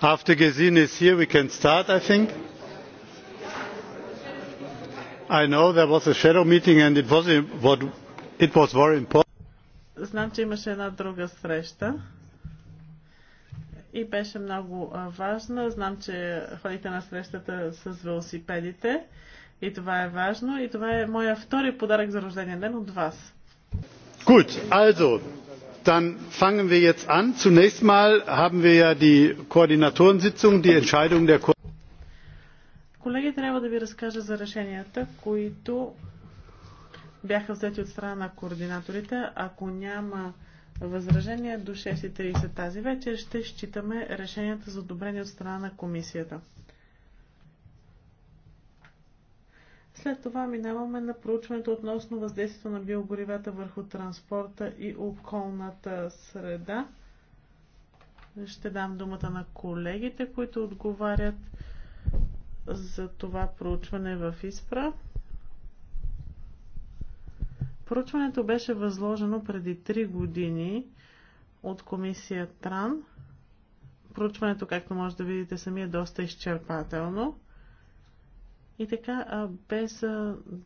after gesine is here we can start i think. i know there was a shadow meeting and it was, what, it was very important. Знам, че имаше една друга среща и беше много важна. Знам, че ходите на срещата с велосипедите и това е важно. И това е моя втори подарък за рождение ден от вас. Good. also, dann fangen wir jetzt an. zunächst einmal haben wir ja die koordinatorensitzung die entscheidung der Колеги, трябва да ви разкажа за решенията, които бяха взети от страна на координаторите. Ако няма възражения до 6.30 тази вечер, ще считаме решенията за одобрение от страна на комисията. След това минаваме на проучването относно въздействието на биогоривата върху транспорта и околната среда. Ще дам думата на колегите, които отговарят за това проучване в ИСПРА. Проучването беше възложено преди 3 години от комисия ТРАН. Проучването, както може да видите сами, е доста изчерпателно. И така, без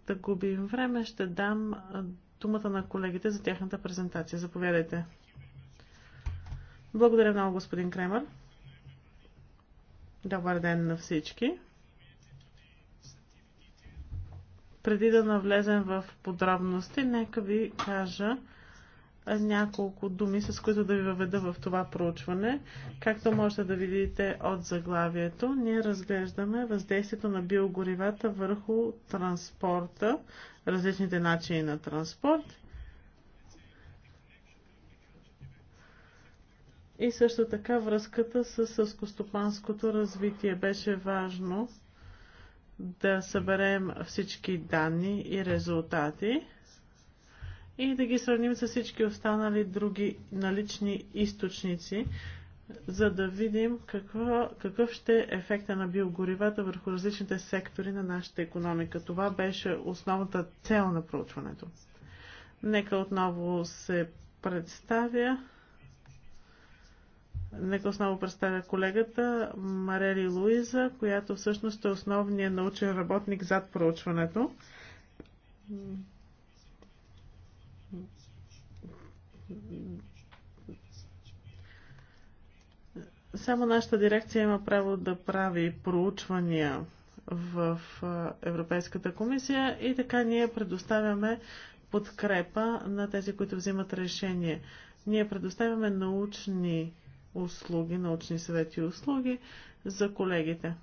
да губим време, ще дам думата на колегите за тяхната презентация. Заповядайте. Благодаря много, господин Кремър. Добър ден на всички. Преди да навлезем в подробности, нека ви кажа няколко думи, с които да ви въведа в това проучване. Както можете да видите от заглавието, ние разглеждаме въздействието на биогоривата върху транспорта, различните начини на транспорт И също така връзката с сълскостопанското развитие беше важно да съберем всички данни и резултати и да ги сравним с всички останали други налични източници, за да видим какво, какъв ще е ефекта на биогоривата върху различните сектори на нашата економика. Това беше основната цел на проучването. Нека отново се представя. Нека основно представя колегата Марели Луиза, която всъщност е основният научен работник зад проучването. Само нашата дирекция има право да прави проучвания в Европейската комисия и така ние предоставяме подкрепа на тези, които взимат решение. Ние предоставяме научни услуги, научни съвети и услуги за колегите.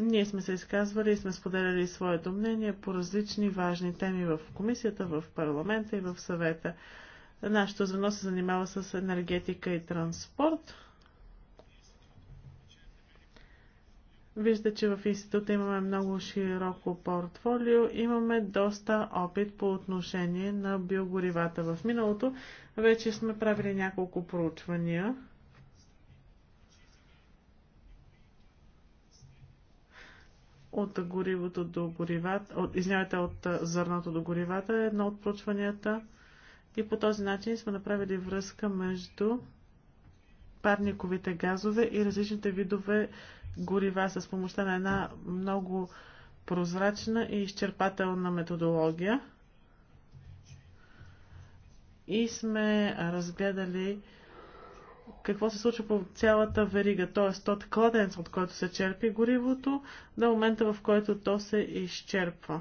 Ние сме се изказвали и сме споделяли своето мнение по различни важни теми в комисията, в парламента и в съвета. Нашето звено се занимава с енергетика и транспорт. Вижда, че в института имаме много широко портфолио. Имаме доста опит по отношение на биогоривата в миналото. Вече сме правили няколко проучвания. от горивото до горивата, от, извинявайте, от зърното до горивата е едно от проучванията и по този начин сме направили връзка между парниковите газове и различните видове горива с помощта на една много прозрачна и изчерпателна методология. И сме разгледали какво се случва по цялата верига, т.е. от кладенц, от който се черпи горивото, до момента в който то се изчерпва.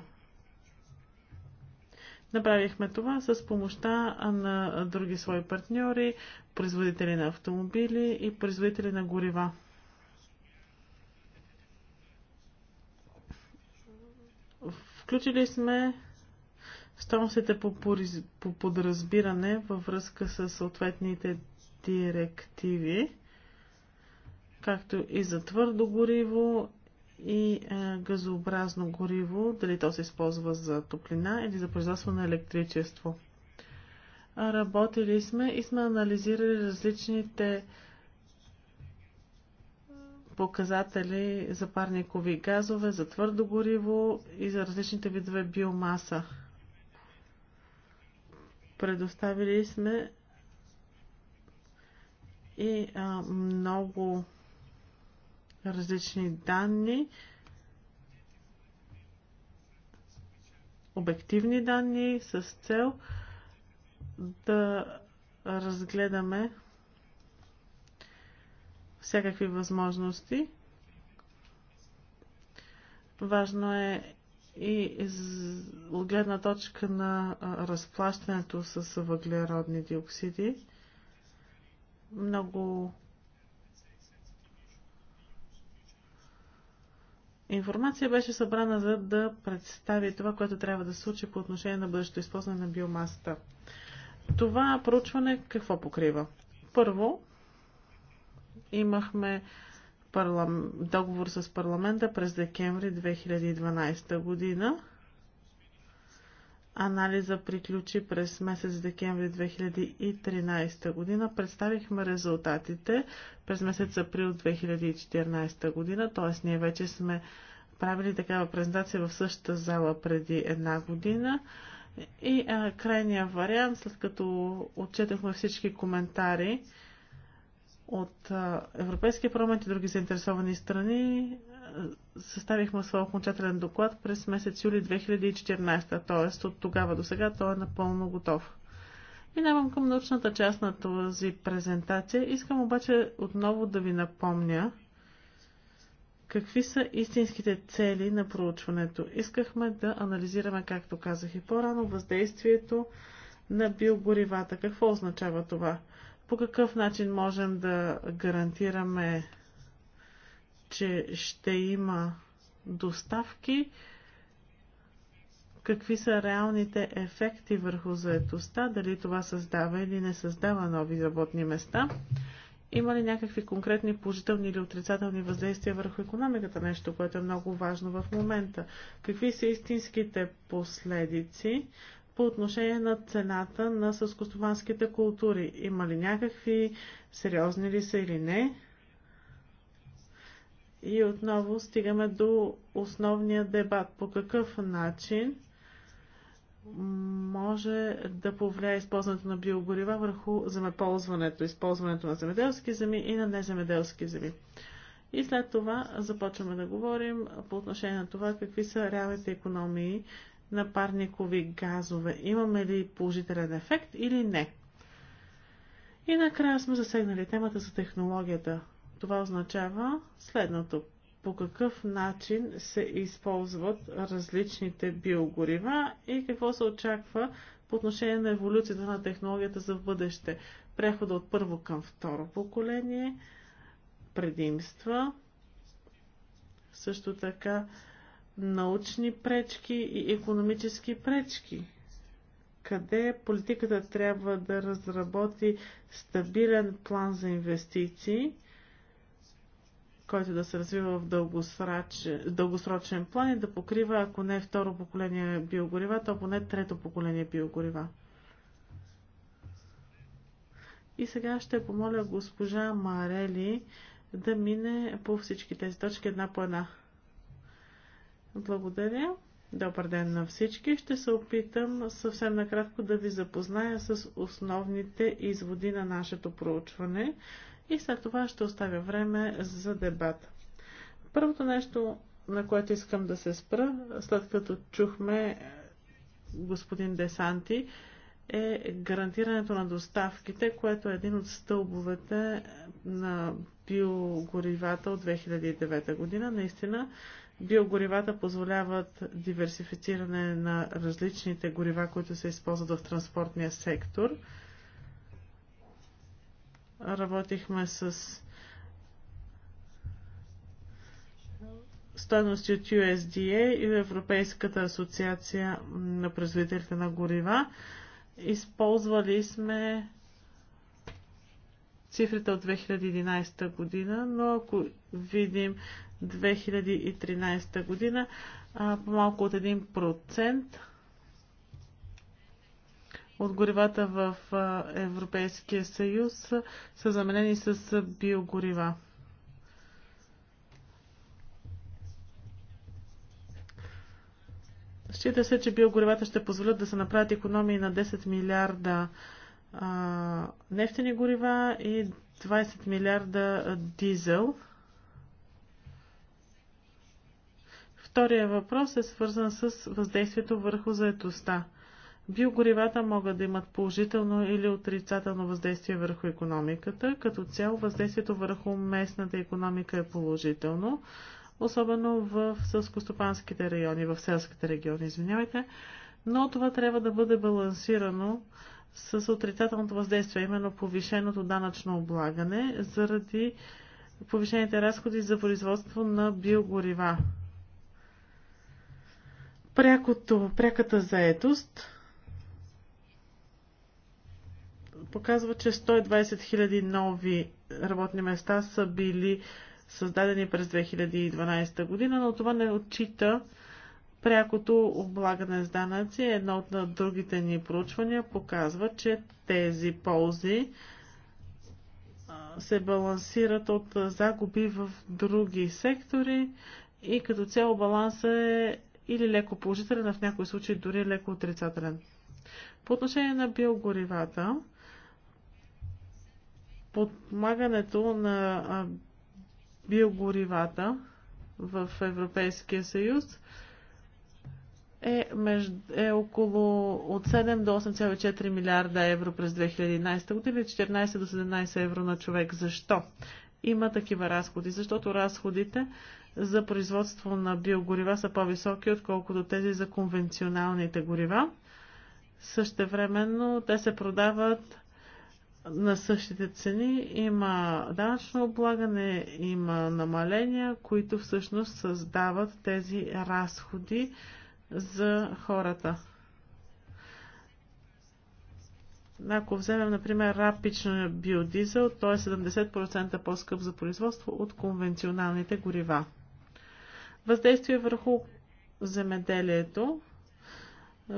Направихме това с помощта на други свои партньори, производители на автомобили и производители на горива. Включили сме стойностите по, по подразбиране във връзка с съответните директиви, както и за твърдо гориво и е, газообразно гориво, дали то се използва за топлина или за производство на електричество. Работили сме и сме анализирали различните показатели за парникови газове, за твърдо гориво и за различните видове биомаса. Предоставили сме и а, много различни данни, обективни данни с цел да разгледаме всякакви възможности. Важно е и от гледна точка на разплащането с въглеродни диоксиди много информация беше събрана за да представи това, което трябва да се случи по отношение на бъдещето използване на биомасата. Това проучване какво покрива? Първо, имахме договор с парламента през декември 2012 година. Анализа приключи през месец декември 2013 година. Представихме резултатите през месец април 2014 година, т.е. ние вече сме правили такава презентация в същата зала преди една година. И а, крайния вариант, след като отчетахме всички коментари от а, Европейския парламент и други заинтересовани страни, съставихме своя окончателен доклад през месец юли 2014, т.е. от тогава до сега той е напълно готов. Минавам към научната част на тази презентация. Искам обаче отново да ви напомня какви са истинските цели на проучването. Искахме да анализираме, както казах и по-рано, въздействието на биогоривата. Какво означава това? По какъв начин можем да гарантираме че ще има доставки, какви са реалните ефекти върху заетостта, дали това създава или не създава нови работни места. Има ли някакви конкретни положителни или отрицателни въздействия върху економиката? Нещо, което е много важно в момента. Какви са истинските последици по отношение на цената на съскостоманските култури? Има ли някакви сериозни ли са или не? И отново стигаме до основния дебат. По какъв начин може да повлияе използването на биогорива върху земеползването, използването на земеделски земи и на неземеделски земи. И след това започваме да говорим по отношение на това какви са реалните економии на парникови газове. Имаме ли положителен ефект или не? И накрая сме засегнали темата за технологията. Това означава следното. По какъв начин се използват различните биогорива и какво се очаква по отношение на еволюцията на технологията за бъдеще. Прехода от първо към второ поколение, предимства, също така научни пречки и економически пречки. Къде политиката трябва да разработи стабилен план за инвестиции – който да се развива в дългосрочен, дългосрочен план и да покрива, ако не второ поколение биогорива, то поне трето поколение биогорива. И сега ще помоля госпожа Марели да мине по всички тези точки една по една. Благодаря. Добър ден на всички. Ще се опитам съвсем накратко да ви запозная с основните изводи на нашето проучване и след това ще оставя време за дебат. Първото нещо, на което искам да се спра, след като чухме е, господин Десанти, е гарантирането на доставките, което е един от стълбовете на биогоривата от 2009 година. Наистина, биогоривата позволяват диверсифициране на различните горива, които се използват в транспортния сектор – Работихме с стойности от USDA и Европейската асоциация на производителите на горива. Използвали сме цифрите от 2011 година, но ако видим 2013 година, по-малко от 1% от горивата в Европейския съюз са заменени с биогорива. Счита се, че биогоривата ще позволят да се направят економии на 10 милиарда а, нефтени горива и 20 милиарда дизел. Втория въпрос е свързан с въздействието върху заетостта. Биогоривата могат да имат положително или отрицателно въздействие върху економиката. Като цяло въздействието върху местната економика е положително, особено в сълскостопанските райони, в селските региони, извинявайте, но това трябва да бъде балансирано с отрицателното въздействие, именно повишеното данъчно облагане заради повишените разходи за производство на биогорива. Прякото, пряката заетост показва, че 120 000 нови работни места са били създадени през 2012 година, но това не отчита прякото облагане с данъци. Едно от другите ни проучвания показва, че тези ползи се балансират от загуби в други сектори и като цяло баланса е или леко положителен, а в някои случаи дори леко отрицателен. По отношение на биогоривата, подмагането на биогоривата в Европейския съюз е, между, е около от 7 до 8,4 милиарда евро през 2011 година и 14 до 17 евро на човек. Защо? Има такива разходи, защото разходите за производство на биогорива са по-високи, отколкото тези за конвенционалните горива. Същевременно те се продават на същите цени, има данъчно облагане, има намаления, които всъщност създават тези разходи за хората. Ако вземем, например, рапична биодизел, той е 70% по-скъп за производство от конвенционалните горива. Въздействие върху земеделието,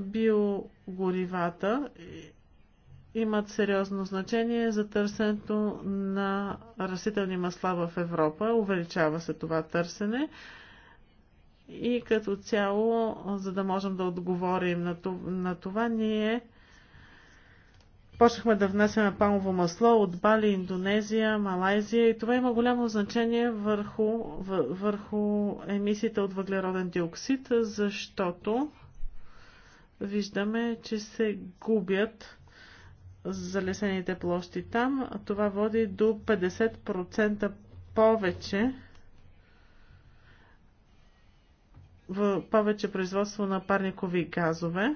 биогоривата имат сериозно значение за търсенето на растителни масла в Европа. Увеличава се това търсене и като цяло, за да можем да отговорим на това, на това ние почнахме да внесеме памово масло от Бали, Индонезия, Малайзия и това има голямо значение върху, върху емисиите от въглероден диоксид, защото виждаме, че се губят залесените площи там. Това води до 50% повече в повече производство на парникови газове.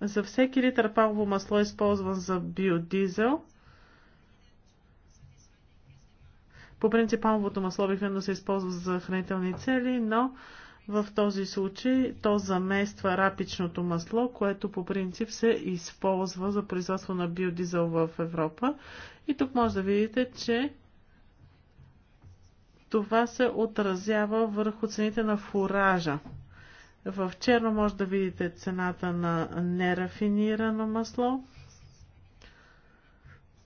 За всеки литър палово масло, използван за биодизел, по принцип палмовото масло обикновено се използва за хранителни цели, но в този случай то замества рапичното масло, което по принцип се използва за производство на биодизел в Европа. И тук може да видите, че това се отразява върху цените на фуража. В черно може да видите цената на нерафинирано масло.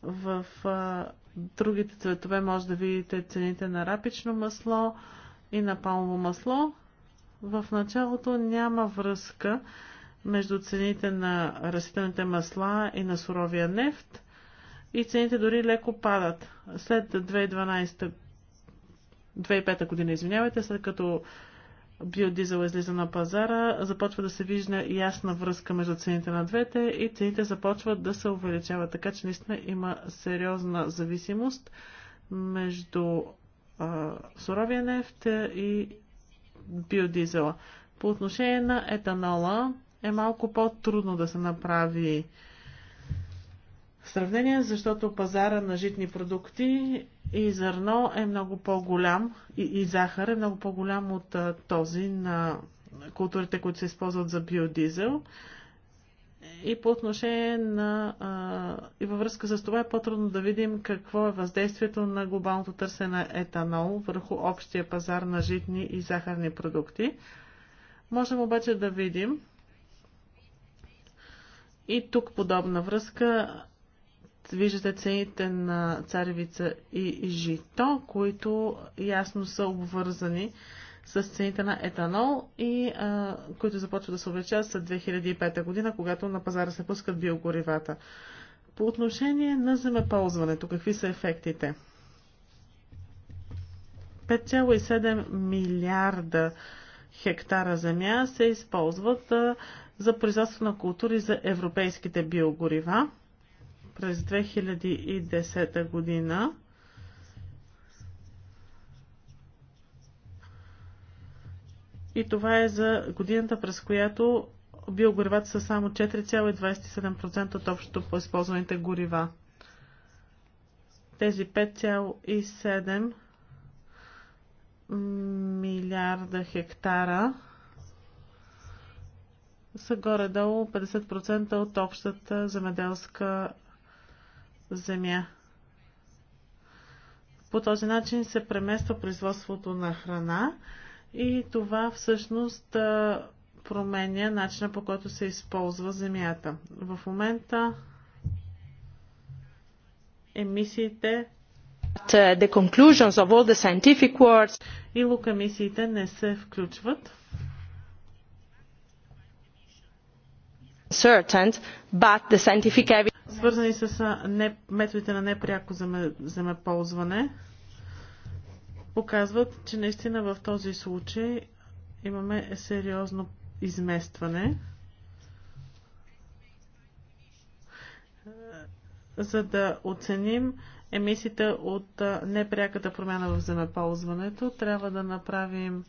В а, другите цветове може да видите цените на рапично масло и на палмово масло. В началото няма връзка между цените на растителните масла и на суровия нефт и цените дори леко падат. След 2012 2005 година, извинявайте, след като биодизел излиза на пазара, започва да се вижда ясна връзка между цените на двете и цените започват да се увеличават. Така че наистина има сериозна зависимост между а, суровия нефт и биодизела. По отношение на етанола е малко по-трудно да се направи сравнение, защото пазара на житни продукти и зърно е много по-голям и, и захар е много по-голям от а, този на културите, които се използват за биодизел и по отношение на и във връзка с това е по-трудно да видим какво е въздействието на глобалното търсене на етанол върху общия пазар на житни и захарни продукти. Можем обаче да видим и тук подобна връзка виждате цените на царевица и жито, които ясно са обвързани с цените на етанол, и, а, които започват да се увеличават след 2005 година, когато на пазара се пускат биогоривата. По отношение на земеползването, какви са ефектите? 5,7 милиарда хектара земя се използват а, за производство на култури за европейските биогорива. През 2010 година И това е за годината, през която биогоривата са само 4,27% от общото по използваните горива. Тези 5,7 милиарда хектара са горе-долу 50% от общата земеделска земя. По този начин се премества производството на храна и това всъщност променя начина по който се използва земята. В момента емисиите uh, the conclusions of all the scientific words и лукамисиите не се включват. Certain, but the scientific evidence... Свързани с методите на непряко земеползване. Земе показват, че наистина в този случай имаме сериозно изместване. за да оценим емисията от непряката промяна в земеползването, трябва да направим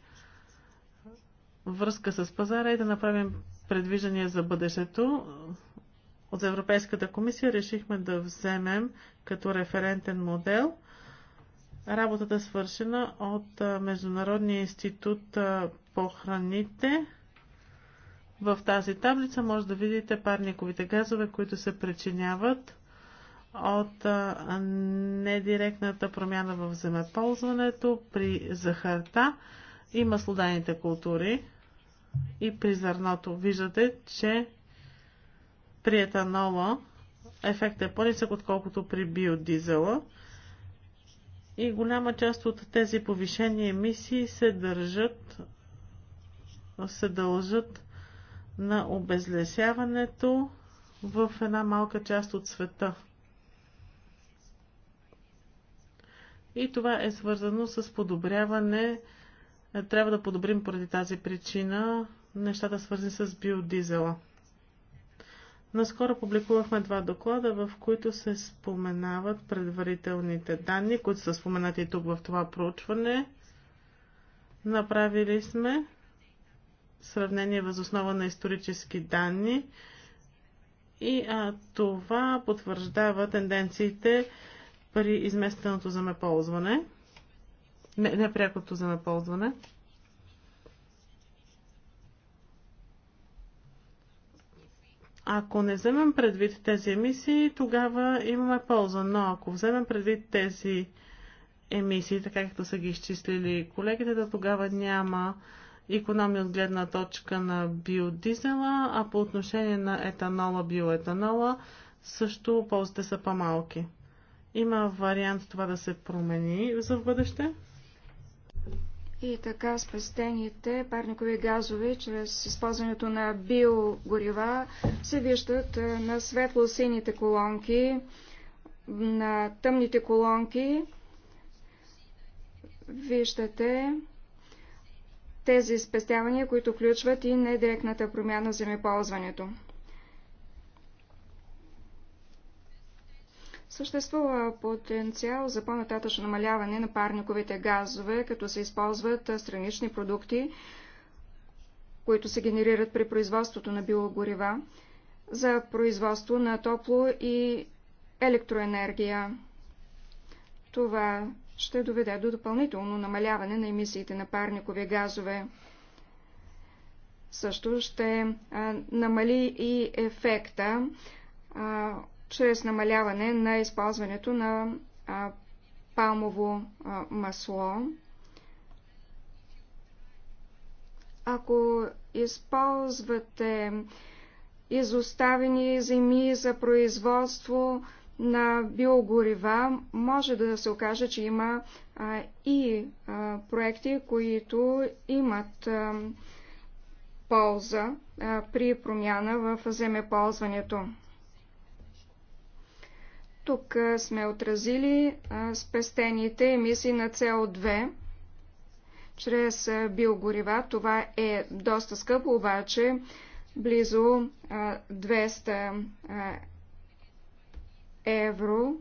връзка с пазара и да направим предвиждания за бъдещето. От Европейската комисия решихме да вземем като референтен модел – Работата е свършена от Международния институт по храните. В тази таблица може да видите парниковите газове, които се причиняват от недиректната промяна в земеползването при захарта и маслодайните култури и при зърното. Виждате, че при етанола ефектът е по-нисък, отколкото при биодизела – и голяма част от тези повишени емисии се държат, се дължат на обезлесяването в една малка част от света. И това е свързано с подобряване. Трябва да подобрим поради тази причина нещата свързани с биодизела. Наскоро публикувахме два доклада, в които се споменават предварителните данни, които са споменати тук в това проучване. Направили сме сравнение възоснова на исторически данни и а, това потвърждава тенденциите при изместеното земеползване, непрякото не земеползване. Ако не вземем предвид тези емисии, тогава имаме полза. Но ако вземем предвид тези емисии, така както са ги изчислили колегите, да тогава няма економи от гледна точка на биодизела, а по отношение на етанола, биоетанола, също ползите са по-малки. Има вариант това да се промени за в бъдеще и така спестените парникови газове чрез използването на биогорива се виждат е, на светло-сините колонки, на тъмните колонки. Виждате тези спестявания, които включват и недиректната промяна в земеползването. Съществува потенциал за по-нататъчно намаляване на парниковите газове, като се използват странични продукти, които се генерират при производството на биогорива, за производство на топло и електроенергия. Това ще доведе до допълнително намаляване на емисиите на парникови газове. Също ще намали и ефекта чрез намаляване на използването на а, палмово а, масло. Ако използвате изоставени земи за производство на биогорива, може да се окаже, че има а, и а, проекти, които имат а, полза а, при промяна в земеползването. Тук сме отразили спестените емисии на CO2 чрез биогорива. Това е доста скъпо, обаче близо 200 евро.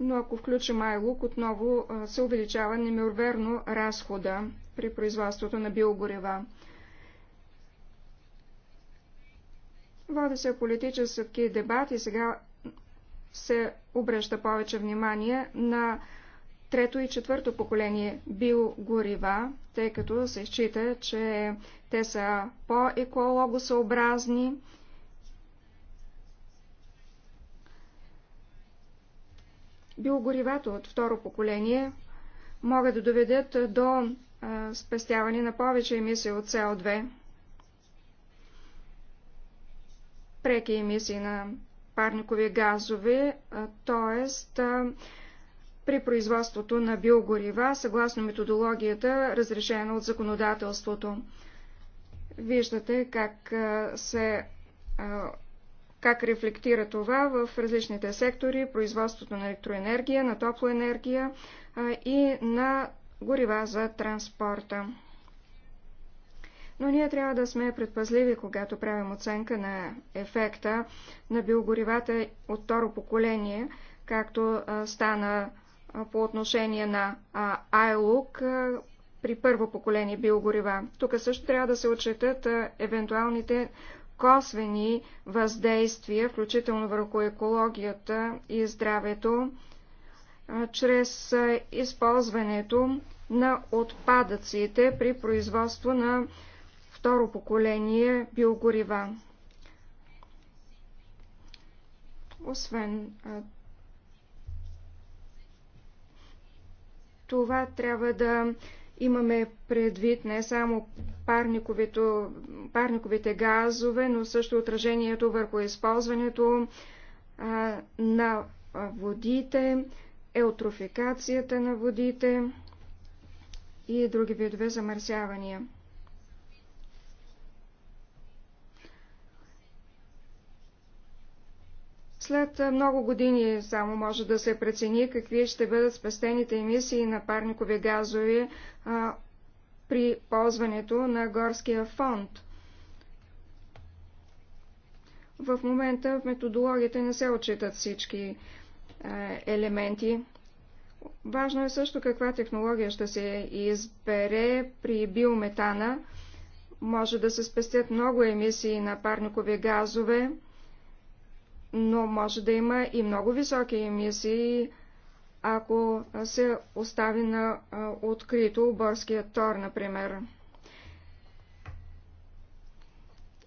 Но ако включим айлук, отново се увеличава немерверно разхода при производството на биогорева. Води се политически дебат и сега се обръща повече внимание на трето и четвърто поколение биогорива, тъй като се счита, че те са по-екологосъобразни. Биогоривата от второ поколение могат да доведат до спестяване на повече емисии от СО2, преки емисии на парникови газове, т.е. при производството на биогорива, съгласно методологията, разрешена от законодателството. Виждате как се как рефлектира това в различните сектори, производството на електроенергия, на топлоенергия и на горива за транспорта. Но ние трябва да сме предпазливи, когато правим оценка на ефекта на биогоривата от второ поколение, както стана по отношение на Айлук при първо поколение биогорива. Тук също трябва да се отчетат евентуалните косвени въздействия, включително върху екологията и здравето чрез използването на отпадъците при производство на второ поколение биогорива. Освен това, трябва да имаме предвид не само парниковите газове, но също отражението върху използването а, на водите, еутрофикацията на водите и други видове замърсявания. След много години само може да се прецени какви ще бъдат спестените емисии на парникови газове а, при ползването на горския фонд. В момента в методологията не се отчитат всички е, елементи. Важно е също каква технология ще се избере при биометана. Може да се спестят много емисии на парникови газове, но може да има и много високи емисии, ако се остави на е, открито борския тор, например.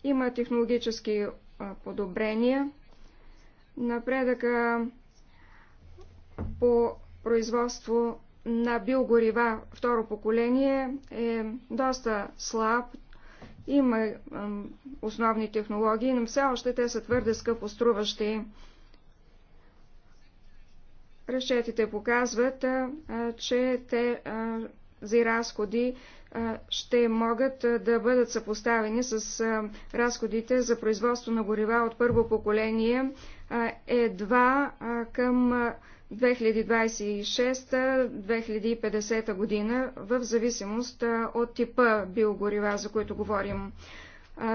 Има технологически е, подобрения. Напредъка по производство на биогорива второ поколение е доста слаб. Има основни технологии, но все още те са твърде скъпо струващи. Разчетите показват, че те за разходи ще могат да бъдат съпоставени с разходите за производство на горива от първо поколение едва към 2026-2050 година, в зависимост от типа биогорива, за които говорим.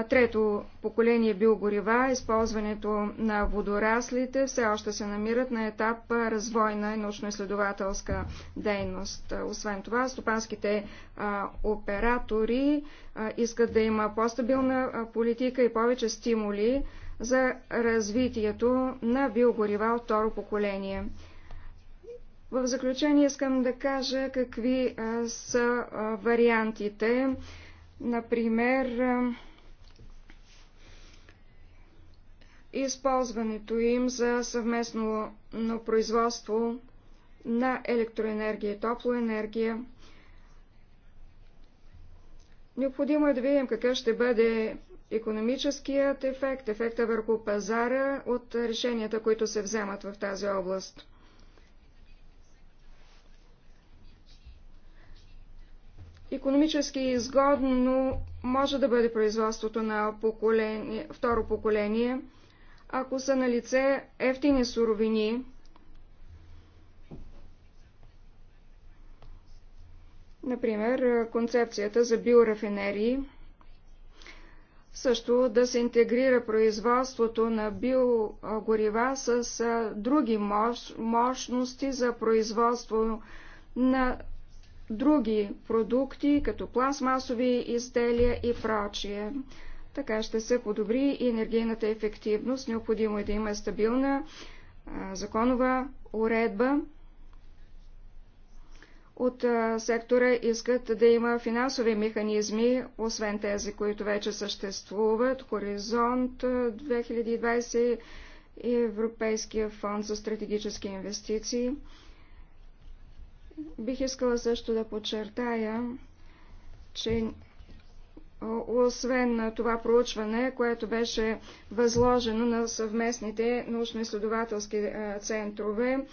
Трето поколение биогорива, използването на водораслите все още се намират на етап развойна и научно-изследователска дейност. Освен това, стопанските оператори искат да има по-стабилна политика и повече стимули за развитието на биогорива от второ поколение. В заключение искам да кажа какви а, са а, вариантите. Например, а, използването им за съвместно производство на електроенергия и топлоенергия. Необходимо е да видим какъв ще бъде економическият ефект, ефекта върху пазара от решенията, които се вземат в тази област. економически изгодно може да бъде производството на поколение, второ поколение, ако са на лице ефтини суровини. Например, концепцията за биорафинерии също да се интегрира производството на биогорива с други мощности за производство на други продукти, като пластмасови изделия и прочие. Така ще се подобри и енергийната ефективност. Необходимо е да има стабилна а, законова уредба. От а, сектора искат да има финансови механизми, освен тези, които вече съществуват. Хоризонт 2020 и Европейския фонд за стратегически инвестиции. Бих искала също да подчертая, че освен на това проучване, което беше възложено на съвместните научно-изследователски центрове,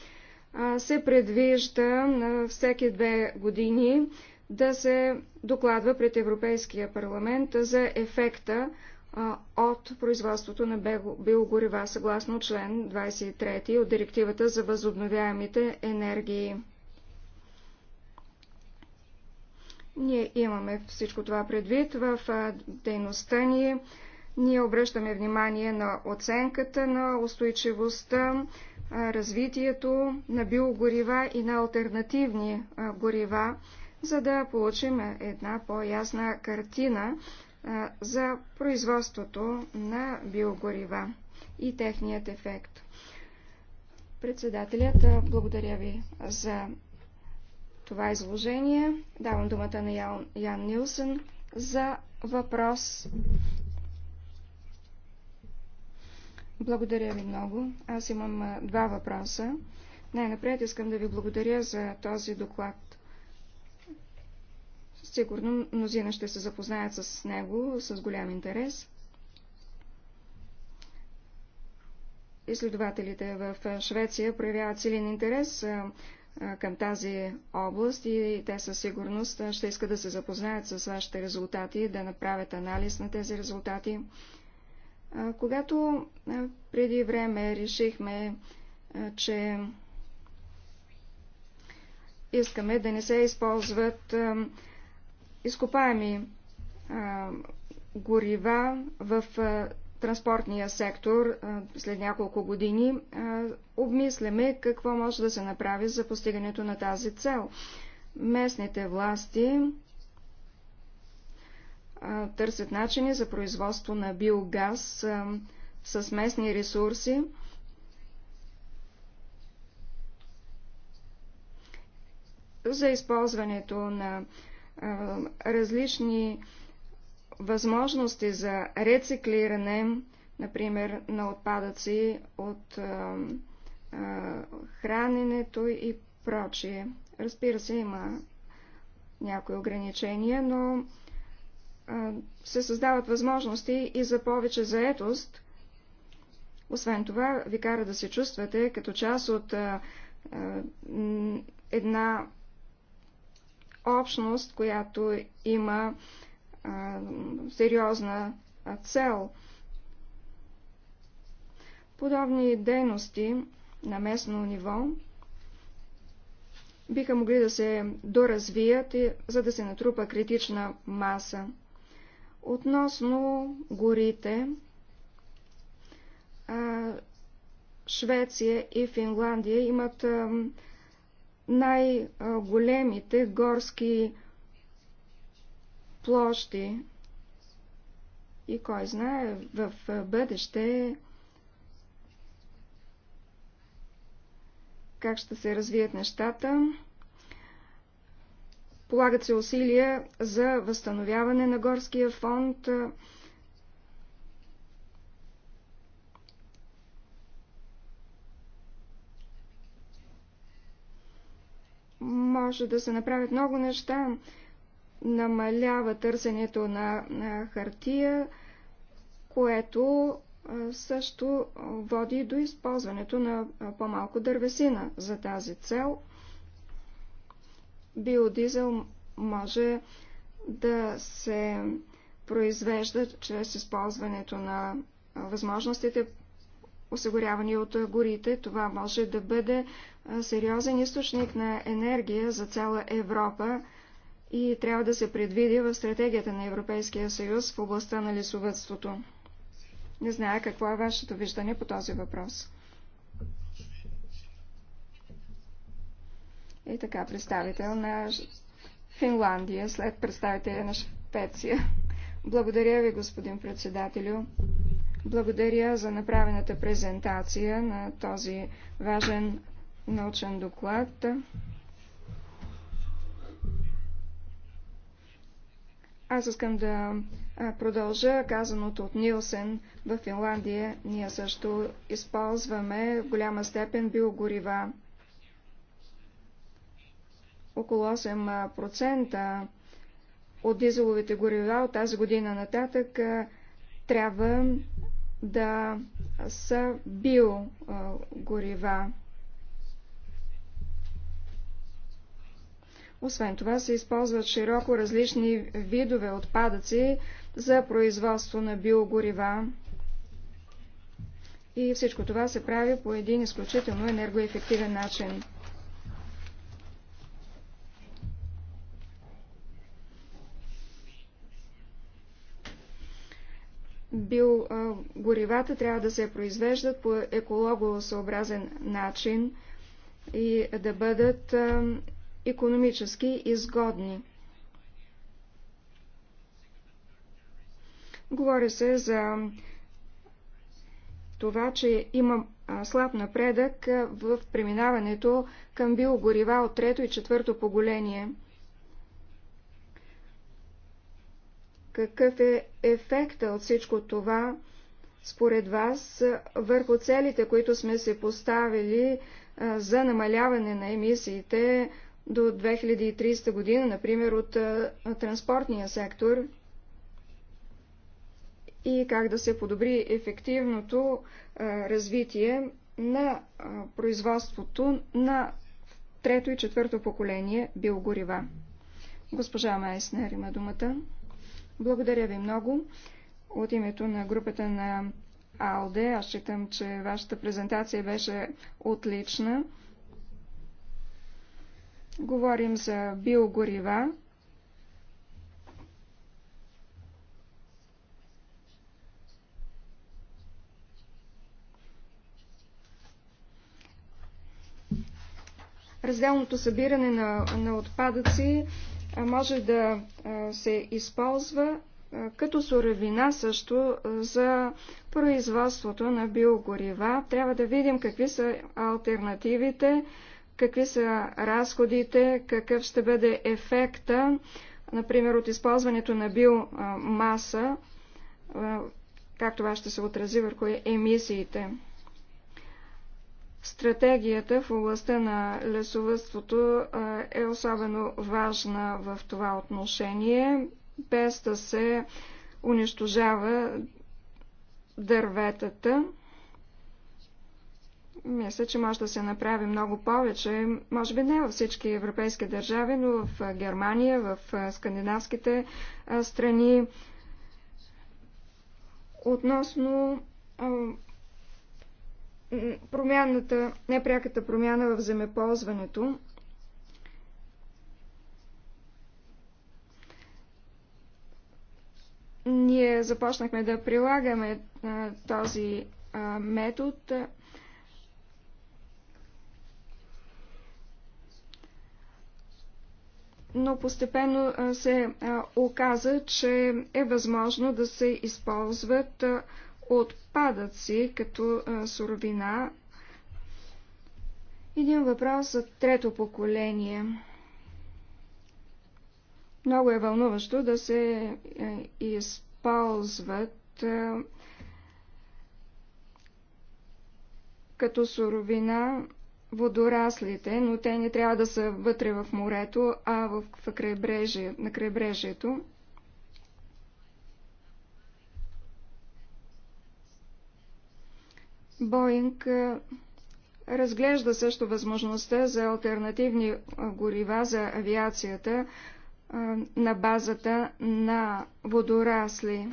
се предвижда на всеки две години да се докладва пред Европейския парламент за ефекта от производството на биогорива, съгласно член 23 от Директивата за възобновяемите енергии. Ние имаме всичко това предвид в дейността ни. Ние обръщаме внимание на оценката на устойчивостта, развитието на биогорива и на альтернативни горива, за да получим една по-ясна картина за производството на биогорива и техният ефект. Председателят, благодаря ви за това изложение. Давам думата на Ян, Ян Нилсен за въпрос. Благодаря ви много. Аз имам два въпроса. Най-напред искам да ви благодаря за този доклад. Сигурно мнозина ще се запознаят с него с голям интерес. Изследователите в Швеция проявяват силен интерес към тази област и те със сигурност ще искат да се запознаят с вашите резултати, да направят анализ на тези резултати. Когато преди време решихме, че искаме да не се използват изкопаеми горива в транспортния сектор след няколко години, обмисляме какво може да се направи за постигането на тази цел. Местните власти търсят начини за производство на биогаз с местни ресурси. за използването на различни възможности за рециклиране, например, на отпадъци от а, а, храненето и прочие. Разбира се, има някои ограничения, но а, се създават възможности и за повече заетост. Освен това, ви кара да се чувствате като част от а, а, една общност, която има сериозна цел. Подобни дейности на местно ниво биха могли да се доразвият, за да се натрупа критична маса. Относно горите, Швеция и Финландия имат най-големите горски площи. И кой знае, в бъдеще как ще се развият нещата. Полагат се усилия за възстановяване на горския фонд. Може да се направят много неща намалява търсенето на хартия, което също води до използването на по-малко дървесина за тази цел. Биодизел може да се произвежда чрез използването на възможностите, осигурявани от горите. Това може да бъде сериозен източник на енергия за цяла Европа, и трябва да се предвиди в стратегията на Европейския съюз в областта на лесовътството. Не зная какво е вашето виждане по този въпрос. И така, представител на Финландия, след представителя на Швеция. Благодаря ви, господин председателю. Благодаря за направената презентация на този важен научен доклад. Аз искам да продължа казаното от Нилсен. В Финландия ние също използваме в голяма степен биогорива. Около 8% от дизеловите горива от тази година нататък трябва да са биогорива. Освен това се използват широко различни видове отпадъци за производство на биогорива. И всичко това се прави по един изключително енергоефективен начин. биогоривата трябва да се произвеждат по екологосъобразен начин и да бъдат економически изгодни. Говори се за това, че има слаб напредък в преминаването към биогорива от трето и четвърто поколение. Какъв е ефекта от всичко това според вас върху целите, които сме се поставили за намаляване на емисиите до 2030 година, например от транспортния сектор и как да се подобри ефективното развитие на производството на трето и четвърто поколение биогорива. Госпожа Майснер има думата. Благодаря ви много. От името на групата на АЛДЕ, аз считам, че вашата презентация беше отлична. Говорим за биогорива. Разделното събиране на, на отпадъци може да се използва като суровина също за производството на биогорива. Трябва да видим какви са альтернативите какви са разходите, какъв ще бъде ефекта, например, от използването на биомаса, как това ще се отрази върху емисиите. Стратегията в областта на лесовътството е особено важна в това отношение, без да се унищожава дърветата. Мисля, че може да се направи много повече. Може би не във всички европейски държави, но в Германия, в скандинавските страни. Относно промяната, непряката промяна в земеползването, ние започнахме да прилагаме този метод но постепенно се оказа, че е възможно да се използват отпадъци като суровина. Един въпрос за трето поколение. Много е вълнуващо да се е, използват като суровина водораслите, но те не трябва да са вътре в морето, а в, в крайбрежие, на крайбрежието. Боинг разглежда също възможността за альтернативни горива за авиацията на базата на водорасли.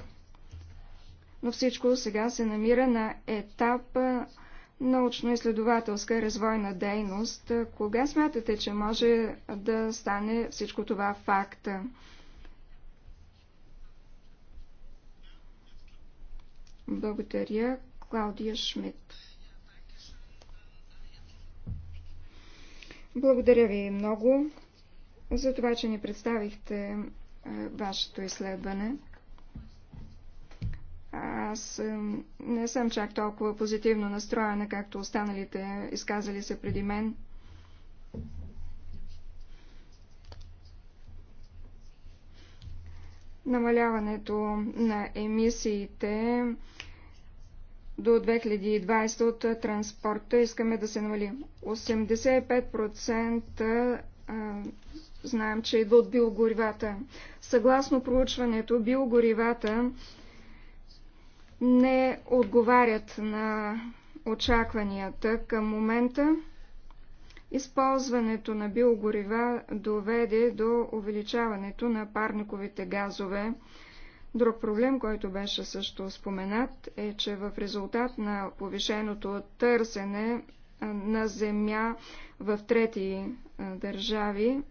Но всичко сега се намира на етап научно-изследователска и развойна дейност. Кога смятате, че може да стане всичко това факта? Благодаря, Клаудия Шмидт. Благодаря ви много за това, че ни представихте вашето изследване. Аз е, не съм чак толкова позитивно настроена, както останалите изказали се преди мен. Намаляването на емисиите до 2020 от транспорта искаме да се намали. 85% знаем, че идва от биогоривата. Съгласно проучването, биогоривата не отговарят на очакванията към момента. Използването на биогорива доведе до увеличаването на парниковите газове. Друг проблем, който беше също споменат, е, че в резултат на повишеното търсене на земя в трети държави,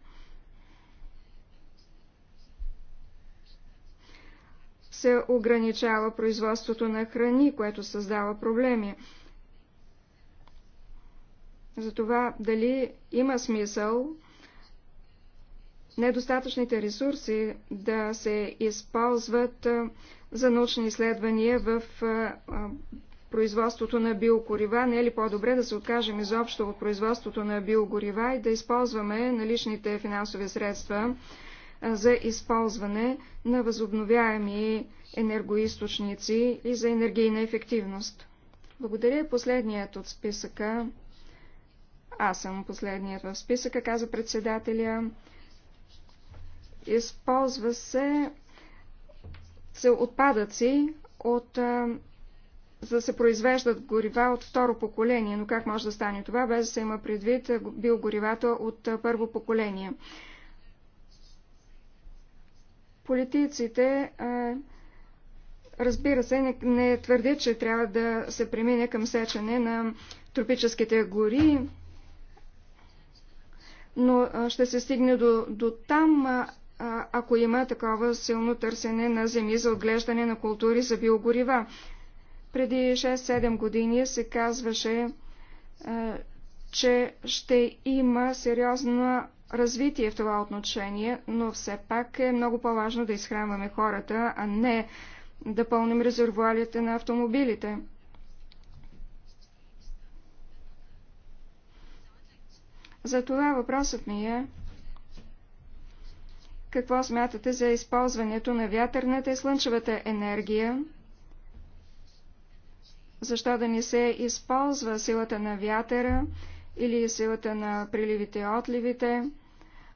се ограничава производството на храни, което създава проблеми. Затова дали има смисъл недостатъчните ресурси да се използват за научни изследвания в производството на биокорива, не е ли по-добре да се откажем изобщо от производството на биогорива и да използваме наличните финансови средства за използване на възобновяеми енергоисточници и за енергийна ефективност. Благодаря последният от списъка. Аз съм последният в списъка, каза председателя. Използва се, се отпадъци от за да се произвеждат горива от второ поколение, но как може да стане това, без да се има предвид биогоривата от първо поколение. Политиците, разбира се, не, не твърдят, че трябва да се премине към сечане на тропическите гори, но ще се стигне до, до там, ако има такова силно търсене на земи за отглеждане на култури за биогорива. Преди 6-7 години се казваше, че ще има сериозна развитие в това отношение, но все пак е много по-важно да изхранваме хората, а не да пълним резервуарите на автомобилите. Затова въпросът ми е какво смятате за използването на вятърната и слънчевата енергия? Защо да не се използва силата на вятъра или силата на приливите и отливите?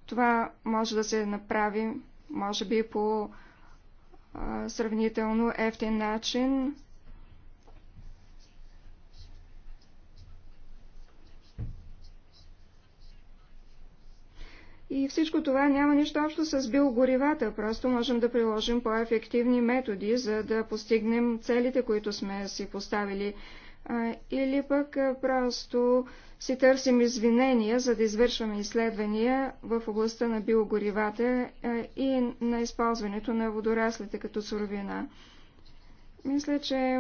Това може да се направи, може би, по а, сравнително ефтин начин. И всичко това няма нищо общо с биогоривата, просто можем да приложим по-ефективни методи, за да постигнем целите, които сме си поставили или пък просто си търсим извинения, за да извършваме изследвания в областта на биогоривата и на използването на водораслите като суровина. Мисля, че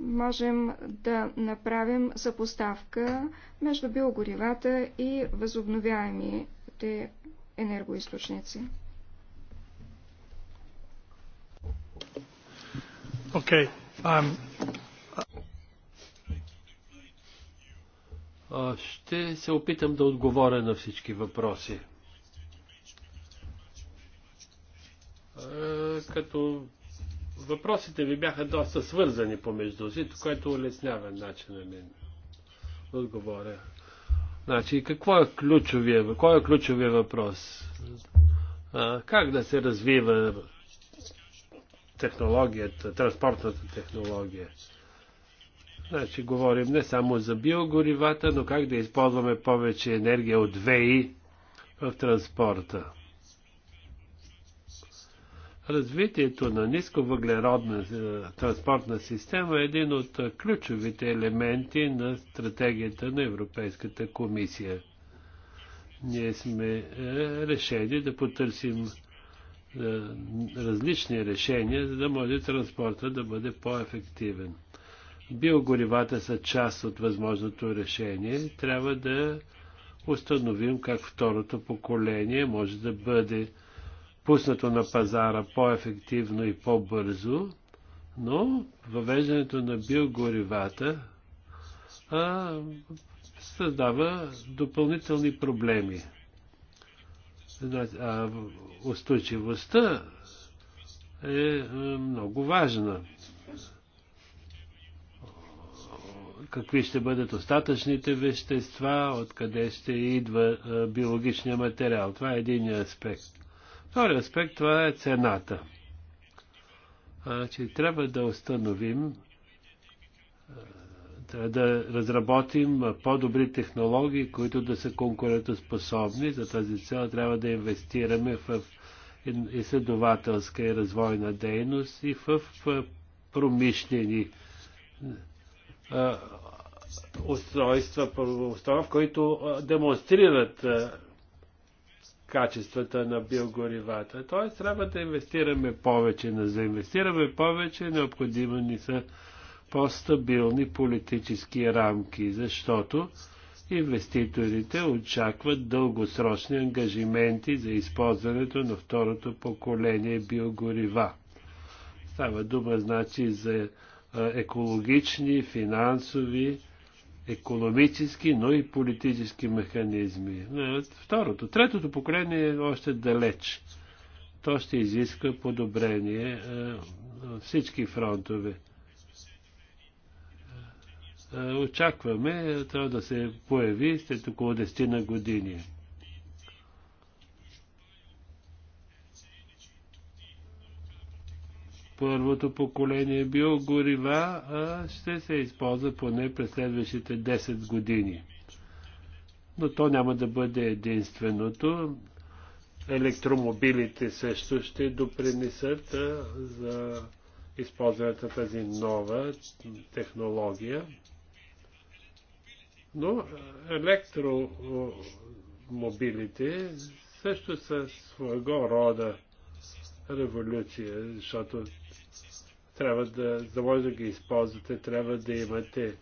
можем да направим съпоставка между биогоривата и възобновяемите енергоисточници. Okay. Um, Ще се опитам да отговоря на всички въпроси. Като въпросите ви бяха доста свързани помежду си, което улеснява начина ми да отговоря. Значи, какво е ключовия, кой е ключовия въпрос? А, как да се развива технологията, транспортната технология? Значи говорим не само за биогоривата, но как да използваме повече енергия от ВИ в транспорта. Развитието на нисковъглеродна е, транспортна система е един от ключовите елементи на стратегията на Европейската комисия. Ние сме е, решени да потърсим е, различни решения, за да може транспорта да бъде по-ефективен биогоривата са част от възможното решение, трябва да установим как второто поколение може да бъде пуснато на пазара по-ефективно и по-бързо, но въвеждането на биогоривата а, създава допълнителни проблеми. Значи, а, устойчивостта е много важна какви ще бъдат остатъчните вещества, откъде ще идва биологичния материал. Това е един аспект. Втори аспект това е цената. Значи, трябва да установим, трябва да разработим по-добри технологии, които да са конкурентоспособни. За тази цел трябва да инвестираме в изследователска и развойна дейност и в промишлени устройства, устройства, в които демонстрират качествата на биогоривата. Тоест, трябва да инвестираме повече. Но за инвестираме повече, необходимо ни са по-стабилни политически рамки, защото инвеститорите очакват дългосрочни ангажименти за използването на второто поколение биогорива. Става дума значи за екологични, финансови економически, но и политически механизми. Е, второто, третото поколение е още далеч. То ще изисква подобрение е, на всички фронтове. Е, очакваме това да се появи след около 10 на години. първото поколение биогорива ще се използва поне през следващите 10 години. Но то няма да бъде единственото. Електромобилите също ще допринесат за използването на тази нова технология. Но електромобилите също са своего рода революция, защото трябва да, за да ги използвате, трябва да имате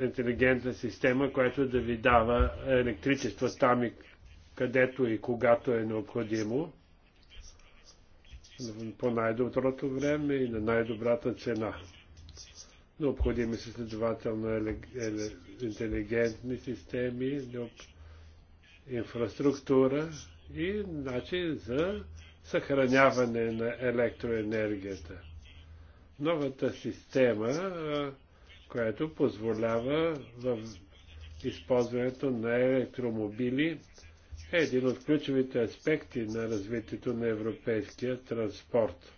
интелигентна система, която да ви дава електричество там и където и когато е необходимо, по най-доброто време и на най-добрата цена. Необходими са следователно интелигентни системи, инфраструктура и начин за съхраняване на електроенергията. Новата система, която позволява в използването на електромобили, е един от ключовите аспекти на развитието на европейския транспорт.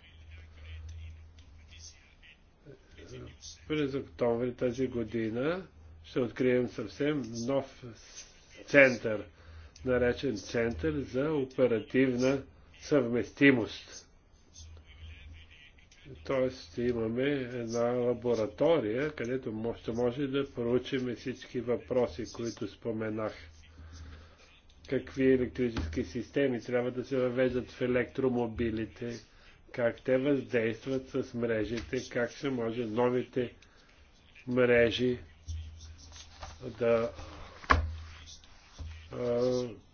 През октомври тази година ще открием съвсем нов център, наречен Център за оперативна съвместимост. Тоест имаме една лаборатория, където ще може да проучим всички въпроси, които споменах. Какви електрически системи трябва да се въвеждат в електромобилите, как те въздействат с мрежите, как се може новите мрежи да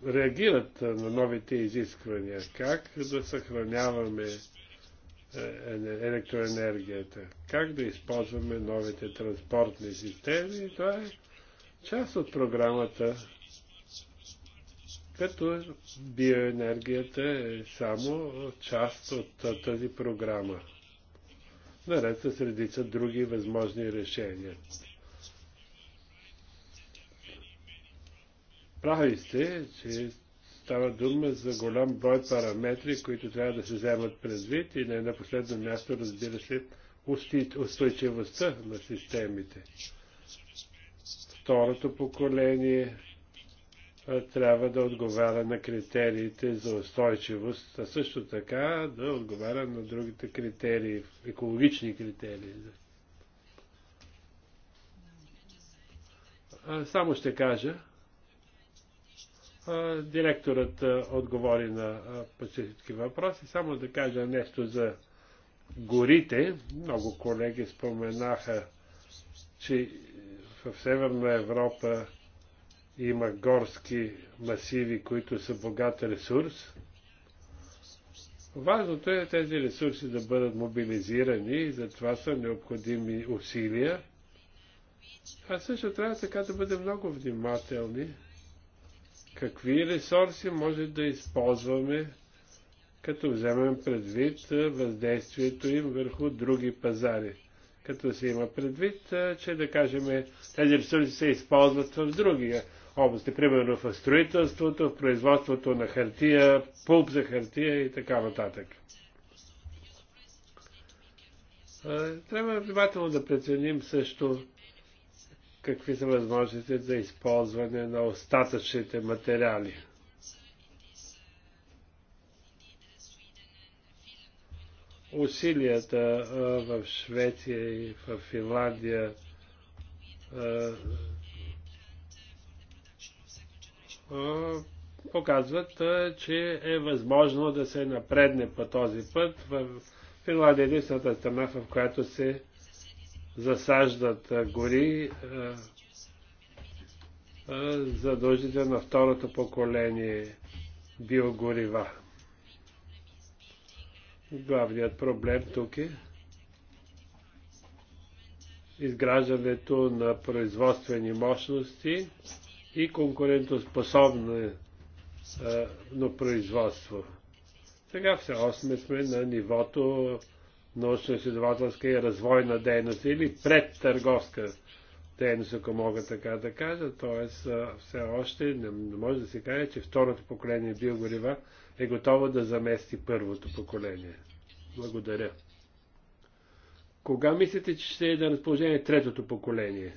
реагират на новите изисквания. Как да съхраняваме е, електроенергията, как да използваме новите транспортни системи. Това е част от програмата, като биоенергията е само част от тази програма, наред с редица други възможни решения. Прави сте, че става дума за голям брой параметри, които трябва да се вземат предвид и не на последно място, разбира се, устойчивостта на системите. Второто поколение трябва да отговаря на критериите за устойчивост, а също така да отговаря на другите критерии, екологични критерии. Само ще кажа, Директорът отговори на пациентски въпроси. Само да кажа нещо за горите. Много колеги споменаха, че в Северна Европа има горски масиви, които са богат ресурс. Важното е тези ресурси да бъдат мобилизирани и затова са необходими усилия. А също трябва така да бъдем много внимателни какви ресурси може да използваме, като вземем предвид въздействието им върху други пазари. Като се има предвид, че да кажем, тези ресурси се използват в други области, примерно в строителството, в производството на хартия, пулп за хартия и така нататък. Трябва внимателно да преценим също какви са възможностите за използване на остатъчните материали. Усилията в Швеция и в Финландия показват, че е възможно да се напредне по този път. В Финландия е единствената страна, в която се засаждат гори, за дължите на второто поколение биогорива. Главният проблем тук е изграждането на производствени мощности и конкурентоспособно на е, производство. Сега все още сме на нивото научно-изследователска и развойна дейност или предтърговска дейност, ако мога така да кажа. Тоест, все още не може да се каже, че второто поколение биогорива е готово да замести първото поколение. Благодаря. Кога мислите, че ще е на разположение третото поколение?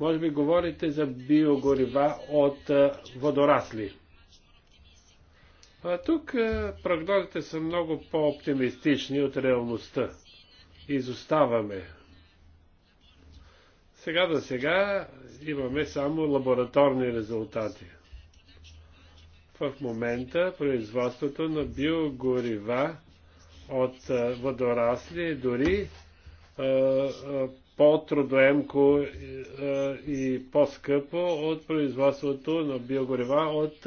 Може би говорите за биогорива от водорасли. А тук прогнозите са много по-оптимистични от реалността. Изоставаме. Сега до сега имаме само лабораторни резултати. В момента производството на биогорива от водорасли е дори по-трудоемко и по-скъпо от производството на биогорива от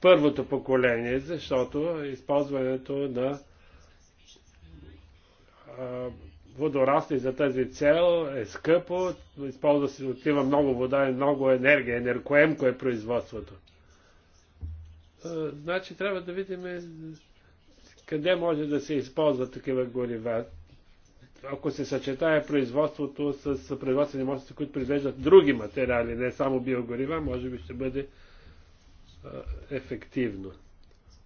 първото поколение, защото използването на водорасли за тази цел е скъпо, използва се, отива много вода и много енергия, енергоемко е производството. Значи трябва да видим е, къде може да се използва такива горива. Ако се съчетае производството с производствени мощности, които произвеждат други материали, не само биогорива, може би ще бъде ефективно.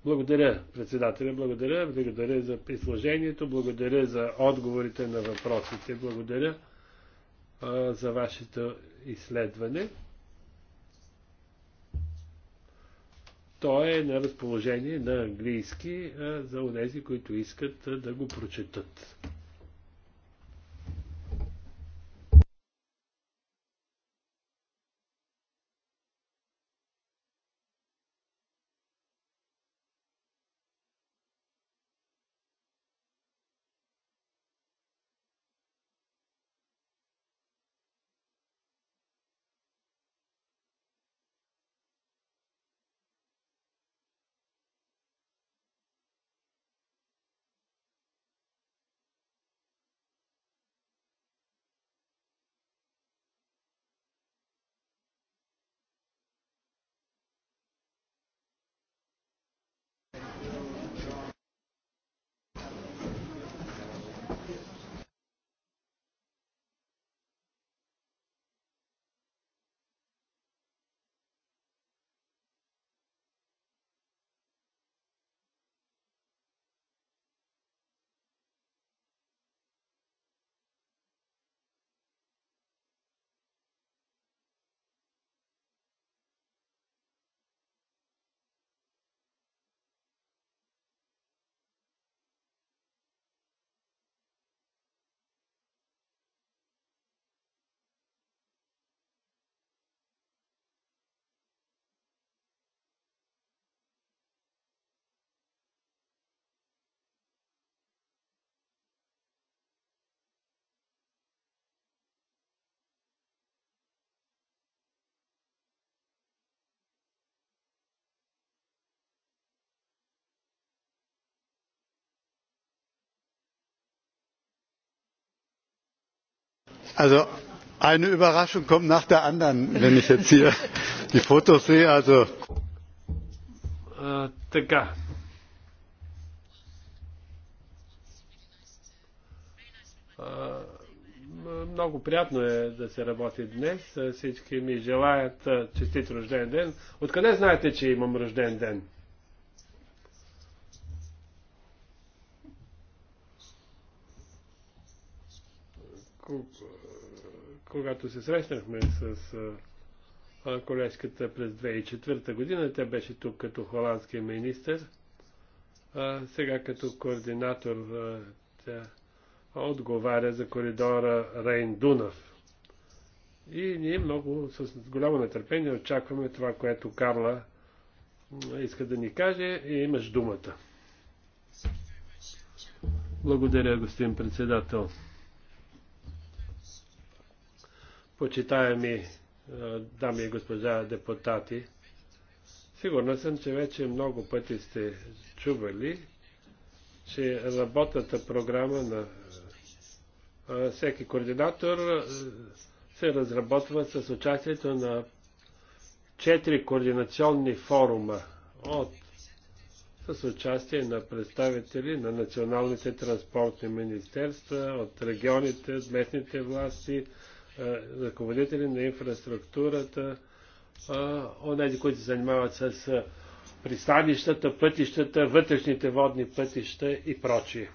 Благодаря, председателя, благодаря, благодаря за изложението, благодаря за отговорите на въпросите, благодаря а, за вашето изследване. То е на разположение на английски а, за онези, които искат а, да го прочетат. also eine überraschung kommt nach der anderen wenn ich jetzt hier die fotos sehe also äh, Много приятно е да се работи днес. Всички ми желаят е, честит рожден ден. Откъде знаете, че имам рожден ден? Колко? когато се срещнахме с колежката през 2004 година, тя беше тук като холандски министр, а сега като координатор тя отговаря за коридора Рейн-Дунав. И ние много с голямо нетърпение очакваме това, което Карла иска да ни каже и имаш думата. Благодаря, господин председател. почитаеми е, дами и госпожа депутати, сигурна съм, че вече много пъти сте чували, че работната програма на е, всеки координатор е, се разработва с участието на четири координационни форума от, с участие на представители на националните транспортни министерства, от регионите, от местните власти, е, ръководители на инфраструктурата, онези, които се занимават с пристанищата, пътищата, вътрешните водни пътища и прочие.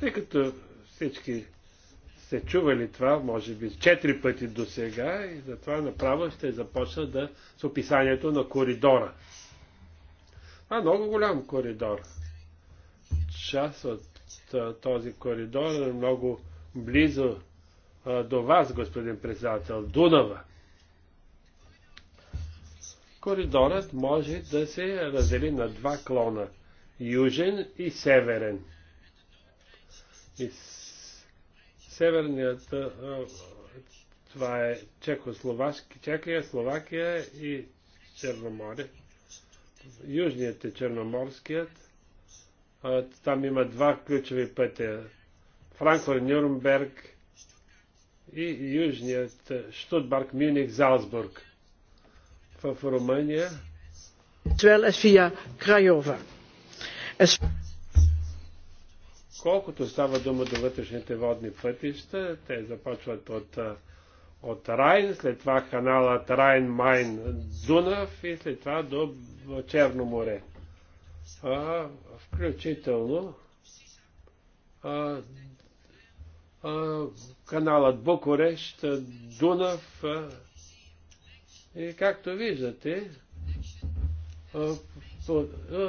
Тъй като всички сте чували това, може би четири пъти до сега, и затова направо ще започна да, с описанието на коридора. А е много голям коридор. Част от този коридор е много близо до вас, господин председател, Дунава. Коридорът може да се раздели на два клона южен и северен. И северният това е Чехословашки, Чехия, Словакия и Черноморе. Южният е Черноморският. Там има два ключови пътя. Франкфурт, Нюрнберг, и южният Штутбарк, Мюних, Залцбург в Румъния. Е Колкото става дума до вътрешните водни пътища, те започват от, от Райн, след това каналът Райн-Майн-Дунав и след това до Черно море. А, включително а, каналът Букурещ, Дунав. И както виждате,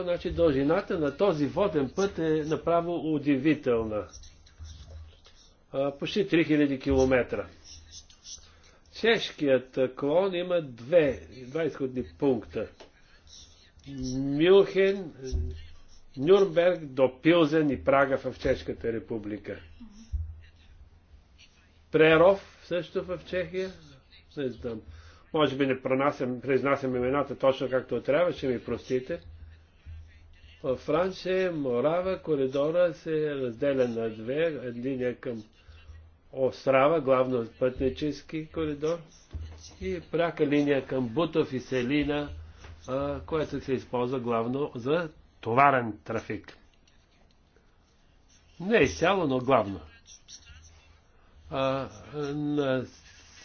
значи дължината на този воден път е направо удивителна. Почти 3000 км. Чешкият клон има две, два изходни пункта. Мюлхен, Нюрнберг до Пилзен и Прага в Чешката република. Преров също в Чехия. Не знам. Може би не пронасям, произнасям имената точно както трябва, ще ми простите. В Франция, Морава, коридора се разделя на две. Един е към Острава, главно пътнически коридор, и пряка линия към Бутов и Селина, което се използва главно за товарен трафик. Не изцяло, но главно на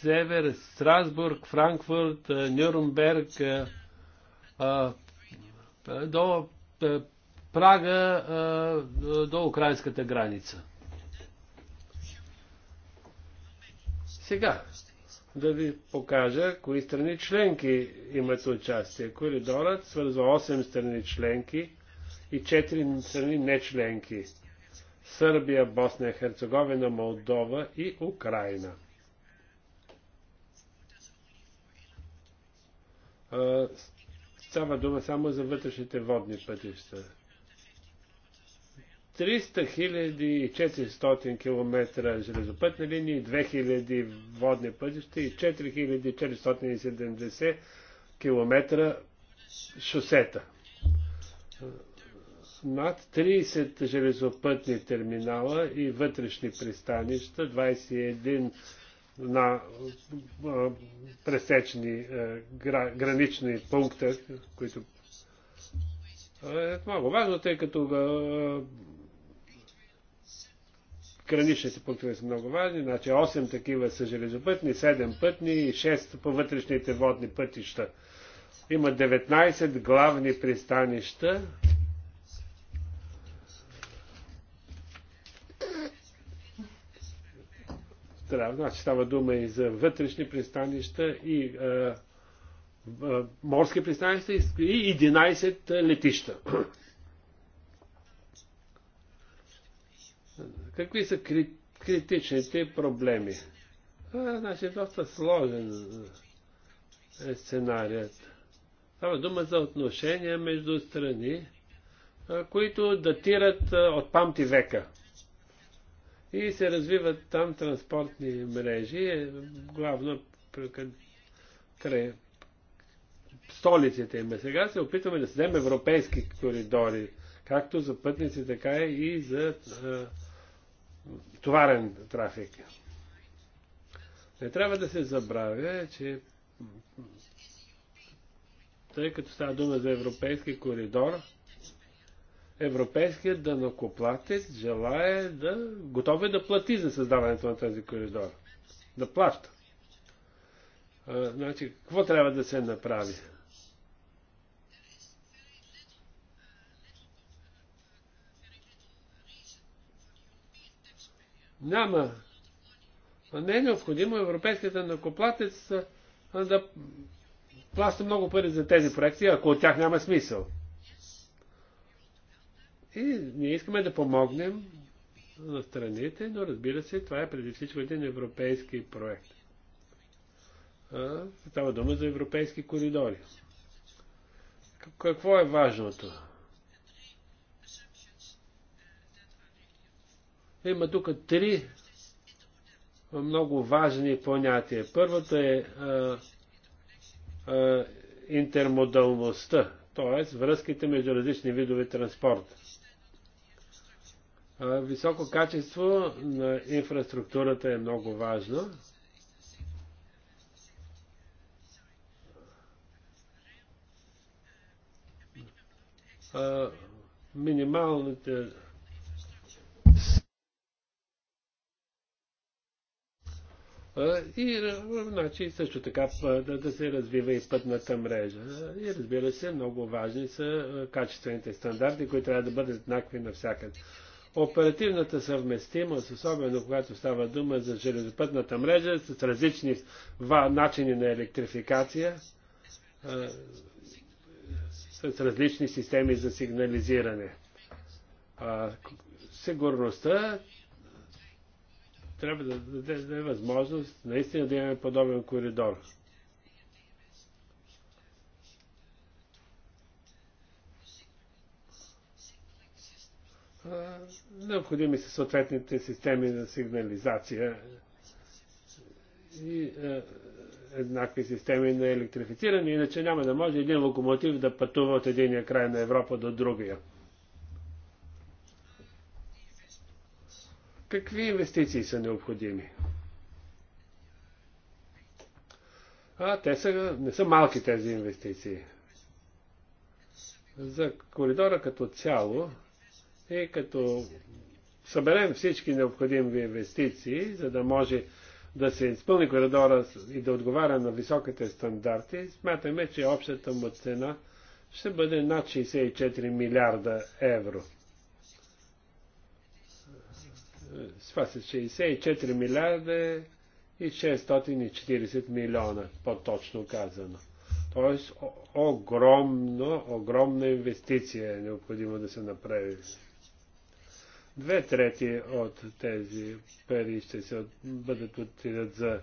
север Страсбург, Франкфурт, Нюрнберг, до Прага, до украинската граница. Сега да ви покажа кои страни членки имат участие. Коридорът свързва 8 страни членки и 4 страни не членки. Сърбия, Босния, Херцеговина, Молдова и Украина. Става дума само за вътрешните водни пътища. 300 400 км железопътни линии, 2000 водни пътища и 4470 км шосета над 30 железопътни терминала и вътрешни пристанища, 21 на а, пресечни а, гра, гранични пункта, които е много важно, тъй като а, граничните пунктове са много важни, значи 8 такива са железопътни, 7 пътни и 6 по вътрешните водни пътища. Има 19 главни пристанища, значи става дума и за вътрешни пристанища, и а, а, морски пристанища, и 11 летища. Какви са критичните проблеми? А, значи е доста сложен е сценарият. Става дума за отношения между страни, които датират от памти века и се развиват там транспортни мрежи, е, главно край столиците им. Сега се опитваме да създадем европейски коридори, както за пътници, така и за а, товарен трафик. Не трябва да се забравя, че тъй като става дума за европейски коридор, европейският данокоплатец желая да, готов е да плати за създаването на тази коридор. Да плаща. А, значи, какво трябва да се направи? Няма. Не е необходимо европейският накоплатец да плаща много пари за тези проекти, ако от тях няма смисъл. И ние искаме да помогнем на страните, но разбира се, това е преди всичко един европейски проект. Става дума за европейски коридори. Какво е важното? Има тук три много важни понятия. Първото е а, а, интермодалността, т.е. връзките между различни видове транспорта. Високо качество на инфраструктурата е много важно. Минималните и значи, също така да, да се развива и пътната мрежа. И разбира се, много важни са качествените стандарти, които трябва да бъдат еднакви навсякъде. Оперативната съвместимост, особено когато става дума за железопътната мрежа, с различни начини на електрификация, с различни системи за сигнализиране. Сигурността трябва да даде възможност наистина да имаме подобен коридор. Необходими са съответните системи на сигнализация и е, еднакви системи на електрифициране, иначе няма да може един локомотив да пътува от единия край на Европа до другия. Какви инвестиции са необходими? А, те са, не са малки тези инвестиции. За коридора като цяло е като съберем всички необходими инвестиции, за да може да се изпълни коридора и да отговаря на високите стандарти, смятаме, че общата му цена ще бъде над 64 милиарда евро. Това са 64 милиарда и 640 милиона, по-точно казано. Тоест, огромно, огромна инвестиция е необходимо да се направи. Две трети от тези пари ще се бъдат отидат за,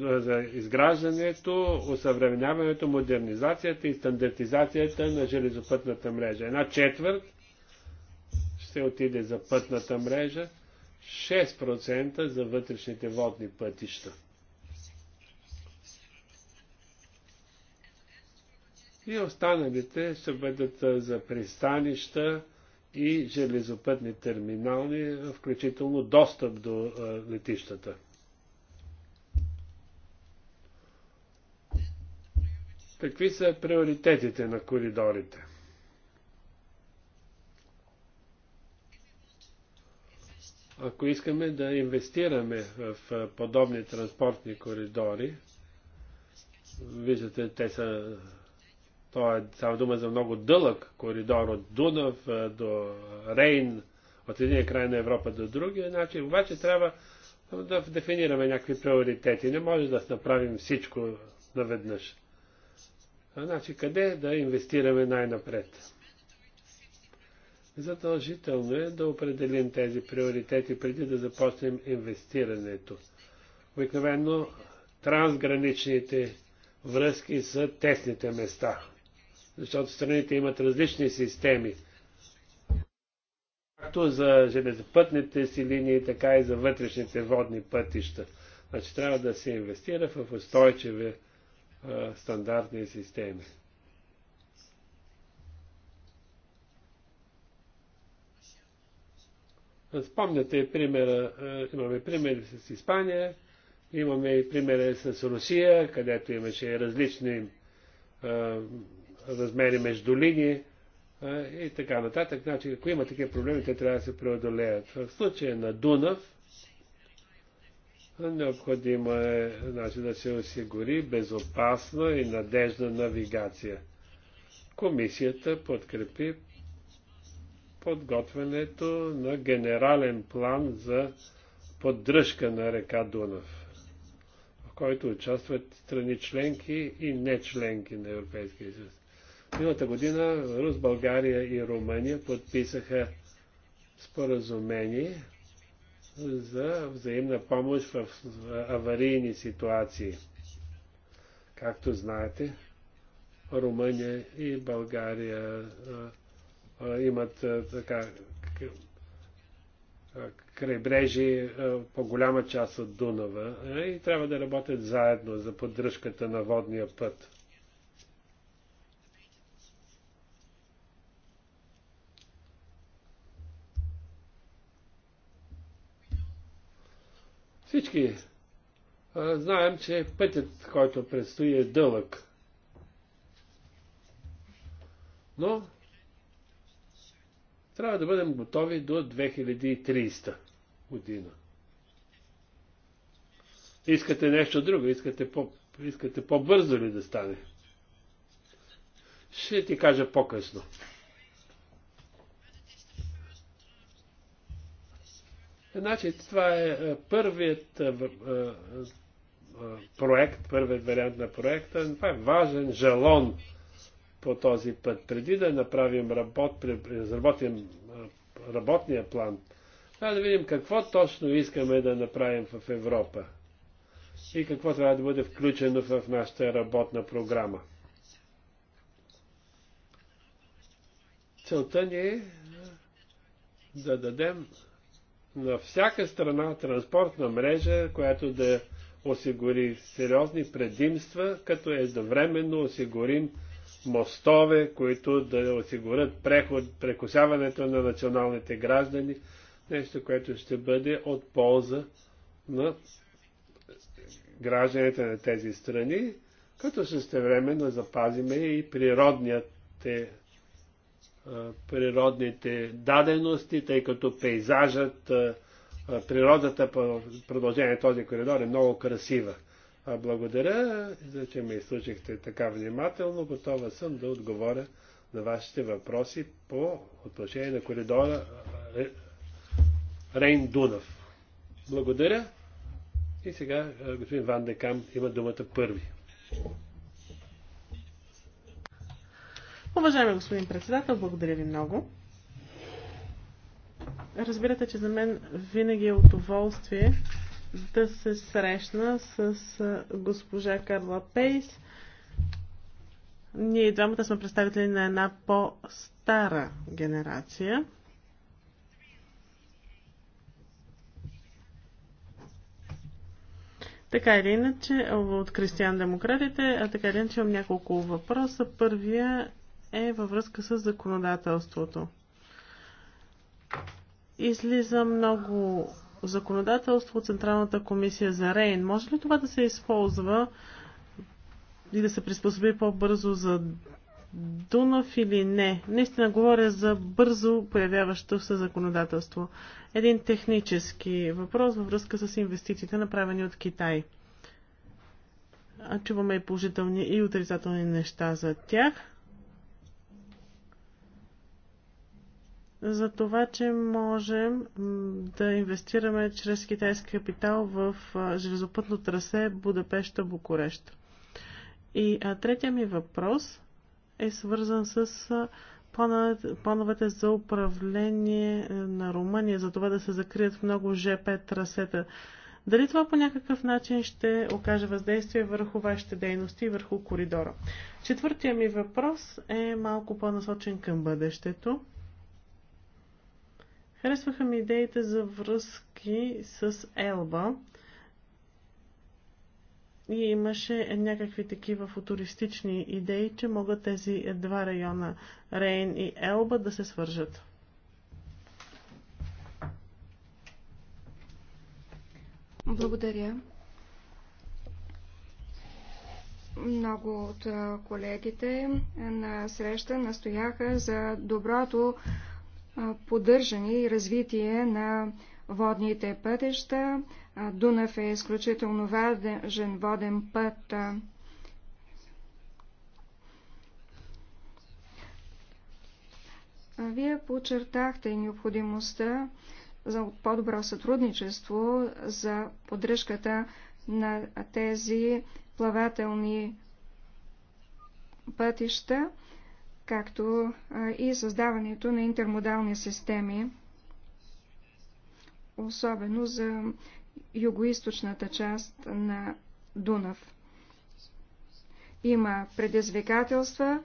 за изграждането, усъвременяването, модернизацията и стандартизацията на железопътната мрежа. Една четвърт ще отиде за пътната мрежа, 6% за вътрешните водни пътища. И останалите ще бъдат за пристанища, и железопътни терминални, включително достъп до летищата. Какви са приоритетите на коридорите? Ако искаме да инвестираме в подобни транспортни коридори, виждате, те са то е само дума за много дълъг коридор от Дунав е, до Рейн, от един край на Европа до другия. Значи, обаче трябва да дефинираме някакви приоритети. Не може да направим всичко наведнъж. Значи, къде да инвестираме най-напред? Задължително е да определим тези приоритети преди да започнем инвестирането. Обикновено трансграничните връзки са тесните места защото страните имат различни системи. Както за железопътните си линии, така и за вътрешните водни пътища. Значи трябва да се инвестира в устойчиви а, стандартни системи. Спомняте примера, имаме примери с Испания, имаме и примери с Русия, където имаше различни а, размери между линии и така нататък. Значи, ако има такива проблеми, те трябва да се преодолеят. В случая на Дунав, необходимо е значи, да се осигури безопасна и надежна навигация. Комисията подкрепи подготвянето на генерален план за поддръжка на река Дунав, в който участват страни членки и не членки на Европейския съюз. Миналата година Рус, България и Румъния подписаха споразумение за взаимна помощ в аварийни ситуации. Както знаете, Румъния и България имат така крайбрежи по голяма част от Дунава и трябва да работят заедно за поддръжката на водния път. Всички а, знаем, че пътят, който предстои, е дълъг. Но трябва да бъдем готови до 2300 година. Искате нещо друго, искате, по, искате по-бързо ли да стане? Ще ти кажа по-късно. Значи, това е, е първият е, е, проект, първият вариант на проекта. Това е важен жалон по този път. Преди да направим работ, разработим работния план, трябва да видим какво точно искаме да направим в Европа и какво трябва да бъде включено в нашата работна програма. Целта ни е да дадем на всяка страна транспортна мрежа, която да осигури сериозни предимства, като едновременно осигурим мостове, които да осигурят преход, прекусяването на националните граждани, нещо, което ще бъде от полза на гражданите на тези страни, като същевременно запазиме и природните природните дадености, тъй като пейзажът, природата по продължение на този коридор е много красива. Благодаря, за че ме изслушахте така внимателно. Готова съм да отговоря на вашите въпроси по отношение на коридора Рейн Дунав. Благодаря. И сега господин Ван Декам има думата първи. Уважаеми господин председател, благодаря ви много. Разбирате, че за мен винаги е удоволствие да се срещна с госпожа Карла Пейс. Ние двамата сме представители на една по-стара генерация. Така или иначе, от християн-демократите, а така или иначе имам няколко въпроса. Първия е във връзка с законодателството. Излиза много законодателство от Централната комисия за Рейн. Може ли това да се използва и да се приспособи по-бързо за Дунав или не? Наистина говоря за бързо появяващо се законодателство. Един технически въпрос във връзка с инвестициите, направени от Китай. А чуваме и положителни и отрицателни неща за тях. за това, че можем да инвестираме чрез китайски капитал в железопътно трасе Будапешта-Букурещ. И а, третия ми въпрос е свързан с а, плановете, плановете за управление е, на Румъния, за това да се закрият много ЖП трасета. Дали това по някакъв начин ще окаже въздействие върху вашите дейности и върху коридора? Четвъртия ми въпрос е малко по-насочен към бъдещето. Харесваха ми идеите за връзки с Елба. И имаше някакви такива футуристични идеи, че могат тези два района, Рейн и Елба, да се свържат. Благодаря. Много от колегите на среща настояха за доброто поддържане и развитие на водните пътища. Дунав е изключително важен воден път. Вие подчертахте необходимостта за по-добро сътрудничество за поддръжката на тези плавателни пътища както и създаването на интермодални системи, особено за югоисточната част на Дунав. Има предизвикателства,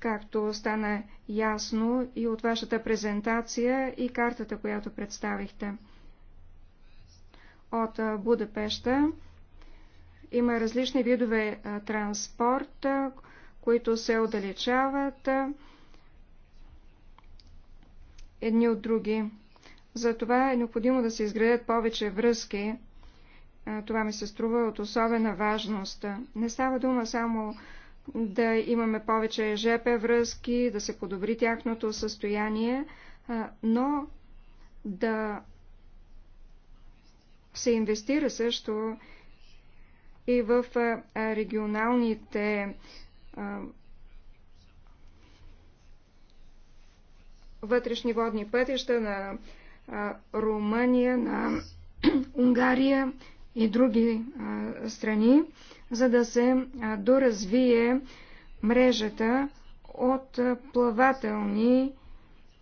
както стана ясно и от вашата презентация и картата, която представихте. От Будапешта има различни видове транспорт, които се отдалечават едни от други. Затова е необходимо да се изградят повече връзки. Това ми се струва от особена важност. Не става дума само да имаме повече ЖП връзки, да се подобри тяхното състояние, но да се инвестира също и в регионалните вътрешни водни пътища на Румъния, на Унгария и други страни, за да се доразвие мрежата от плавателни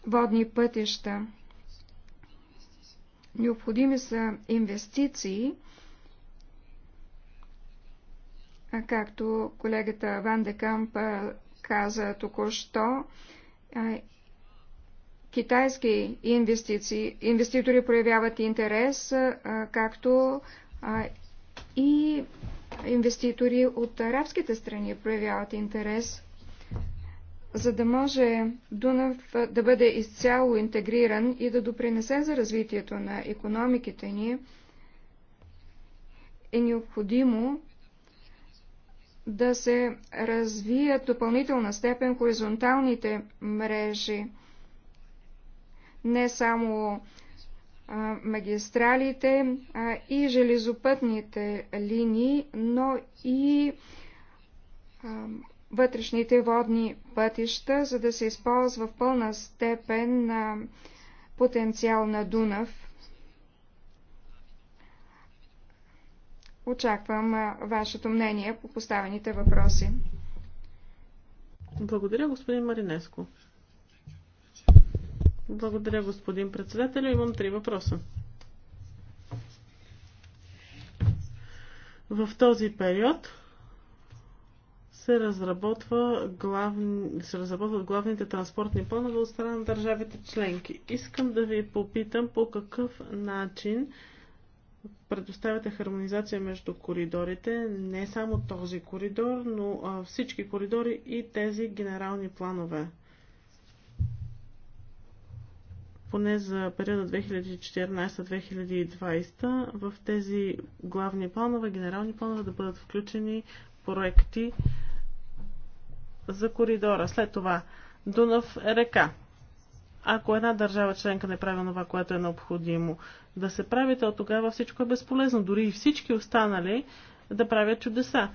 водни пътища. Необходими са инвестиции както колегата Ван де Къмп каза току-що, китайски инвестиции, инвеститори проявяват интерес, както и инвеститори от арабските страни проявяват интерес, за да може Дунав да бъде изцяло интегриран и да допринесе за развитието на економиките ни, е необходимо да се развият допълнителна степен хоризонталните мрежи, не само а, магистралите а, и железопътните линии, но и а, вътрешните водни пътища, за да се използва в пълна степен на потенциал на Дунав. Очаквам вашето мнение по поставените въпроси. Благодаря, господин Маринеско. Благодаря, господин председател. Имам три въпроса. В този период се, разработва главни, се разработват главните транспортни планове от страна на държавите членки. Искам да ви попитам по какъв начин предоставяте хармонизация между коридорите, не само този коридор, но всички коридори и тези генерални планове. Поне за периода 2014-2020 в тези главни планове, генерални планове да бъдат включени проекти за коридора. След това Дунав река. Ако една държава членка не прави това, което е необходимо да се прави, то тогава всичко е безполезно. Дори и всички останали да правят чудеса.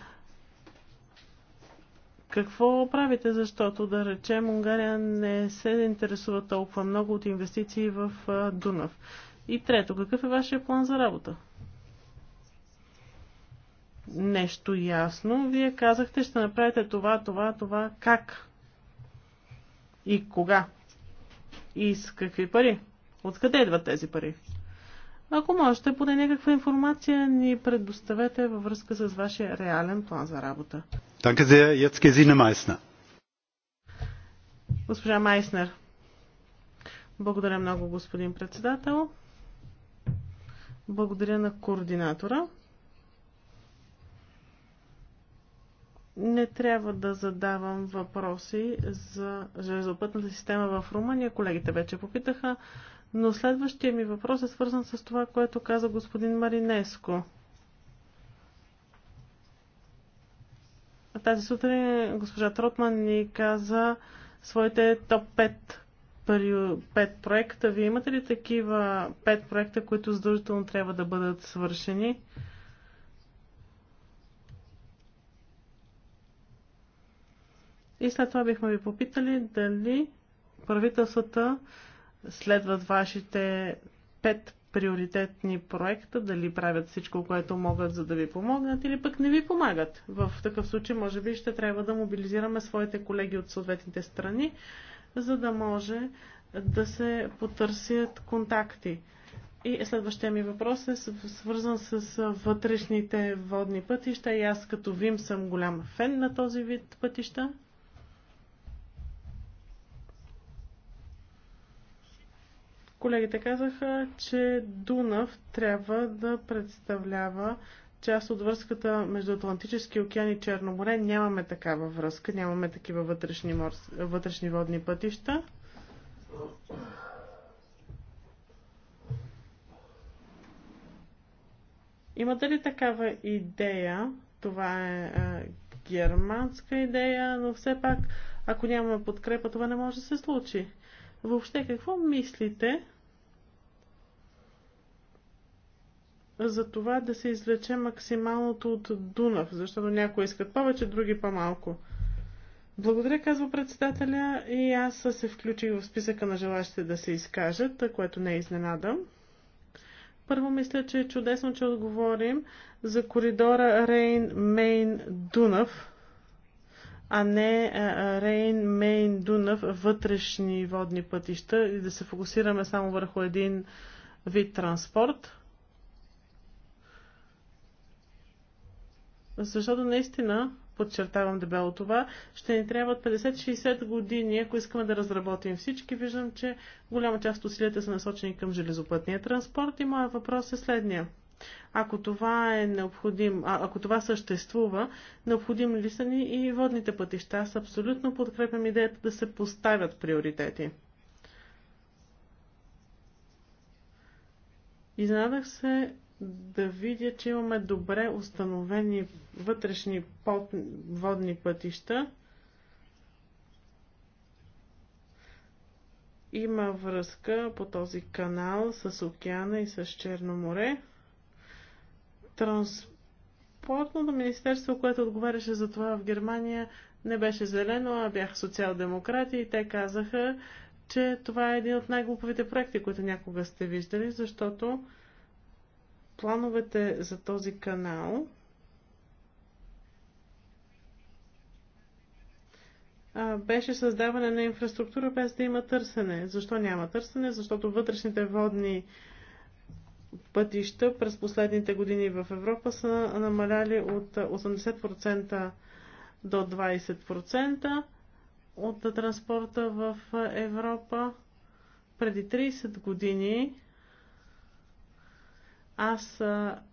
Какво правите, защото да речем Унгария не се интересува толкова много от инвестиции в Дунав? И трето, какъв е вашия план за работа? Нещо ясно. Вие казахте, ще направите това, това, това. Как? И кога? и с какви пари? Откъде идват тези пари? Ако можете, поне някаква информация ни предоставете във връзка с вашия реален план за работа. Танка за яцке зина Майсна. Госпожа Майснер. Благодаря много, господин председател. Благодаря на координатора. не трябва да задавам въпроси за железопътната система в Румъния. Колегите вече попитаха. Но следващия ми въпрос е свързан с това, което каза господин Маринеско. Тази сутрин госпожа Тротман ни каза своите топ 5 проекта. Вие имате ли такива 5 проекта, които задължително трябва да бъдат свършени? И след това бихме ви попитали дали правителствата следват вашите пет приоритетни проекта, дали правят всичко, което могат, за да ви помогнат или пък не ви помагат. В такъв случай, може би, ще трябва да мобилизираме своите колеги от съответните страни, за да може да се потърсят контакти. И следващия ми въпрос е свързан с вътрешните водни пътища и аз като Вим съм голям фен на този вид пътища. Колегите казаха, че Дунав трябва да представлява част от връзката между Атлантически океан и Черно море. Нямаме такава връзка, нямаме такива вътрешни, морс... вътрешни водни пътища. Имате ли такава идея? Това е, е германска идея, но все пак, ако нямаме подкрепа, това не може да се случи. Въобще какво мислите за това да се извлече максималното от Дунав, защото някои искат повече, други по-малко. Благодаря, казва председателя, и аз се включих в списъка на желащите да се изкажат, което не е изненадам. Първо мисля, че е чудесно, че отговорим за коридора Рейн-Мейн-Дунав, а не Рейн, Мейн, Дунав, вътрешни водни пътища и да се фокусираме само върху един вид транспорт. Защото наистина, подчертавам дебело това, ще ни трябват 50-60 години, ако искаме да разработим всички. Виждам, че голяма част от усилията са насочени към железопътния транспорт и моят въпрос е следния – ако това е необходим, а, ако това съществува, необходим ли са ни и водните пътища? Аз абсолютно подкрепям идеята да се поставят приоритети. Изнадах се да видя, че имаме добре установени вътрешни под... водни пътища. Има връзка по този канал с океана и с Черно море. Транспортното министерство, което отговаряше за това в Германия, не беше зелено, а бяха социал-демократи и те казаха, че това е един от най-глупавите проекти, които някога сте виждали, защото плановете за този канал беше създаване на инфраструктура без да има търсене. Защо няма търсене? Защото вътрешните водни пътища през последните години в Европа са намаляли от 80% до 20% от транспорта в Европа. Преди 30 години аз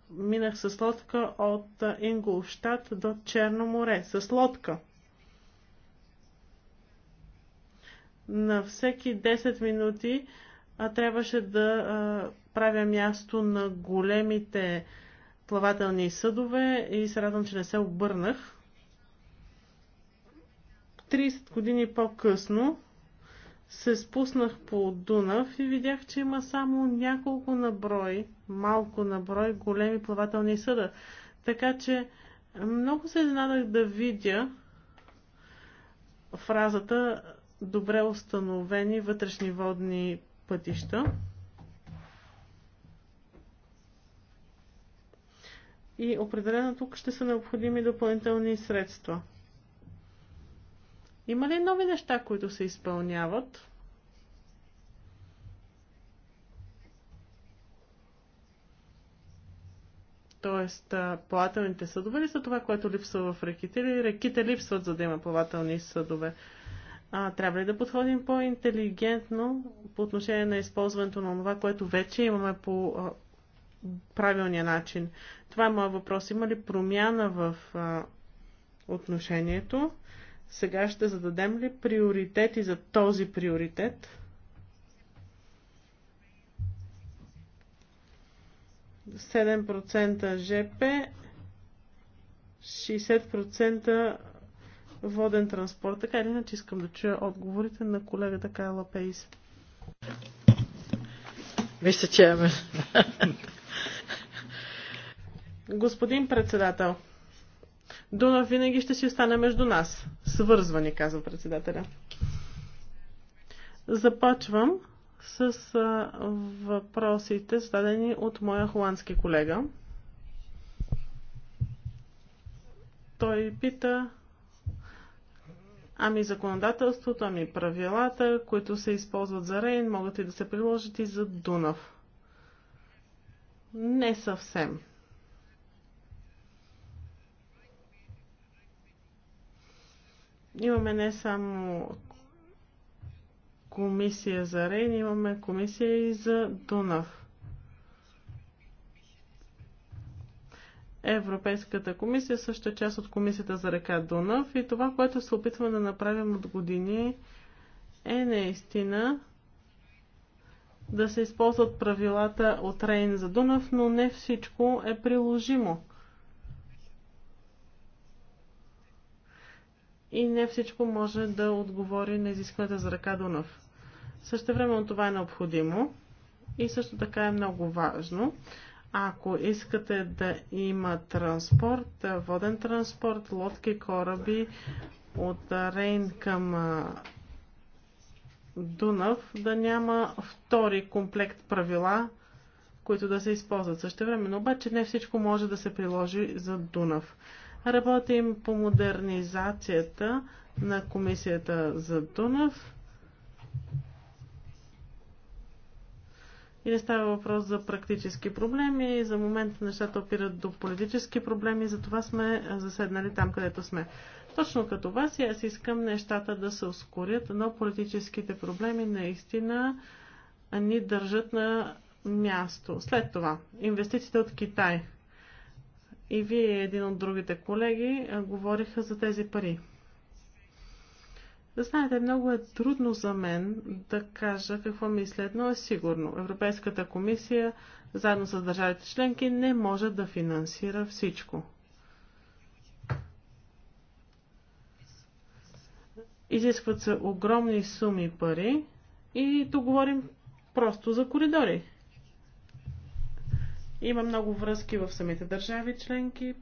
минах с лодка от Инголштад до Черно море. С лодка. На всеки 10 минути а, трябваше да а, правя място на големите плавателни съдове и се радвам, че не се обърнах. 30 години по-късно се спуснах по Дунав и видях, че има само няколко наброй, малко наброй големи плавателни съда. Така че много се изненадах да видя фразата добре установени вътрешни водни пътища. и определено тук ще са необходими допълнителни средства. Има ли нови неща, които се изпълняват? Тоест, плавателните съдове ли са това, което липсва в реките или реките липсват, за да има плавателни съдове? А, трябва ли да подходим по-интелигентно по отношение на използването на това, което вече имаме по правилния начин. Това е моят въпрос. Има ли промяна в а, отношението? Сега ще зададем ли приоритети за този приоритет? Седем процента ЖП, 60% воден транспорт. Така или иначе искам да чуя отговорите на колегата Кайла Пейс. Мисля, че Господин председател, Дунав винаги ще си остане между нас. Свързвани, казва председателя. Започвам с въпросите, зададени от моя холандски колега. Той пита Ами законодателството, ами правилата, които се използват за Рейн, могат и да се приложат и за Дунав. Не съвсем. Имаме не само комисия за Рейн, имаме комисия и за Дунав. Европейската комисия също е част от комисията за река Дунав и това, което се опитваме да направим от години е наистина да се използват правилата от Рейн за Дунав, но не всичко е приложимо. И не всичко може да отговори на изискването за ръка Дунав. Също време това е необходимо и също така е много важно. Ако искате да има транспорт, воден транспорт, лодки, кораби от Рейн към Дунав да няма втори комплект правила, които да се използват също време. Но обаче не всичко може да се приложи за Дунав. Работим по модернизацията на комисията за Дунав. И не става въпрос за практически проблеми. За момента нещата опират до политически проблеми, затова сме заседнали там, където сме. Точно като вас и аз искам нещата да се ускорят, но политическите проблеми наистина ни държат на място. След това, инвестициите от Китай. И вие един от другите колеги говориха за тези пари. Знаете, много е трудно за мен да кажа какво мисля, но е сигурно. Европейската комисия, заедно с държавите членки, не може да финансира всичко. Изискват се огромни суми пари и тук говорим просто за коридори. Има много връзки в самите държави членки,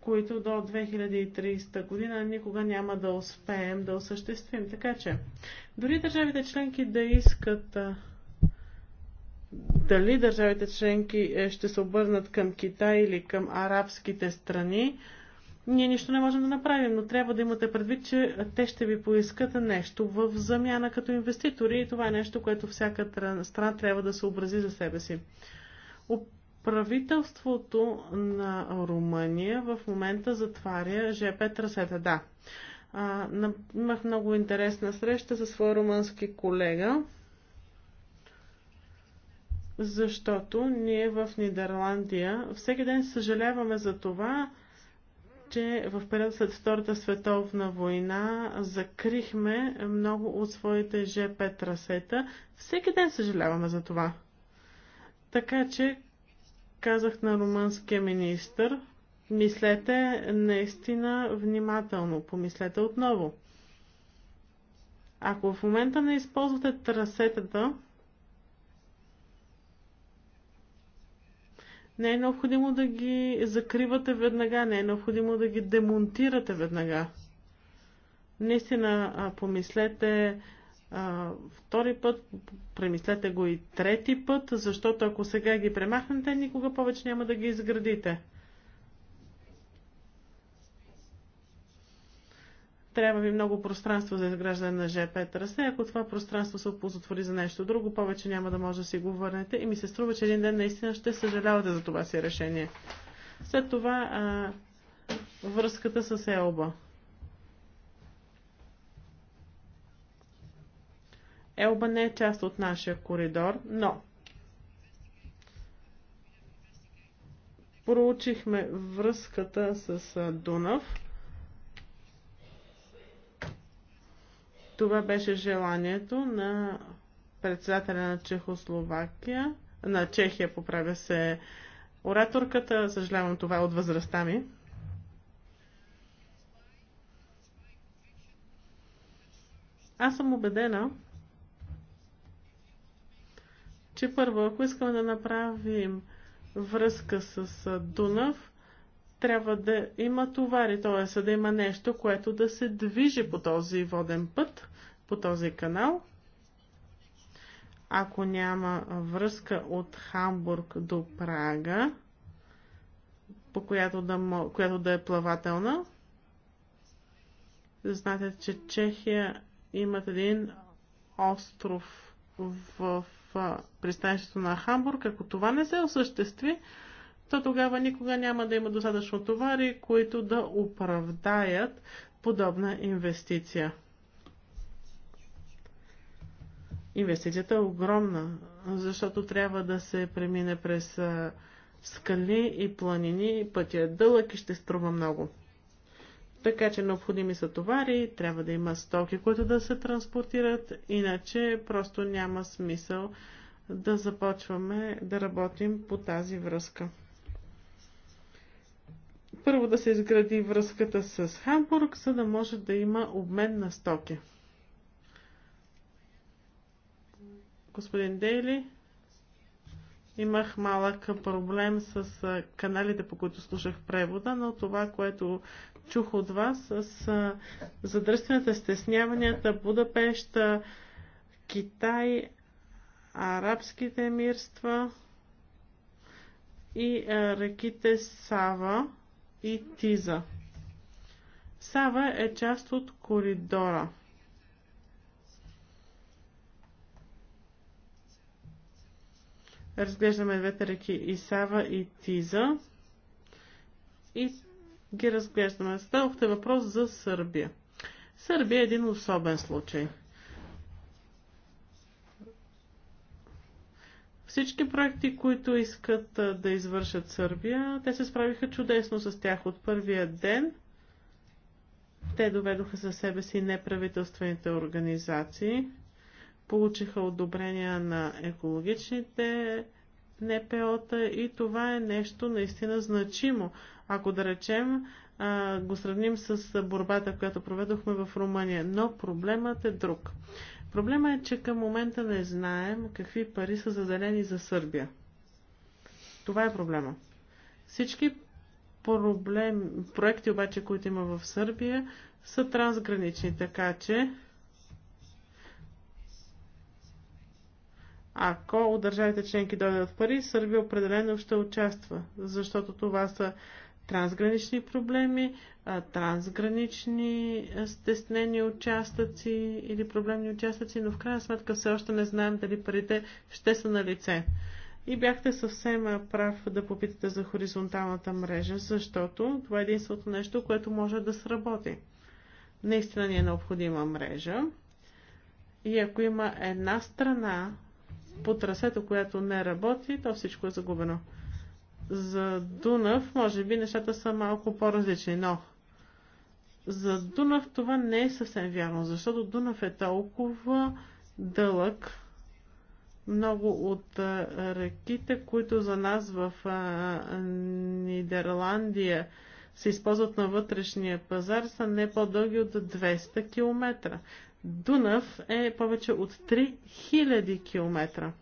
които до 2030 година никога няма да успеем да осъществим. Така че, дори държавите членки да искат дали държавите членки е, ще се обърнат към Китай или към арабските страни, ние нищо не можем да направим, но трябва да имате предвид, че те ще ви поискат нещо в замяна като инвеститори и това е нещо, което всяка страна трябва да съобрази за себе си. Правителството на Румъния в момента затваря ЖП трасета. Да. А, имах много интересна среща със своя румънски колега, защото ние в Нидерландия всеки ден съжаляваме за това, че в период след Втората световна война закрихме много от своите ЖП трасета. Всеки ден съжаляваме за това. Така че казах на румънския министр, мислете наистина внимателно, помислете отново. Ако в момента не използвате трасетата, Не е необходимо да ги закривате веднага, не е необходимо да ги демонтирате веднага. Наистина, помислете а, втори път, премислете го и трети път, защото ако сега ги премахнете, никога повече няма да ги изградите. Трябва ви много пространство за изграждане на ЖП трасе. Ако това пространство се оползотвори за нещо друго, повече няма да може да си го върнете. И ми се струва, че един ден наистина ще съжалявате за това си решение. След това а, връзката с Елба. Елба не е част от нашия коридор, но проучихме връзката с Дунав Това беше желанието на председателя на Чехословакия, на Чехия поправя се ораторката, съжалявам това е от възрастта ми. Аз съм убедена, че първо, ако искаме да направим връзка с Дунав, трябва да има товари, т.е. да има нещо, което да се движи по този воден път по този канал. Ако няма връзка от Хамбург до Прага, по която да, която да е плавателна, знаете, че Чехия имат един остров в, в пристанището на Хамбург. Ако това не се осъществи, то тогава никога няма да има достатъчно товари, които да оправдаят подобна инвестиция. Инвестицията е огромна, защото трябва да се премине през скали и планини, пътя е дълъг и ще струва много. Така че необходими са товари, трябва да има стоки, които да се транспортират, иначе просто няма смисъл да започваме да работим по тази връзка. Първо да се изгради връзката с Хамбург, за да може да има обмен на стоки. господин Дейли. Имах малък проблем с каналите, по които слушах превода, но това, което чух от вас, с задръстванията, стесняванията, Будапешта, Китай, Арабските емирства и реките Сава и Тиза. Сава е част от коридора – разглеждаме двете реки Исава и Тиза и ги разглеждаме. Ставахте въпрос за Сърбия. Сърбия е един особен случай. Всички проекти, които искат да извършат Сърбия, те се справиха чудесно с тях от първия ден. Те доведоха със себе си неправителствените организации получиха одобрения на екологичните НПО-та и това е нещо наистина значимо. Ако да речем, го сравним с борбата, която проведохме в Румъния. Но проблемът е друг. Проблема е, че към момента не знаем какви пари са заделени за Сърбия. Това е проблема. Всички проблем, проекти обаче, които има в Сърбия, са трансгранични, така че Ако от държавите членки дойдат пари, Сърбия определено ще участва, защото това са трансгранични проблеми, трансгранични стеснени участъци или проблемни участъци, но в крайна сметка все още не знаем дали парите ще са на лице. И бяхте съвсем прав да попитате за хоризонталната мрежа, защото това е единственото нещо, което може да сработи. Наистина ни е необходима мрежа. И ако има една страна по трасето, която не работи, то всичко е загубено. За Дунав, може би, нещата са малко по-различни, но за Дунав това не е съвсем вярно, защото Дунав е толкова дълъг, много от реките, които за нас в Нидерландия се използват на вътрешния пазар, са не по-дълги от 200 км. Дунав е повече от 3000 км.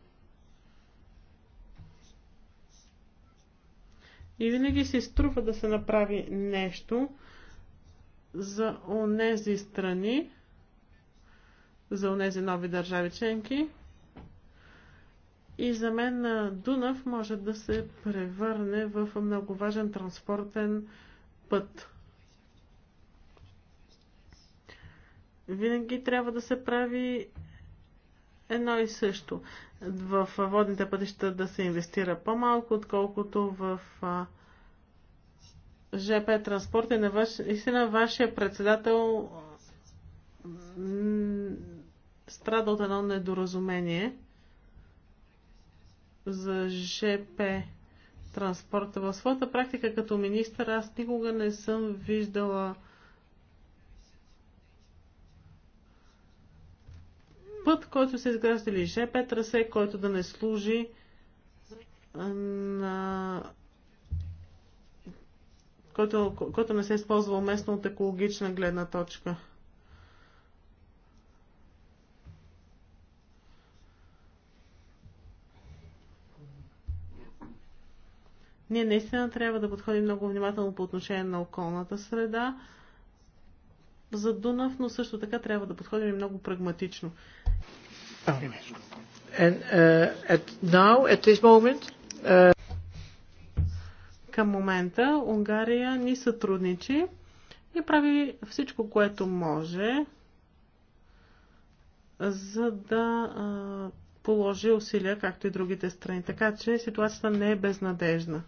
И винаги се струва да се направи нещо за онези страни, за онези нови държави членки. И за мен Дунав може да се превърне в много важен транспортен път. винаги трябва да се прави едно и също. В водните пътища да се инвестира по-малко, отколкото в ЖП транспорт. И на ваш, истина, вашия председател страда от едно недоразумение за ЖП транспорта. В своята практика като министър аз никога не съм виждала път, който се изгражда или ЖП трасе, който да не служи на който, който не се е използва уместно от екологична гледна точка. Ние наистина трябва да подходим много внимателно по отношение на околната среда, за Дунав, но също така трябва да подходим и много прагматично. And, uh, at now, at this moment, uh... Към момента Унгария ни сътрудничи и прави всичко, което може, за да uh, положи усилия, както и другите страни. Така че ситуацията не е безнадежна.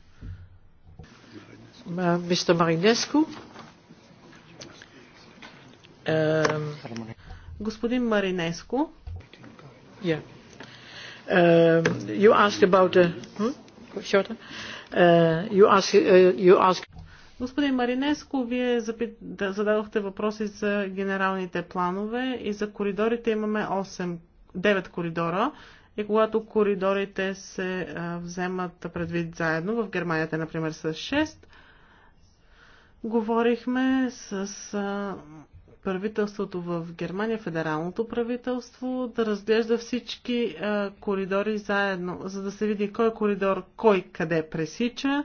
Мистер uh, Маринеско господин Маринеско. you asked about the... Hmm? Shorter? you ask, uh, you ask... Господин Маринеско, вие зададохте въпроси за генералните планове и за коридорите. Имаме 8, 9 коридора и когато коридорите се вземат предвид заедно, в Германията, например, с 6, говорихме с а, правителството в Германия, федералното правителство, да разглежда всички а, коридори заедно, за да се види кой коридор, кой къде пресича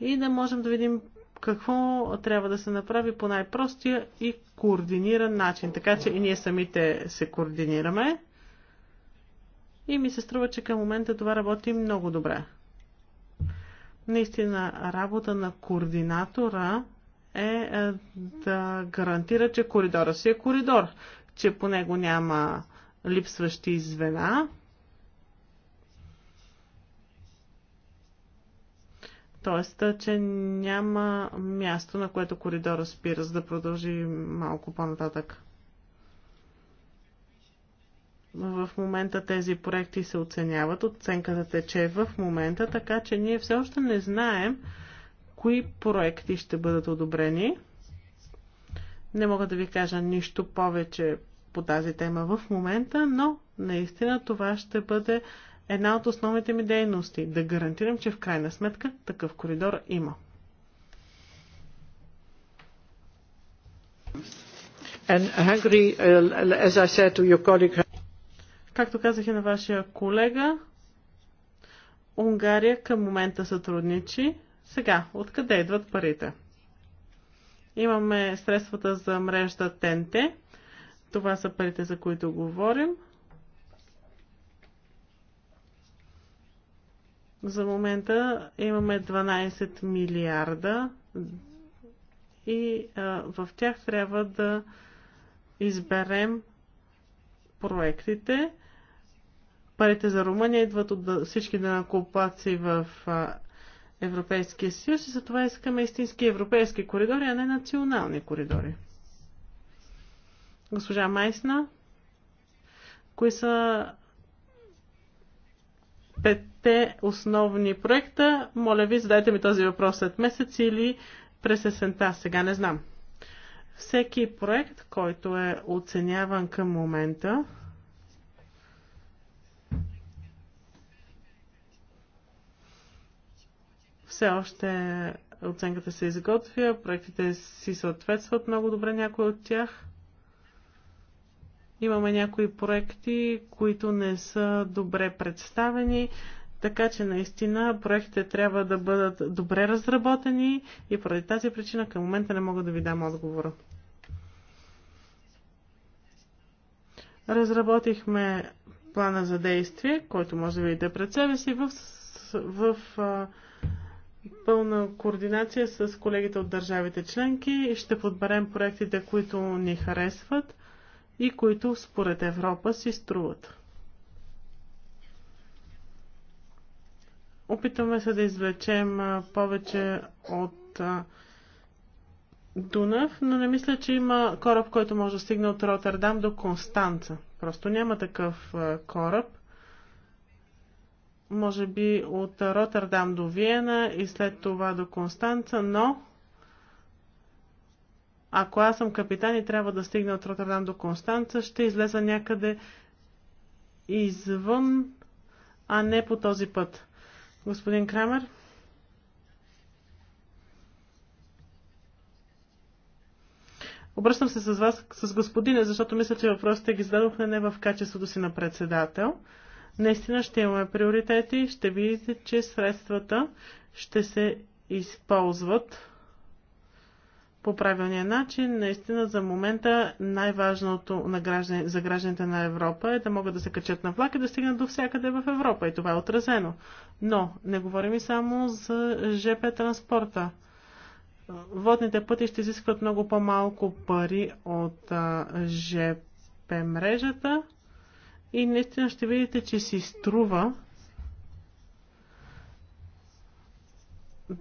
и да можем да видим какво трябва да се направи по най-простия и координиран начин. Така че и ние самите се координираме. И ми се струва, че към момента това работи много добре. Наистина, работа на координатора е, е да гарантира, че коридора си е коридор, че по него няма липсващи звена. Тоест, е, че няма място, на което коридора спира, за да продължи малко по-нататък. В момента тези проекти се оценяват, оценката тече в момента, така че ние все още не знаем кои проекти ще бъдат одобрени. Не мога да ви кажа нищо повече по тази тема в момента, но наистина това ще бъде една от основните ми дейности. Да гарантирам, че в крайна сметка такъв коридор има. And uh, as I said to your colleague... Както казах и на вашия колега, Унгария към момента сътрудничи сега, откъде идват парите? Имаме средствата за мрежата ТНТ. Това са парите, за които говорим. За момента имаме 12 милиарда и а, в тях трябва да изберем проектите. Парите за Румъния идват от всички данакоплаци в Европейския съюз и затова искаме истински европейски коридори, а не национални коридори. Госпожа Майсна, кои са петте основни проекта? Моля ви, задайте ми този въпрос след месец или през есента. Сега не знам. Всеки проект, който е оценяван към момента, Все още оценката се изготвя, проектите си съответстват много добре някои от тях. Имаме някои проекти, които не са добре представени, така че наистина проектите трябва да бъдат добре разработени и поради тази причина към момента не мога да ви дам отговора. Разработихме плана за действие, който може да видите пред себе си в, в, в пълна координация с колегите от държавите членки и ще подберем проектите, които ни харесват и които според Европа си струват. Опитваме се да извлечем повече от Дунав, но не мисля, че има кораб, който може да стигне от Роттердам до Констанца. Просто няма такъв кораб – може би от Ротърдам до Виена и след това до Констанца, но ако аз съм капитан и трябва да стигна от Ротърдам до Констанца, ще излеза някъде извън, а не по този път. Господин Крамер? Обръщам се с вас, с господина, защото мисля, че въпросите ги зададохме не в качеството си на председател. Наистина ще имаме приоритети, ще видите, че средствата ще се използват по правилния начин. Наистина за момента най-важното граждан, за гражданите на Европа е да могат да се качат на влак и да стигнат до всякъде в Европа. И това е отразено. Но не говорим и само за ЖП транспорта. Водните пъти ще изискват много по-малко пари от ЖП мрежата. И наистина ще видите, че си струва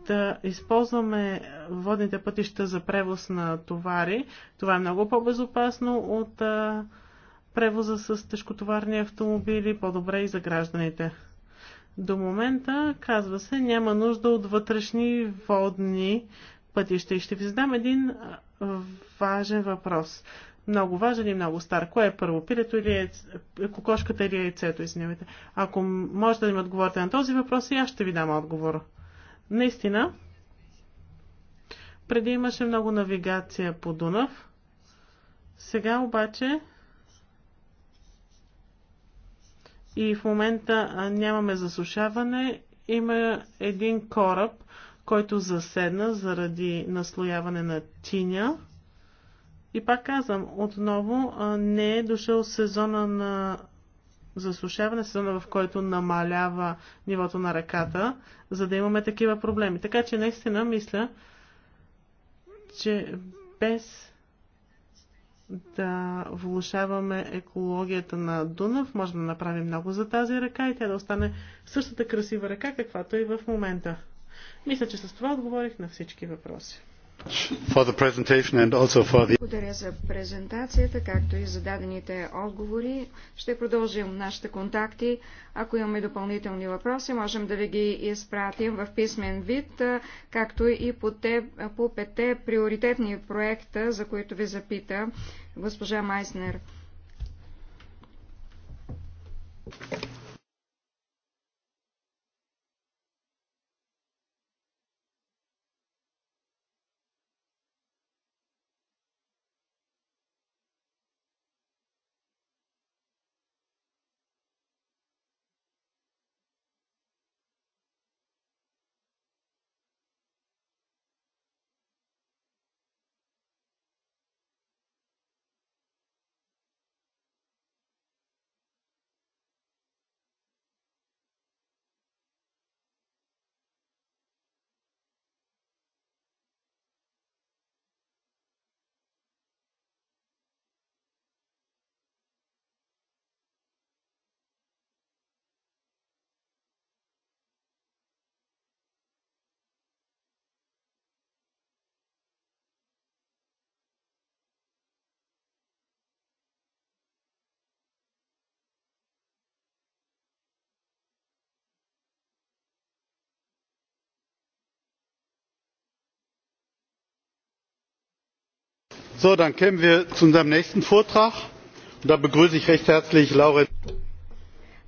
да използваме водните пътища за превоз на товари. Това е много по-безопасно от а, превоза с тежкотоварни автомобили, по-добре и за гражданите. До момента, казва се, няма нужда от вътрешни водни пътища. И ще ви задам един важен въпрос много важен и много стар. Кое е първо, пилето или яйце, е кокошката или е яйцето, извинявайте. Ако може да ми отговорите на този въпрос, и аз ще ви дам отговор. Наистина, преди имаше много навигация по Дунав. Сега обаче и в момента нямаме засушаване. Има един кораб, който заседна заради наслояване на тиня и пак казвам, отново не е дошъл сезона на засушаване, сезона в който намалява нивото на ръката, за да имаме такива проблеми. Така че наистина мисля, че без да влушаваме екологията на Дунав, може да направим много за тази ръка и тя да остане същата красива ръка, каквато е и в момента. Мисля, че с това отговорих на всички въпроси. Благодаря за презентацията, както и за дадените отговори. Ще продължим нашите контакти. Ако имаме допълнителни въпроси, можем да ви ги изпратим в писмен вид, както и по, те, по пете приоритетни проекта, за които ви запита госпожа Майснер. dann kämen wir zu unserem nächsten Vortrag. Und da begrüße ich recht herzlich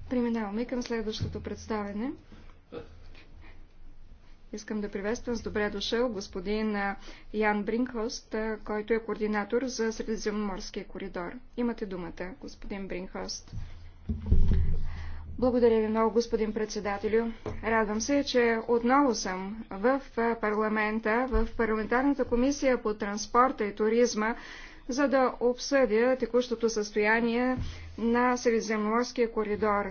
Преминаваме към следващото представене. Искам да приветствам с добре дошъл господин Ян Бринхост, който е координатор за Средиземноморския коридор. Имате думата, господин Бринхост. Благодаря ви много, господин председателю. Радвам се, че отново съм в парламента, в парламентарната комисия по транспорта и туризма, за да обсъдя текущото състояние на Средиземноморския коридор.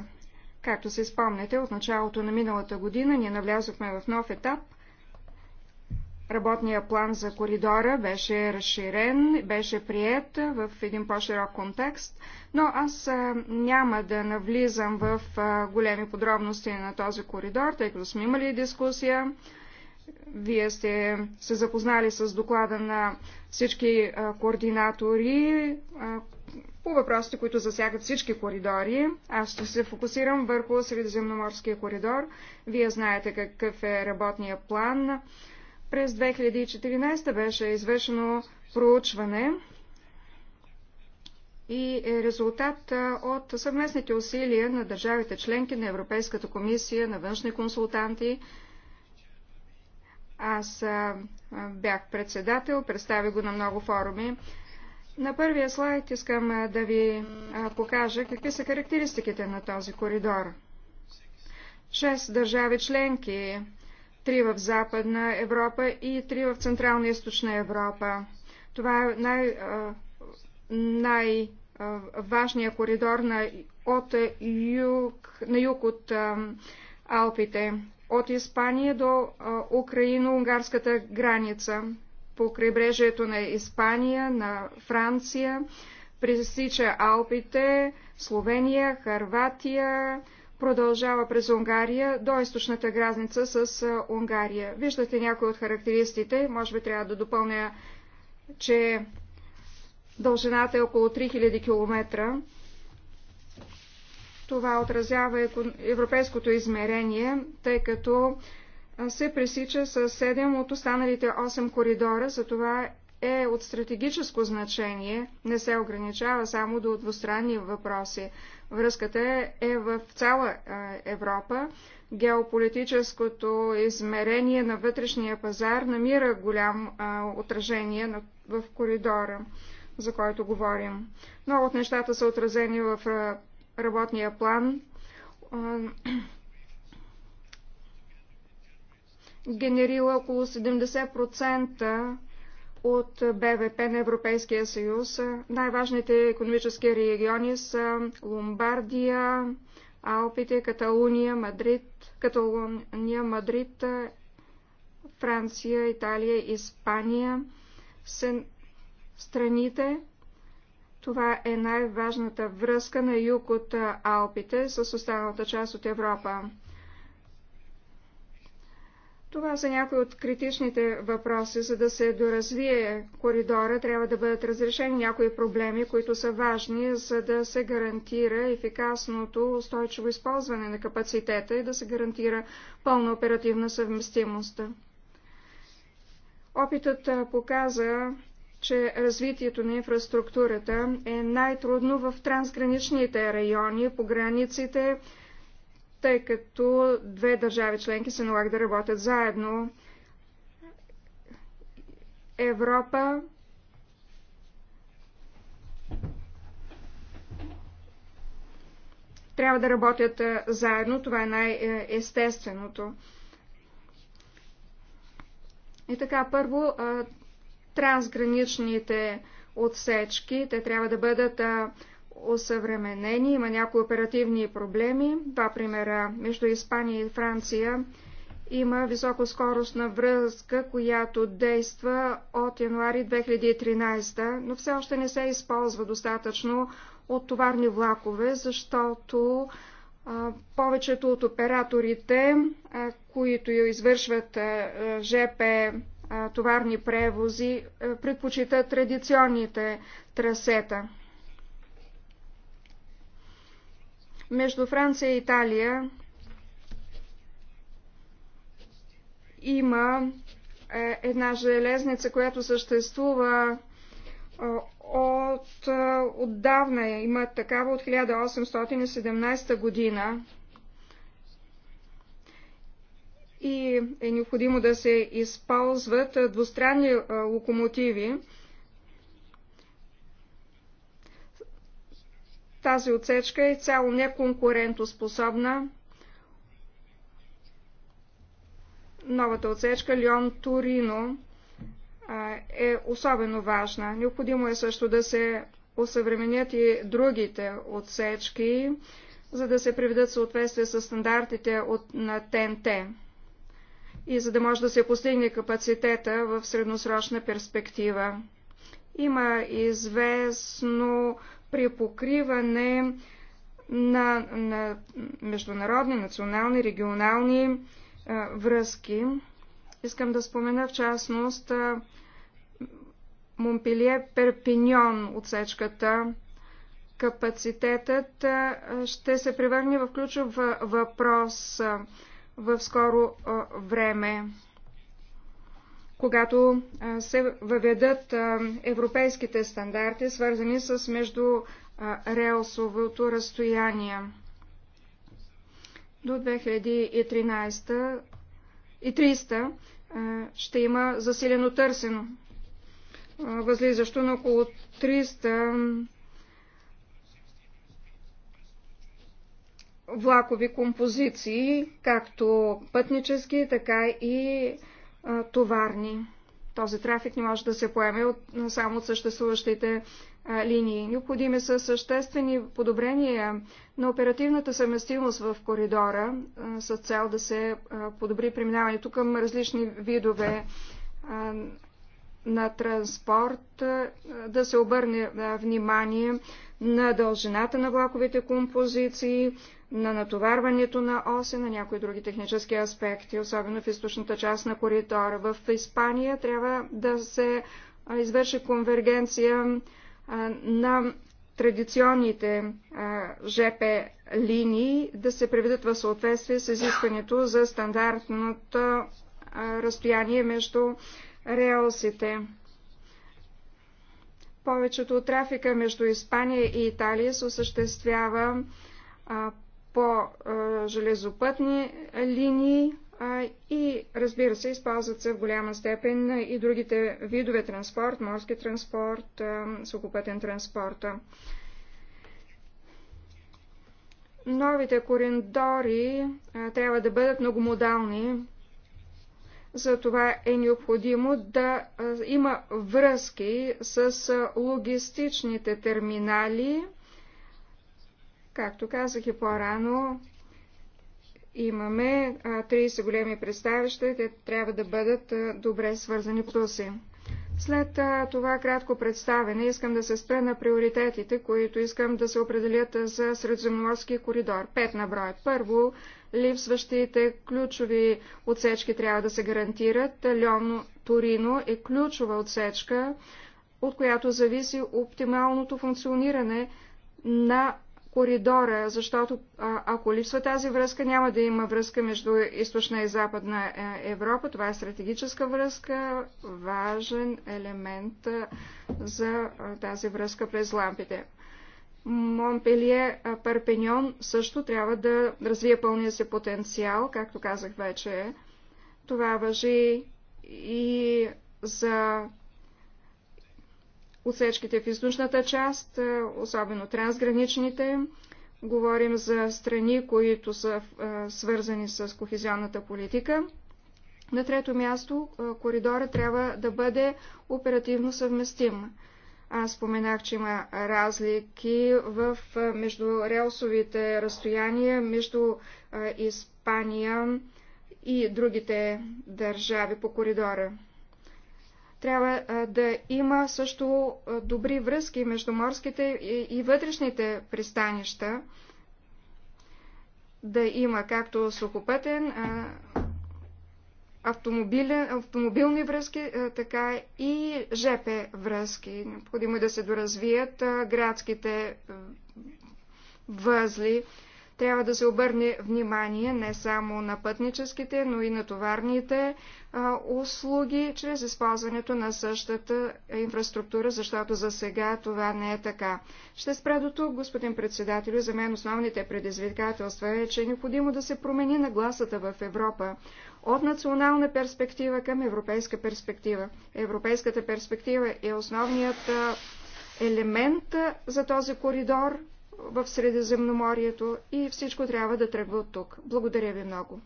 Както се спомняте, от началото на миналата година ние навлязохме в нов етап Работния план за коридора беше разширен, беше прият в един по-широк контекст, но аз няма да навлизам в големи подробности на този коридор, тъй като сме имали дискусия. Вие сте се запознали с доклада на всички координатори по въпросите, които засягат всички коридори. Аз ще се фокусирам върху Средиземноморския коридор. Вие знаете какъв е работният план. През 2014 беше извършено проучване и е резултат от съвместните усилия на държавите членки на Европейската комисия, на външни консултанти. Аз бях председател, представя го на много форуми. На първия слайд искам да ви покажа какви са характеристиките на този коридор. Шест държави членки три в Западна Европа и три в Централна и Източна Европа. Това е най, най важния коридор на, от юг, на юг от Алпите, от Испания до Украино-унгарската граница, по крайбрежието на Испания, на Франция, пресича Алпите, Словения, Харватия, продължава през Унгария до източната граница с Унгария. Виждате някои от характеристите, може би трябва да допълня, че дължината е около 3000 км. Това отразява европейското измерение, тъй като се пресича с 7 от останалите 8 коридора, затова е от стратегическо значение, не се ограничава само до двустранни въпроси. Връзката е в цяла е, Европа. Геополитическото измерение на вътрешния пазар намира голям е, отражение в коридора, за който говорим. Много от нещата са отразени в е, работния план генерира около 70% от БВП на Европейския съюз. Най-важните економически региони са Ломбардия, Алпите, Каталуния, Мадрид, Каталуния, Мадрид, Франция, Италия, Испания са страните. Това е най-важната връзка на юг от Алпите с останалата част от Европа. Това са някои от критичните въпроси. За да се доразвие коридора, трябва да бъдат разрешени някои проблеми, които са важни, за да се гарантира ефикасното устойчиво използване на капацитета и да се гарантира пълна оперативна съвместимост. Опитът показа, че развитието на инфраструктурата е най-трудно в трансграничните райони, по границите, тъй като две държави членки се налага да работят заедно. Европа трябва да работят заедно. Това е най-естественото. И така, първо, трансграничните отсечки, те трябва да бъдат осъвременени има някои оперативни проблеми. Два примера между Испания и Франция има високоскоростна връзка, която действа от януари 2013, но все още не се използва достатъчно от товарни влакове, защото а, повечето от операторите, а, които извършват а, ЖП товарни превози, предпочитат традиционните трасета. между Франция и Италия има е, една железница, която съществува е, от е, отдавна. Има такава от 1817 година. И е необходимо да се използват двустранни локомотиви Тази отсечка е цяло неконкурентоспособна. Новата отсечка Лион-Турино е особено важна. Необходимо е също да се осъвременят и другите отсечки, за да се приведат в съответствие с стандартите от, на ТНТ и за да може да се постигне капацитета в средносрочна перспектива. Има известно покриване на, на международни, национални, регионални а, връзки. Искам да спомена в частност Монпелие Перпиньон отсечката. Капацитетът а, ще се превърне в ключов въпрос а, в скоро а, време когато се въведат европейските стандарти, свързани с между релсовото разстояние. До 2013 и 300 ще има засилено търсено, възлизащо на около 300 влакови композиции, както пътнически, така и товарни. Този трафик не може да се поеме от, само от съществуващите а, линии. Необходими са съществени подобрения на оперативната съместимост в коридора а, с цел да се а, подобри преминаването към различни видове а, на транспорт, а, да се обърне а, внимание на дължината на влаковите композиции, на натоварването на оси, на някои други технически аспекти, особено в източната част на коридора. В Испания трябва да се извърши конвергенция на традиционните ЖП линии, да се приведат в съответствие с изискването за стандартното разстояние между релсите. Повечето от трафика между Испания и Италия се осъществява по железопътни линии и разбира се, използват се в голяма степен и другите видове транспорт, морски транспорт, сухопътен транспорт. Новите коридори трябва да бъдат многомодални. Затова е необходимо да има връзки с логистичните терминали, Както казах и по-рано, имаме 30 големи представища, те трябва да бъдат добре свързани по си. След това кратко представене искам да се спра на приоритетите, които искам да се определят за Средземноморски коридор. Пет на брой. Първо, липсващите ключови отсечки трябва да се гарантират. Льон Торино е ключова отсечка, от която зависи оптималното функциониране на коридора, защото ако липсва тази връзка, няма да има връзка между източна и западна е, Европа. Това е стратегическа връзка, важен елемент за тази връзка през лампите. Монпелие Парпеньон също трябва да развие пълния си потенциал, както казах вече. Това въжи и за отсечките в източната част, е, особено трансграничните. Говорим за страни, които са е, свързани с кохезионната политика. На трето място, е, коридора трябва да бъде оперативно съвместим. Аз споменах, че има разлики в релсовите разстояния между Испания и другите държави по коридора. Трябва да има също добри връзки между морските и вътрешните пристанища, да има както сухопътен, автомобилни връзки, така и ЖП връзки. Необходимо е да се доразвият градските възли. Трябва да се обърне внимание не само на пътническите, но и на товарните а, услуги, чрез използването на същата инфраструктура, защото за сега това не е така. Ще спра до тук, господин председател, За мен основните предизвикателства е, че е необходимо да се промени нагласата в Европа от национална перспектива към европейска перспектива. Европейската перспектива е основният елемент за този коридор, в Средиземноморието и всичко трябва да тръгва от тук. Благодаря ви много.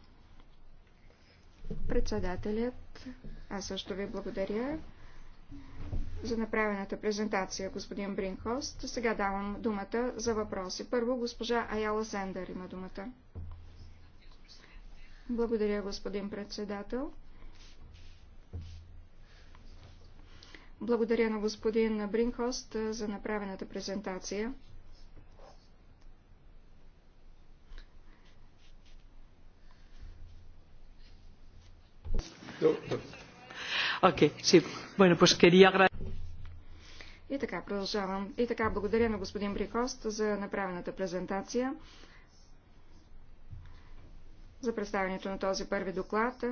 Председателят, аз също ви благодаря за направената презентация, господин Бринхост. Сега давам думата за въпроси. Първо, госпожа Аяла Сендър има думата. Благодаря, господин председател. Благодаря на господин Бринхост за направената презентация. и така продължавам. И така благодаря на господин Брикост за направената презентация, за представянето на този първи доклад.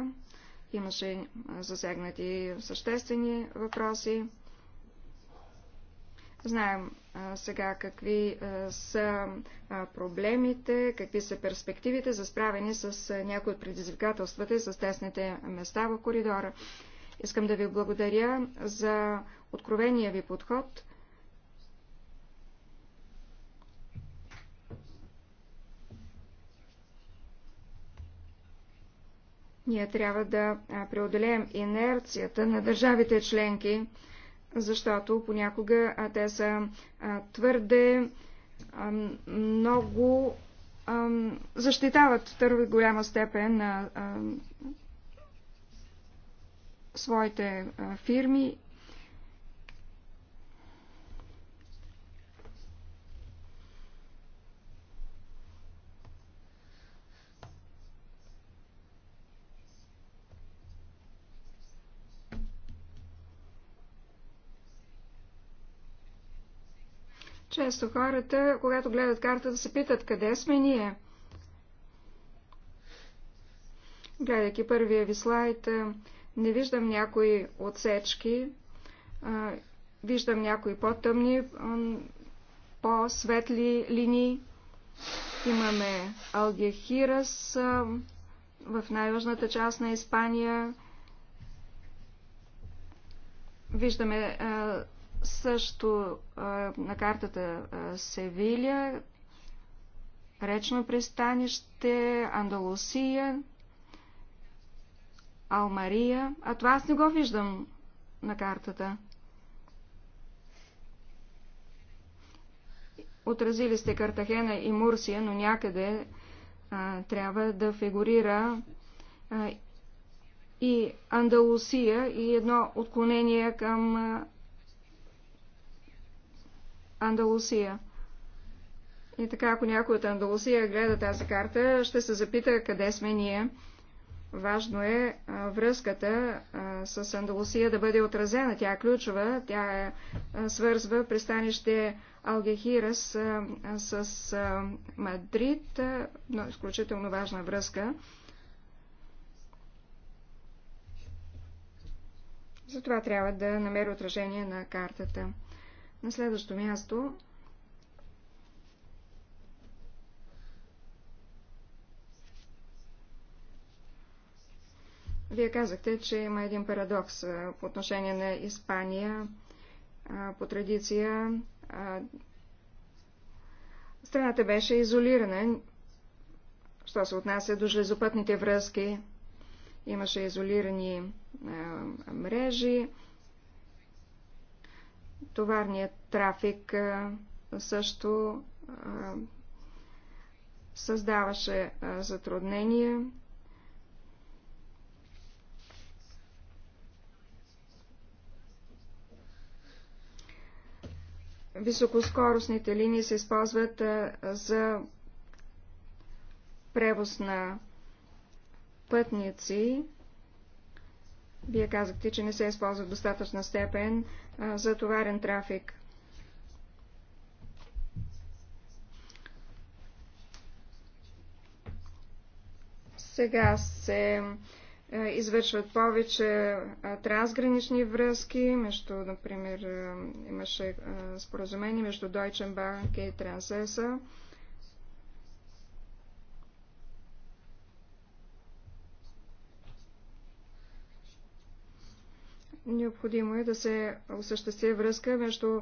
Имаше засегнати съществени въпроси. Знаем а, сега какви а, са а, проблемите, какви са перспективите за справяне с а, някои от предизвикателствата и с тесните места в коридора. Искам да ви благодаря за откровения ви подход. Ние трябва да преодолеем инерцията на държавите членки, защото понякога те са твърде много защитават в твърде голяма степен на своите фирми Често хората, когато гледат картата, се питат къде сме ние. Гледайки първия ви слайд, не виждам някои отсечки, виждам някои по-тъмни, по-светли линии. Имаме Алгехирас в най-южната част на Испания. Виждаме също на картата Севиля, речно пристанище, Андалусия, Алмария. А това аз не го виждам на картата. Отразили сте Картахена и Мурсия, но някъде а, трябва да фигурира а, и Андалусия и едно отклонение към а, Андалусия. И така, ако някой от Андалусия гледа тази карта, ще се запита къде сме ние. Важно е а, връзката а, с Андалусия да бъде отразена. Тя е ключова, тя е, а, свързва пристанище Алгехирас с, а, с а, Мадрид, а, но е изключително важна връзка. Затова трябва да намери отражение на картата. На следващо място Вие казахте, че има един парадокс по отношение на Испания, по традиция. Страната беше изолирана, що се отнася до железопътните връзки. Имаше изолирани мрежи, Товарният трафик също създаваше затруднения. Високоскоростните линии се използват за превоз на пътници вие казахте, че не се използва достатъчна степен а, за товарен трафик. Сега се а, извършват повече а, трансгранични връзки, между, например, а, имаше а, споразумение между Deutsche Bank и Трансеса. Необходимо е да се осъществи връзка между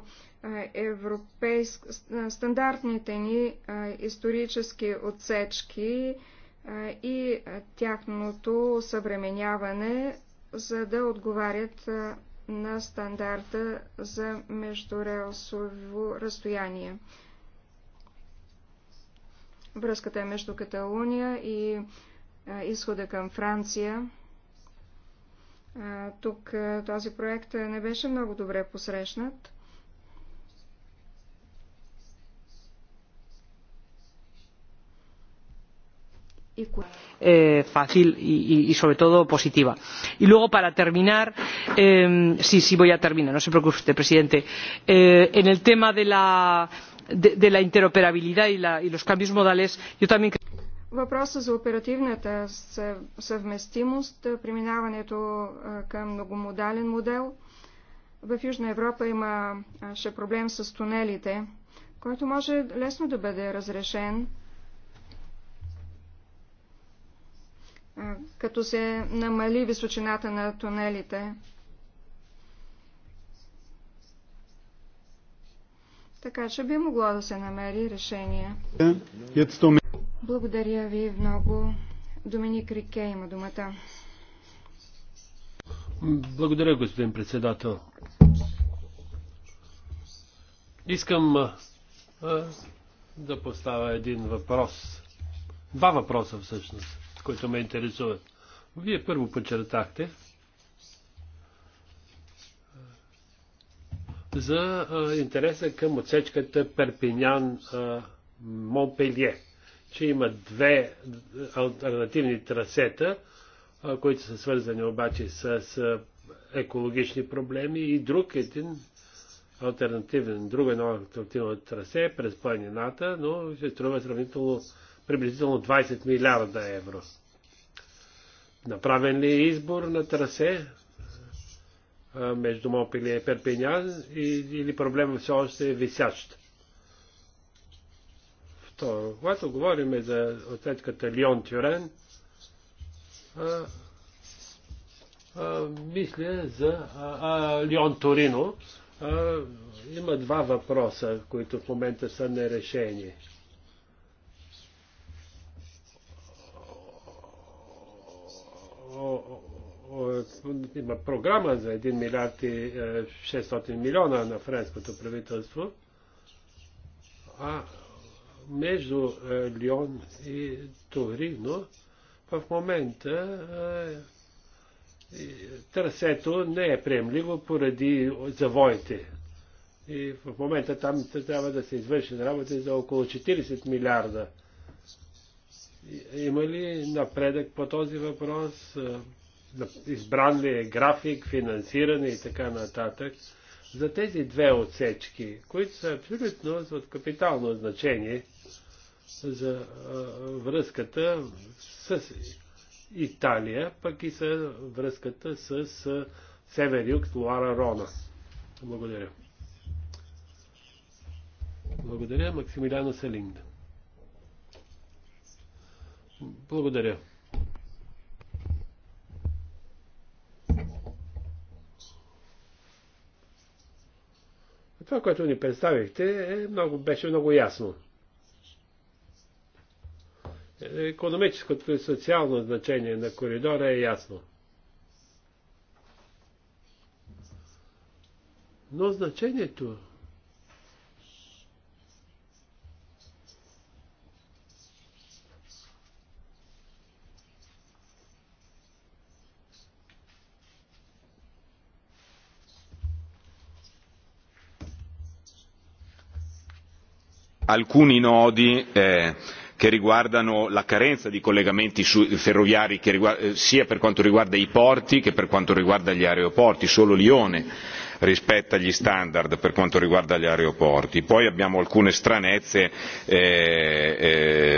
европейск... стандартните ни исторически отсечки и тяхното съвременяване, за да отговарят на стандарта за междурелсово разстояние. Връзката е между Каталуния и изхода към Франция. Тук този проект не беше много добре посрещнат. Eh, fácil y, y, y sobre todo positiva. Y luego para terminar, eh, sí, sí voy a terminar, no se preocupe usted, presidente. Eh, en el tema de la, de, de la interoperabilidad y, la, y los cambios modales, yo también creo Въпросът за оперативната съвместимост, преминаването към многомодален модел. В Южна Европа ще проблем с тунелите, който може лесно да бъде разрешен, като се намали височината на тунелите. Така че би могло да се намери решение. Е, благодаря ви много. Доминик Рике има думата. Благодаря, господин председател. Искам а, да поставя един въпрос. Два въпроса всъщност, които ме интересуват. Вие първо подчертахте за а, интереса към отсечката Перпинян-Монпелие че има две альтернативни трасета, които са свързани обаче с екологични проблеми и друг един альтернативен, друго едно альтернативно трасе е през планината, но се струва сравнително приблизително 20 милиарда евро. Направен ли е избор на трасе между Мопили и Перпинян или проблемът все още е висящ? Второ, когато говорим за отсечката Лион-Тюрен, мисля за Лион-Торино. Има два въпроса, които в момента са нерешени. има програма за 1 милиард и 600 е, милиона на френското правителство, а между е, Лион и Торино в момента е, трасето не е приемливо поради завоите. И в момента там трябва да се извърши работа за около 40 милиарда. Има ли напредък по този въпрос? Е, избран ли е график, финансиране и така нататък? за тези две отсечки, които са абсолютно от капитално значение за връзката с Италия, пък и с връзката с Север Юг, Луара Рона. Благодаря. Благодаря, Максимилиано Селинг. Благодаря. Това, което ни представихте, е много, беше много ясно. Економическото и социално значение на коридора е ясно. Но значението alcuni nodi che riguardano la carenza di collegamenti ferroviari sia per quanto riguarda i porti che per quanto riguarda gli aeroporti solo lione rispetta gli standard per quanto riguarda gli aeroporti. Poi abbiamo alcune stranezze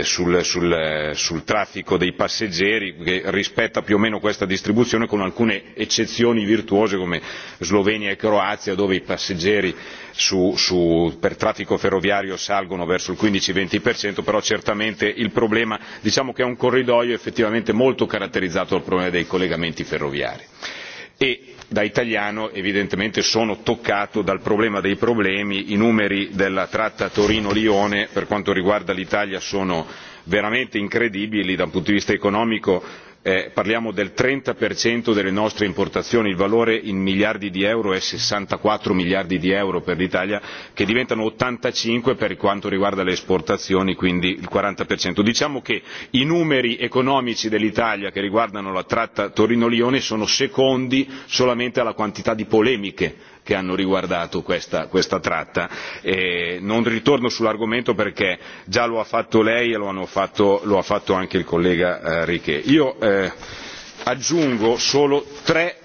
sul, traffico dei passeggeri che rispetta più o meno questa distribuzione con alcune eccezioni virtuose come Slovenia e Croazia dove i passeggeri per traffico ferroviario salgono verso il quindici venti però certamente il problema diciamo che è un corridoio effettivamente molto caratterizzato dal problema dei collegamenti ferroviari e da italiano evidentemente sono toccato dal problema dei problemi i numeri della tratta torino lione per quanto riguarda l'italia sono veramente incredibili da un punto di vista economico parliamo del trenta delle nostre importazioni il valore in miliardi di euro è sessantaquattro miliardi di euro per l'italia che diventano ottantacinque per quanto riguarda le esportazioni quindi il. quaranta diciamo che i numeri economici dell'italia che riguardano la tratta torino lione sono secondi solamente alla quantità di polemiche che hanno riguardato questa, tratta. non ritorno sull'argomento perché già lo ha fatto lei e lo, ha fatto anche il collega Riquet. Io aggiungo solo tre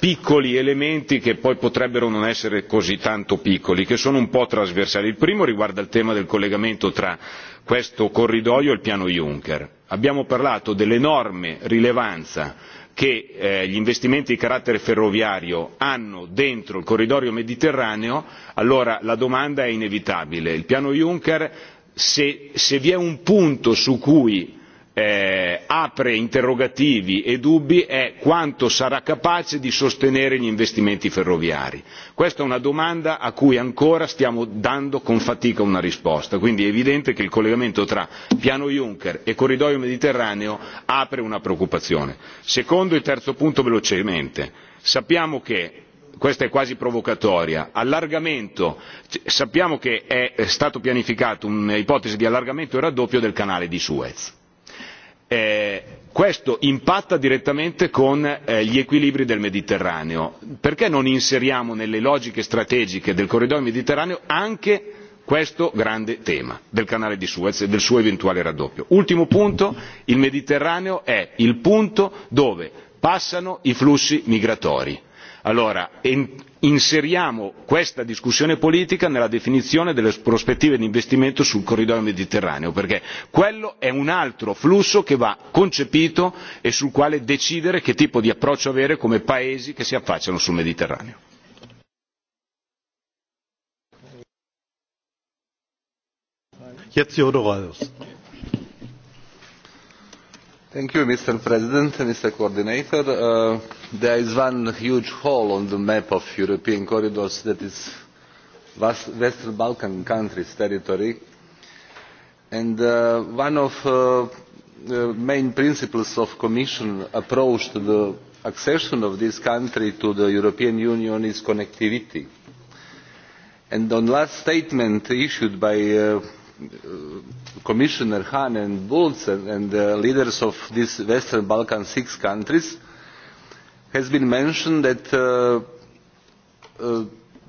piccoli elementi che poi potrebbero non essere così tanto piccoli che sono un po' trasversali. il primo riguarda il tema del collegamento tra questo corridoio e il piano juncker. abbiamo parlato dell'enorme rilevanza che gli investimenti di carattere ferroviario hanno dentro il corridoio mediterraneo allora la domanda è inevitabile il piano juncker se vi è un punto su cui apre interrogativi e dubbi è quanto sarà capace di sostenere gli investimenti ferroviari. questa è una domanda a cui ancora stiamo dando con fatica una risposta quindi è evidente che il collegamento tra piano juncker e corridoio mediterraneo apre una preoccupazione. secondo e terzo punto velocemente sappiamo che questa è quasi provocatoria allargamento sappiamo che è stata pianificata un'ipotesi di allargamento e raddoppio del canale di suez questo impatta direttamente con gli equilibri del Mediterraneo. Perché non inseriamo nelle logiche strategiche del corridoio mediterraneo anche questo grande tema del canale di Suez e del suo eventuale raddoppio? Ultimo punto, il Mediterraneo è il punto dove passano i flussi migratori allora inseriamo questa discussione politica nella definizione delle prospettive di investimento sul corridoio mediterraneo perché quello è un altro flusso che va concepito e sul quale decidere che tipo di approccio avere come paesi che si affacciano sul mediterraneo. Thank you, Mr. President, Mr. Coordinator. Uh, there is one huge hole on the map of European corridors that is Western Balkan countries' territory. And uh, one of uh, the main principles of Commission approach to the accession of this country to the European Union is connectivity. And on last statement issued by uh, Commissioner Hahn and Bulc and, the leaders of these Western Balkan six countries has been mentioned that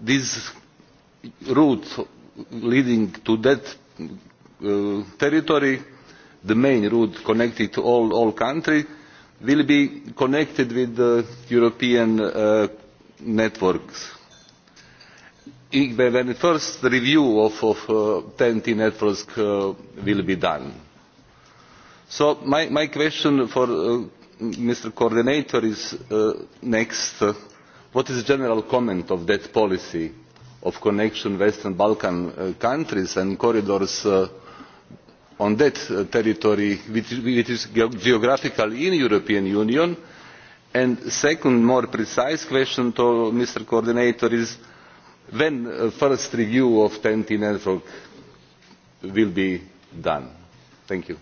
this route leading to that territory, the main route connecting to all, all countries, will be connected with the European networks when the first review of, of uh, TNT networks uh, will be done. So my, my question for uh, Mr. Coordinator is uh, next. Uh, what is the general comment of that policy of connection Western Balkan uh, countries and corridors uh, on that uh, territory which, which is geographically in European Union? And second, more precise question to Mr. Coordinator is when a first review of the ten t network will be done. thank you.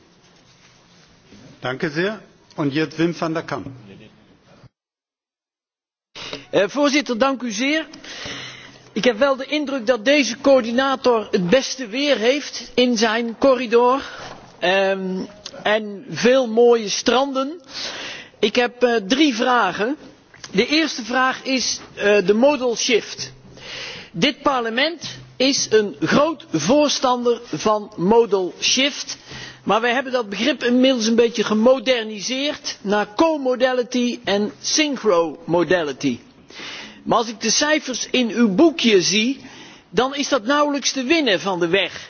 voorzitter ik heb wel de indruk dat deze coördinator het beste weer heeft in zijn corridor en veel mooie stranden. ik heb drie vragen. de eerste vraag is de modal shift dit parlement is een groot voorstander van modal shift maar wij hebben dat begrip inmiddels een beetje gemoderniseerd naar comodality en synchromodality. maar als ik de cijfers in uw boekje zie dan is dat nauwelijks te winnen van de weg.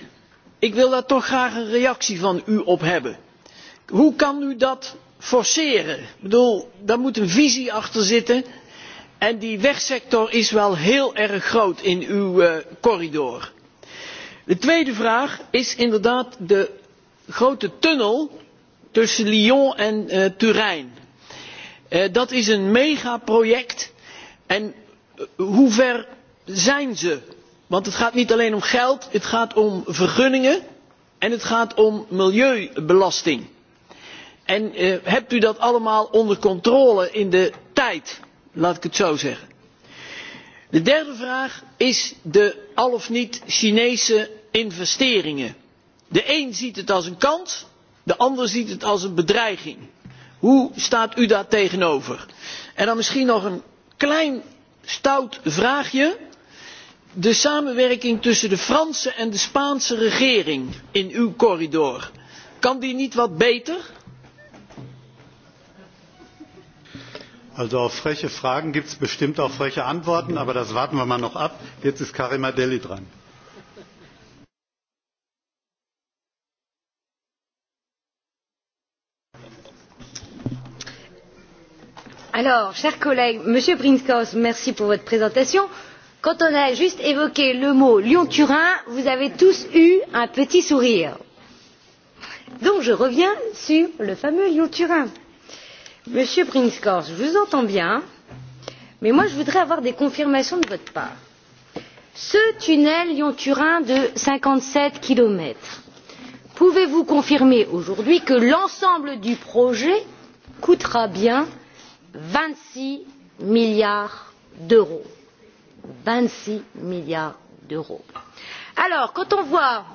ik wil daar toch graag een reactie van u op hebben. hoe kan u dat forceren? ik bedoel daar moet een visie achter zitten en die wegsector is wel heel erg groot in uw corridor. de tweede vraag is inderdaad de grote tunnel tussen lyon en turijn. dat is een megaproject en hoe ver zijn ze? want het gaat niet alleen om geld het gaat om vergunningen en het gaat om milieubelasting. hebt u dat allemaal onder controle in de tijd? laat ik het zo zeggen. de derde vraag is de al of niet chinese investeringen. de een ziet het als een kans de ander ziet het als een bedreiging. hoe staat u daar tegenover? en dan misschien nog een klein stout vraagje de samenwerking tussen de franse en de spaanse regering in uw corridor kan die niet wat beter? Also auf freche Fragen gibt es bestimmt auch freche Antworten, aber das warten wir mal noch ab. Jetzt ist Karim Adeli dran. Alors, chers collègues, Monsieur Brinkhaus, merci pour votre présentation. Quand on a juste évoqué le mot Lyon-Turin, vous avez tous eu un petit sourire. Donc, je reviens sur le fameux Lyon-Turin monsieur Prinskor, je vous entends bien mais moi je voudrais avoir des confirmations de votre part. ce tunnel lyon turin de cinquante sept kilomètres pouvez vous confirmer aujourd'hui que l'ensemble du projet coûtera bien vingt six milliards d'euros? 26 milliards d'euros. alors quand on voit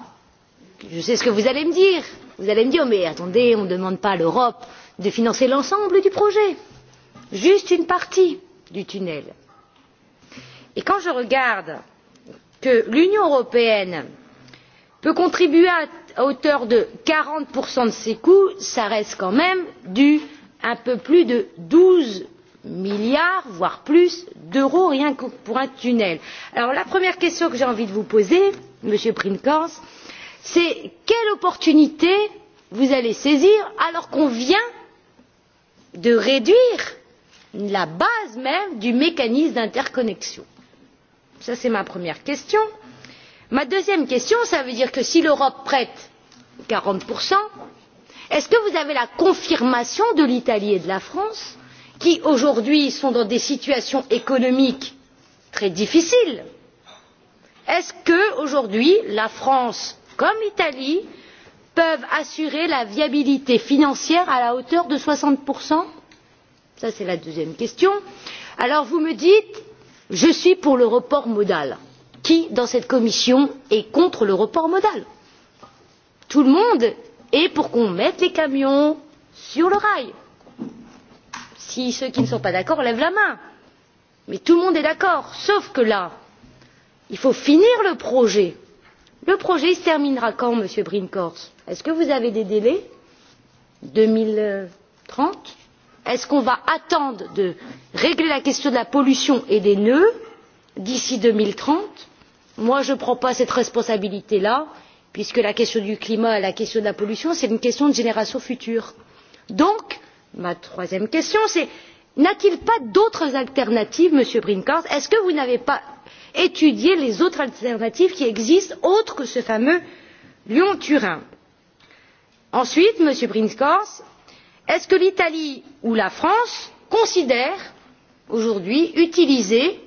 je sais ce que vous allez me dire vous allez me dire mais attendez on ne demande pas à l'europe de financer l'ensemble du projet juste une partie du tunnel. et quand je regarde que l'union européenne peut contribuer à hauteur de quarante de ses coûts cela reste quand même du un peu plus de douze milliards voire plus d'euros rien que pour un tunnel. alors la première question que j'ai envie de vous poser monsieur brinkhorst c'est quelle opportunité vous allez saisir alors qu'on vient de réduire la base même du mécanisme d'interconnexion? ça c'est ma première question. ma deuxième question ça veut dire que si l'europe prête quarante est ce que vous avez la confirmation de l'italie et de la france qui aujourd'hui sont dans des situations économiques très difficiles? est ce qu'aujourd'hui la france comme l'italie peuvent assurer la viabilité financière à la hauteur de soixante ça c'est la deuxième question. alors vous me dites je suis pour le report modal. qui dans cette commission est contre le report modal? tout le monde est pour qu'on mette les camions sur le rail. si ceux qui ne sont pas d'accord lèvent la main. mais tout le monde est d'accord sauf que là il faut finir le projet le projet se terminera quand monsieur brinkhorst? est ce que vous avez des délais? deux mille trente? est ce qu'on va attendre de régler la question de la pollution et des nœuds d'ici deux mille trente? moi je ne prends pas cette responsabilité là puisque la question du climat et la question de la pollution c'est une question de générations futures. donc ma troisième question c'est n'a t il pas d'autres alternatives monsieur brinkhorst? est ce que vous n'avez pas étudier les autres alternatives qui existent autres que ce fameux lyon turin. ensuite monsieur brinkhorst est ce que l'italie ou la france considèrent aujourd'hui utiliser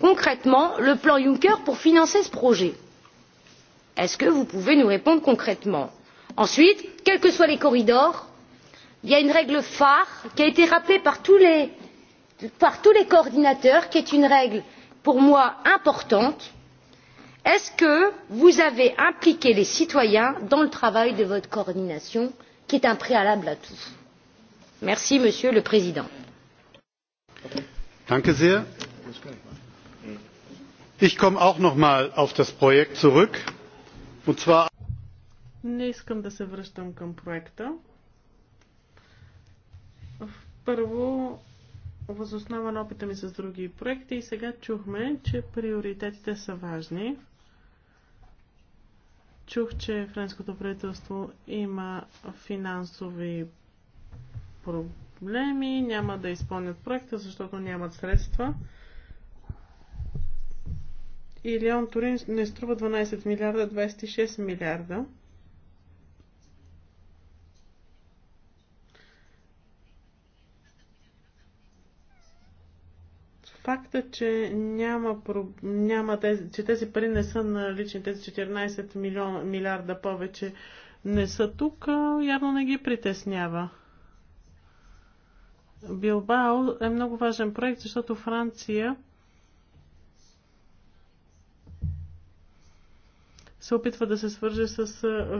concrètement le plan juncker pour financer ce projet? est ce que vous pouvez nous répondre concrètement? ensuite quels que soient les corridors il y a une règle phare qui a été rappelée par tous les coordinateurs qui est une règle pour moi importante est ce que vous avez impliqué les citoyens dans le travail de votre coordination qui est un préalable à tout? merci monsieur le président. ich komme auch noch mal auf das projekt zurück und zwar Не искам да се връщам към проекта. Първо възоснова на опита ми с други проекти и сега чухме, че приоритетите са важни. Чух, че френското правителство има финансови проблеми, няма да изпълнят проекта, защото нямат средства. И Леон Турин не струва 12 милиарда, 26 милиарда. факта, че няма, няма тези, че тези пари не са налични, тези 14 милион, милиарда повече не са тук, явно не ги притеснява. Билбао е много важен проект, защото Франция се опитва да се свърже с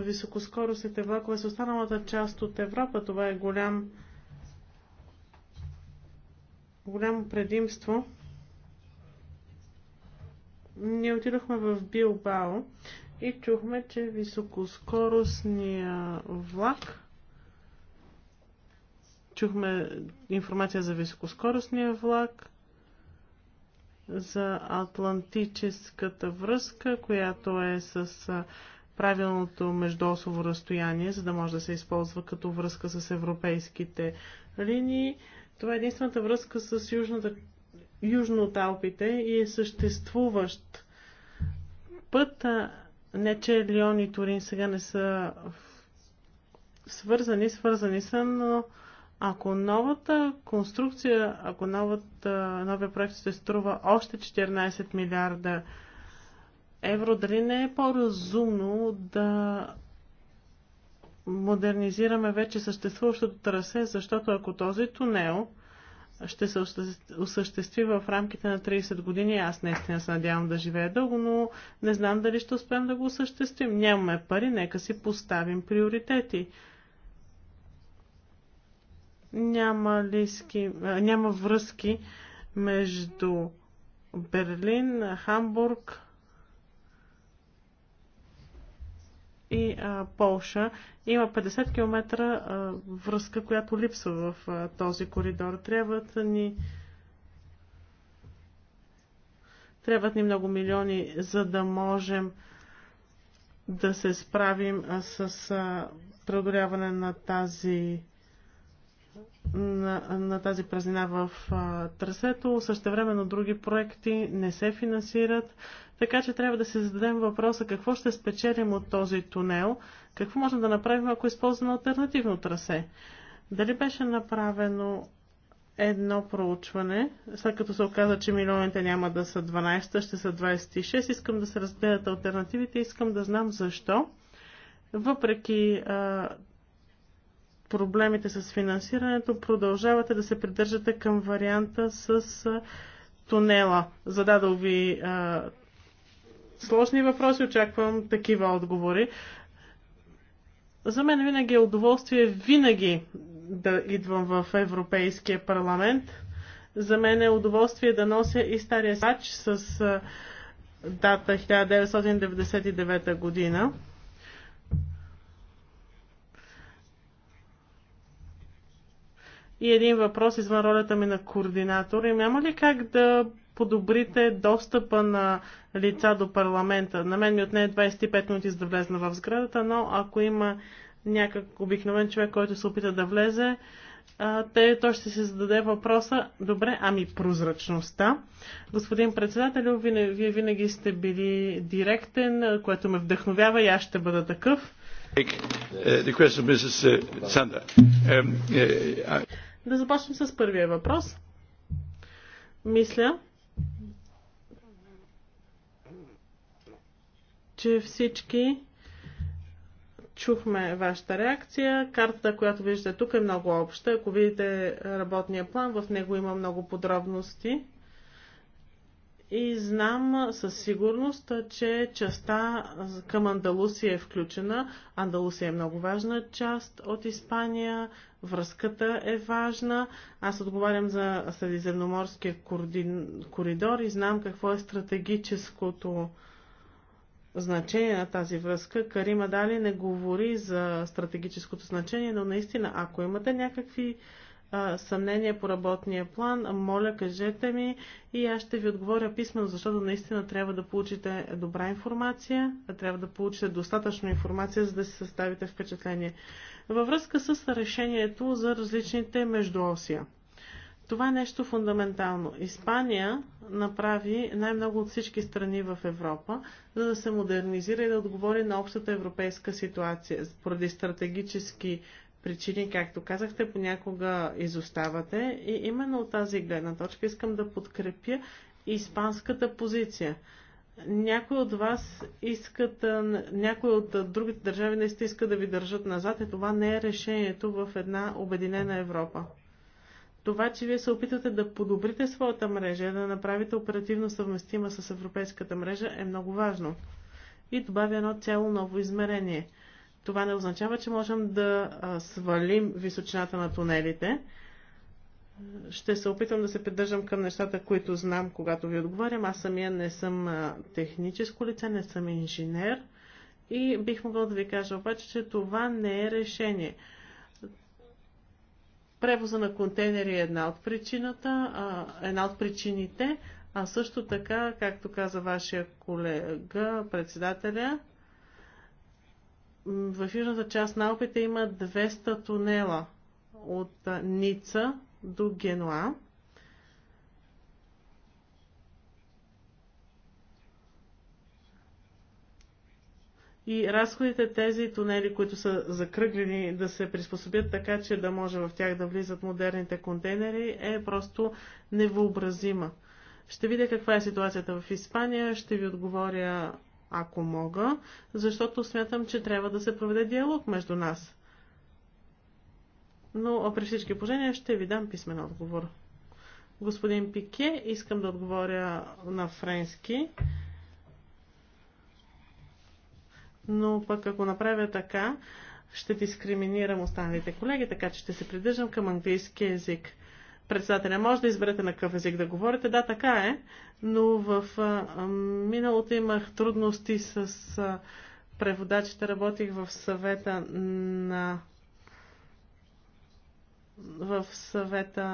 високоскоростните влакове с останалата част от Европа. Това е голям голямо предимство ние отидохме в Билбао и чухме, че високоскоростния влак чухме информация за високоскоростния влак, за атлантическата връзка, която е с правилното междуосово разстояние, за да може да се използва като връзка с европейските линии. Това е единствената връзка с Южната южно от Алпите и е съществуващ път. Не, че Лион и Турин сега не са свързани, свързани са, но ако новата конструкция, ако новата, новия проект се струва още 14 милиарда евро, дали не е по-разумно да модернизираме вече съществуващото трасе, защото ако този тунел ще се осъществи в рамките на 30 години. Аз наистина се надявам да живея дълго, но не знам дали ще успеем да го осъществим. Нямаме пари, нека си поставим приоритети. Няма, лиски, няма връзки между Берлин, Хамбург, и а, Полша има 50 км а, връзка, която липсва в а, този коридор. Трябват ни трябват ни много милиони, за да можем да се справим а, с а, преодоляване на тази на, на тази празнина в а, трасето. на други проекти не се финансират. Така че трябва да си зададем въпроса какво ще спечелим от този тунел, какво можем да направим, ако използваме альтернативно трасе. Дали беше направено едно проучване, след като се оказа, че милионите няма да са 12, ще са 26, искам да се разгледат альтернативите, искам да знам защо. Въпреки а, проблемите с финансирането, продължавате да се придържате към варианта с тунела. Зададал ви а, сложни въпроси, очаквам такива отговори. За мен винаги е удоволствие винаги да идвам в Европейския парламент. За мен е удоволствие да нося и стария сач с дата 1999 година. И един въпрос извън ролята ми на координатор. И няма ли как да подобрите достъпа на лица до парламента? На мен ми отне 25 минути за да влезна в сградата, но ако има някак обикновен човек, който се опита да влезе, те, той ще се зададе въпроса, добре, ами прозрачността. Господин председател, вие, вие винаги сте били директен, което ме вдъхновява и аз ще бъда такъв. Uh, um, uh, да започнем с първия въпрос. Мисля, че всички чухме вашата реакция. Картата, която виждате тук е много обща. Ако видите работния план, в него има много подробности и знам със сигурност, че частта към Андалусия е включена. Андалусия е много важна част от Испания, връзката е важна. Аз отговарям за Средиземноморския коридор и знам какво е стратегическото значение на тази връзка. Карима Дали не говори за стратегическото значение, но наистина, ако имате някакви съмнение по работния план, моля кажете ми и аз ще ви отговоря писмено, защото наистина трябва да получите добра информация, трябва да получите достатъчно информация, за да си съставите впечатление. Във връзка с решението за различните междуосия. Това е нещо фундаментално. Испания направи най-много от всички страни в Европа, за да се модернизира и да отговори на общата европейска ситуация. Поради стратегически причини, както казахте, понякога изоставате и именно от тази гледна точка искам да подкрепя испанската позиция. Някои от вас искат, някои от другите държави наистина искат да ви държат назад и това не е решението в една обединена Европа. Това, че вие се опитвате да подобрите своята мрежа, да направите оперативно съвместима с европейската мрежа е много важно. И добавя едно цяло ново измерение – това не означава, че можем да свалим височината на тунелите. Ще се опитам да се придържам към нещата, които знам, когато ви отговарям. Аз самия не съм техническо лице, не съм инженер и бих могъл да ви кажа обаче, че това не е решение. Превоза на контейнери е една от причината, една от причините, а също така, както каза вашия колега, председателя, в южната част на Алпите има 200 тунела от Ница до Генуа. И разходите тези тунели, които са закръглени, да се приспособят така, че да може в тях да влизат модерните контейнери, е просто невъобразима. Ще видя каква е ситуацията в Испания, ще ви отговоря ако мога, защото смятам, че трябва да се проведе диалог между нас. Но при всички положения ще ви дам писмен отговор. Господин Пике, искам да отговоря на френски. Но пък ако направя така, ще дискриминирам останалите колеги, така че ще се придържам към английски язик председателя, може да изберете на какъв език да говорите. Да, така е, но в миналото имах трудности с преводачите. Работих в съвета на в съвета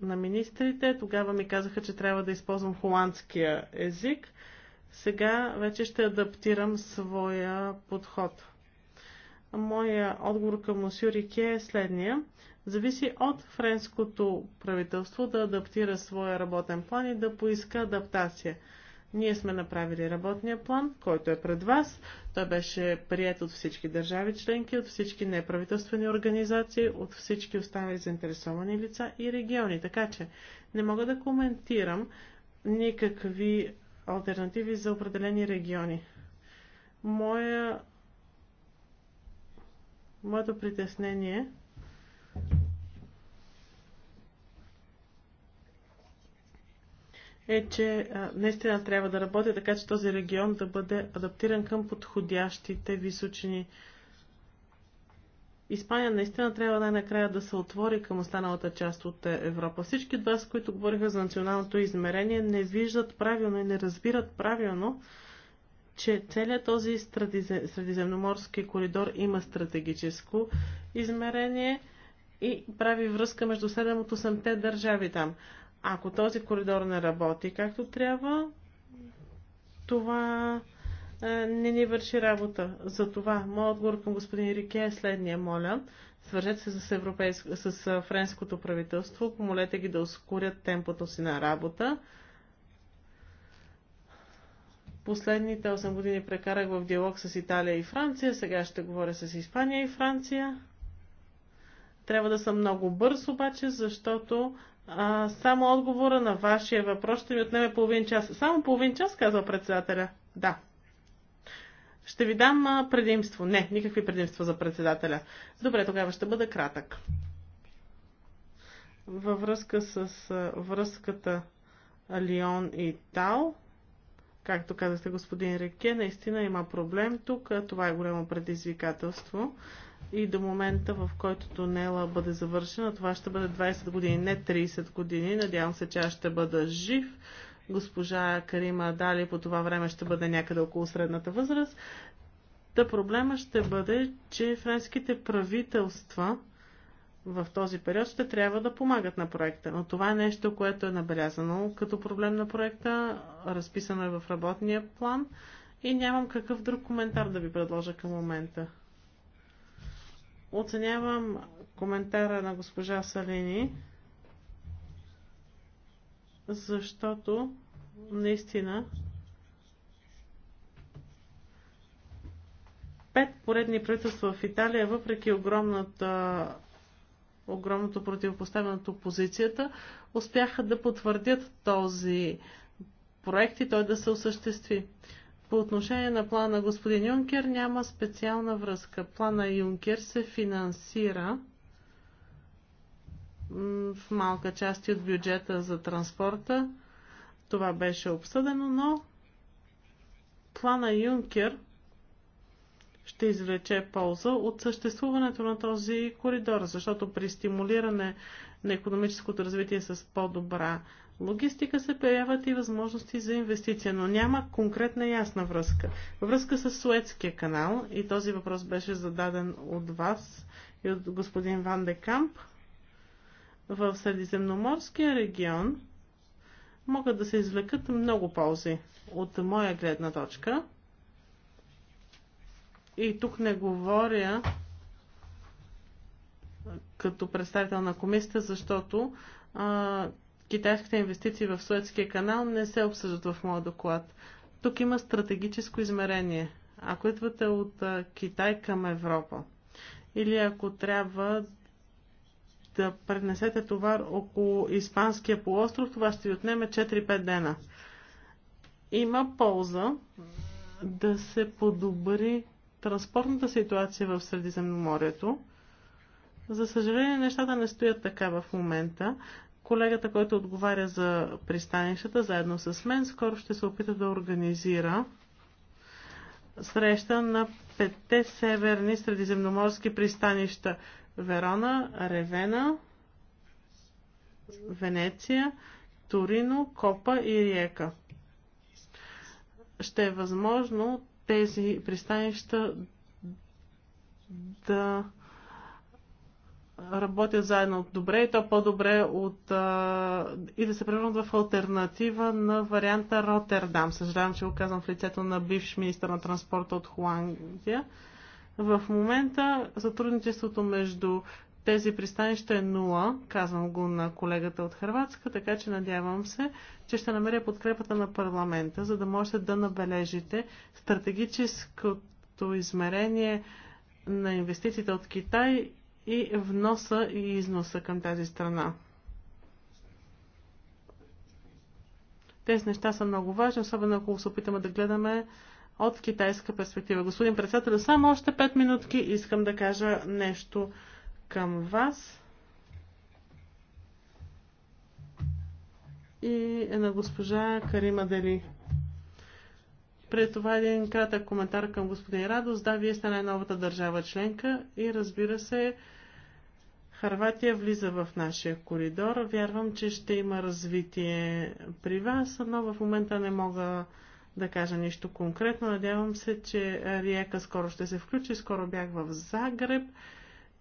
на министрите. Тогава ми казаха, че трябва да използвам холандския език. Сега вече ще адаптирам своя подход. Моя отговор към Мосюрике е следния зависи от френското правителство да адаптира своя работен план и да поиска адаптация. Ние сме направили работния план, който е пред вас. Той беше прият от всички държави членки, от всички неправителствени организации, от всички останали заинтересовани лица и региони. Така че не мога да коментирам никакви альтернативи за определени региони. Моя... Моето притеснение е, е, че наистина трябва да работи така, че този регион да бъде адаптиран към подходящите височини. Испания наистина трябва най-накрая да се отвори към останалата част от Европа. Всички от вас, които говориха за националното измерение, не виждат правилно и не разбират правилно, че целият този средиземноморски коридор има стратегическо измерение и прави връзка между 7 от 8-те държави там. Ако този коридор не работи както трябва, това е, не ни върши работа. Затова, моят отговор към господин Рике е следния, моля. Свържете се с, европейско, с е, френското правителство, помолете ги да ускорят темпото си на работа. Последните 8 години прекарах в диалог с Италия и Франция, сега ще говоря с Испания и Франция. Трябва да съм много бърз обаче, защото а, само отговора на вашия въпрос ще ми отнеме половин час. Само половин час, казва председателя. Да. Ще ви дам предимство. Не, никакви предимства за председателя. Добре, тогава ще бъда кратък. Във връзка с връзката Лион и Тал, както казахте господин Реке, наистина има проблем тук. Това е голямо предизвикателство и до момента, в който тунела бъде завършена, това ще бъде 20 години, не 30 години. Надявам се, че аз ще бъда жив. Госпожа Карима Дали по това време ще бъде някъде около средната възраст. Та проблема ще бъде, че френските правителства в този период ще трябва да помагат на проекта. Но това е нещо, което е набелязано като проблем на проекта, разписано е в работния план и нямам какъв друг коментар да ви предложа към момента. Оценявам коментара на госпожа Салини, защото наистина пет поредни правителства в Италия, въпреки огромната огромното противопоставяне от опозицията, успяха да потвърдят този проект и той да се осъществи. По отношение на плана господин Юнкер няма специална връзка. Плана Юнкер се финансира в малка част от бюджета за транспорта. Това беше обсъдено, но плана Юнкер ще извлече полза от съществуването на този коридор, защото при стимулиране на економическото развитие с по-добра логистика се появяват и възможности за инвестиция, но няма конкретна ясна връзка. Връзка с Суетския канал и този въпрос беше зададен от вас и от господин Ван де Камп. В Средиземноморския регион могат да се извлекат много ползи от моя гледна точка. И тук не говоря като представител на комисията, защото а, китайските инвестиции в Суетския канал не се обсъждат в моя доклад. Тук има стратегическо измерение. Ако идвате от Китай към Европа или ако трябва да пренесете товар около Испанския полуостров, това ще ви отнеме 4-5 дена. Има полза да се подобри транспортната ситуация в Средиземноморието. За съжаление, нещата не стоят така в момента. Колегата, който отговаря за пристанищата, заедно с мен, скоро ще се опита да организира среща на петте северни средиземноморски пристанища Верона, Ревена, Венеция, Торино, Копа и Риека. Ще е възможно тези пристанища да работят заедно добре и то по-добре от, а, и да се превърнат в альтернатива на варианта Ротердам. Съжалявам, че го казвам в лицето на бивш министър на транспорта от Холандия. В момента сътрудничеството между тези пристанища е нула, казвам го на колегата от Хрватска, така че надявам се, че ще намеря подкрепата на парламента, за да можете да набележите стратегическото измерение на инвестициите от Китай и вноса и износа към тази страна. Тези неща са много важни, особено ако се опитаме да гледаме от китайска перспектива. Господин председател, само още 5 минутки искам да кажа нещо към вас. И е на госпожа Карима Дели. Пред това един кратък коментар към господин Радос. Да, вие сте най-новата държава членка и разбира се, Харватия влиза в нашия коридор. Вярвам, че ще има развитие при вас, но в момента не мога да кажа нищо конкретно. Надявам се, че Риека скоро ще се включи. Скоро бях в Загреб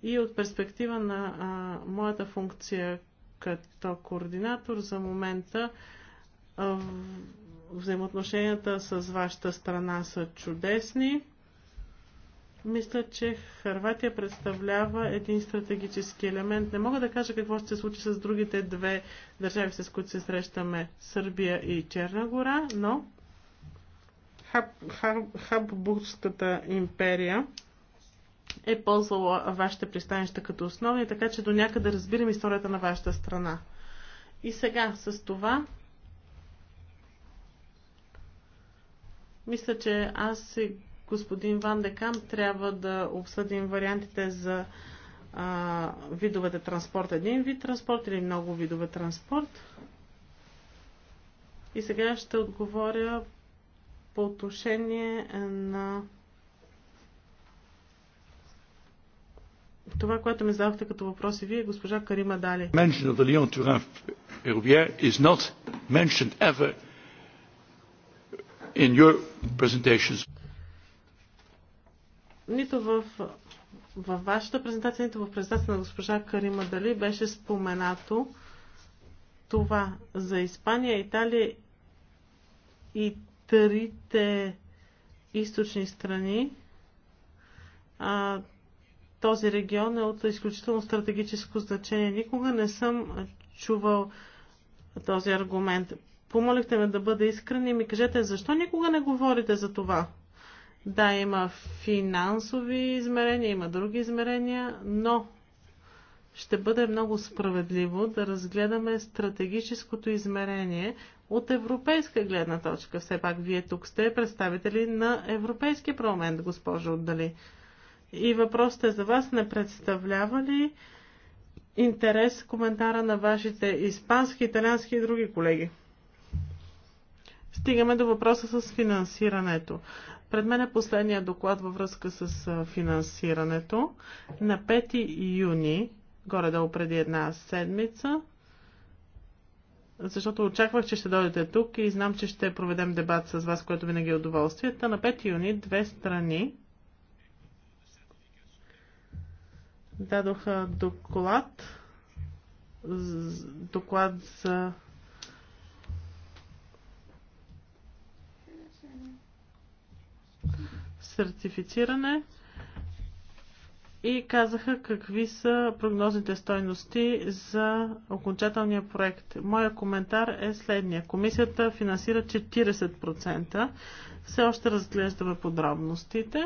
и от перспектива на а, моята функция като координатор за момента а, взаимоотношенията с вашата страна са чудесни. Мисля, че Харватия представлява един стратегически елемент. Не мога да кажа какво ще се случи с другите две държави, с които се срещаме Сърбия и Черна гора, но Хаб, Хаб, Хаббургската империя е ползвала вашите пристанища като основни, така че до някъде разбирам историята на вашата страна. И сега с това мисля, че аз се господин Ван Декам трябва да обсъдим вариантите за а, видовете транспорт. Един вид транспорт или много видове транспорт. И сега ще отговоря по отношение на това, което ми задавахте като въпроси вие, госпожа Карима Дали. Mention of the Lyon-Turin Ferroviaire is not mentioned ever in your presentations нито в, във вашата презентация, нито в презентацията на госпожа Карима Дали беше споменато това за Испания, Италия и трите източни страни. А, този регион е от изключително стратегическо значение. Никога не съм чувал този аргумент. Помолихте ме да бъда искрен и ми кажете, защо никога не говорите за това? Да, има финансови измерения, има други измерения, но ще бъде много справедливо да разгледаме стратегическото измерение от европейска гледна точка. Все пак вие тук сте представители на Европейския парламент, госпожо отдали. И въпросът е за вас, не представлява ли интерес коментара на вашите испански, италиански и други колеги? Стигаме до въпроса с финансирането. Пред мен е последния доклад във връзка с финансирането. На 5 юни, горе-долу преди една седмица, защото очаквах, че ще дойдете тук и знам, че ще проведем дебат с вас, което винаги е удоволствие. Та на 5 юни две страни дадоха доклад, доклад за сертифициране и казаха какви са прогнозните стойности за окончателния проект. Моя коментар е следния. Комисията финансира 40%. Все още разглеждаме подробностите.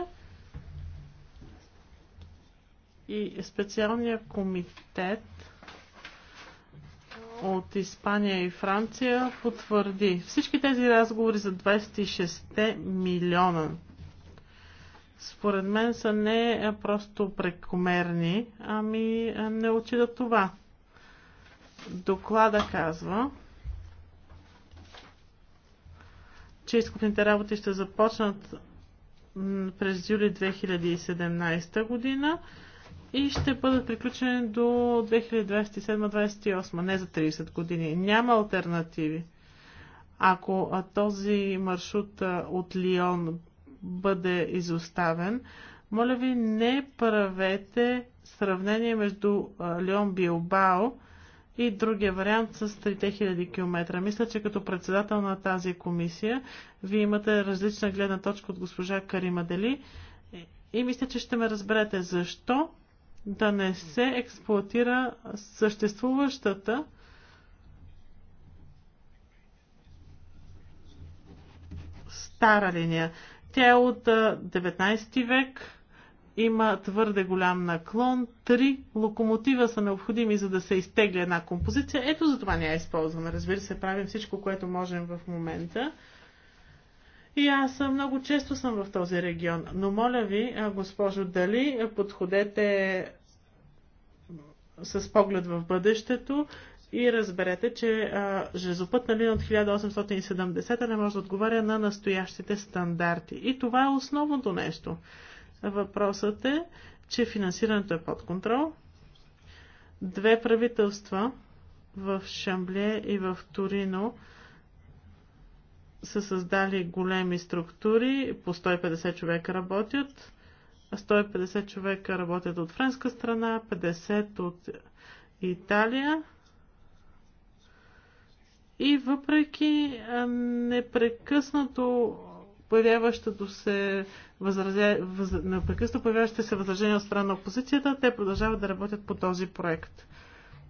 И специалният комитет от Испания и Франция потвърди. Всички тези разговори за 26 милиона според мен са не просто прекомерни, ами не отчитат това. Доклада казва, че изкупните работи ще започнат през юли 2017 година и ще бъдат приключени до 2027-2028, не за 30 години. Няма альтернативи. Ако този маршрут от Лион бъде изоставен. Моля ви, не правете сравнение между Леон Билбао и другия вариант с 3000 км. Мисля, че като председател на тази комисия, вие имате различна гледна точка от госпожа Карима Дели и мисля, че ще ме разберете защо да не се експлуатира съществуващата стара линия. Тя е от 19 век, има твърде голям наклон, три локомотива са необходими, за да се изтегли една композиция. Ето за това не я използваме. Разбира се, правим всичко, което можем в момента. И аз много често съм в този регион. Но моля ви, госпожо, дали подходете с поглед в бъдещето и разберете, че а, железопътна линия от 1870 не може да отговаря на настоящите стандарти. И това е основното нещо. Въпросът е, че финансирането е под контрол. Две правителства в Шамбле и в Торино са създали големи структури, по 150 човека работят. 150 човека работят от френска страна, 50 от Италия и въпреки непрекъснато появяващото се възразя... въз... непрекъснато появяващите се възражения от страна на опозицията, те продължават да работят по този проект.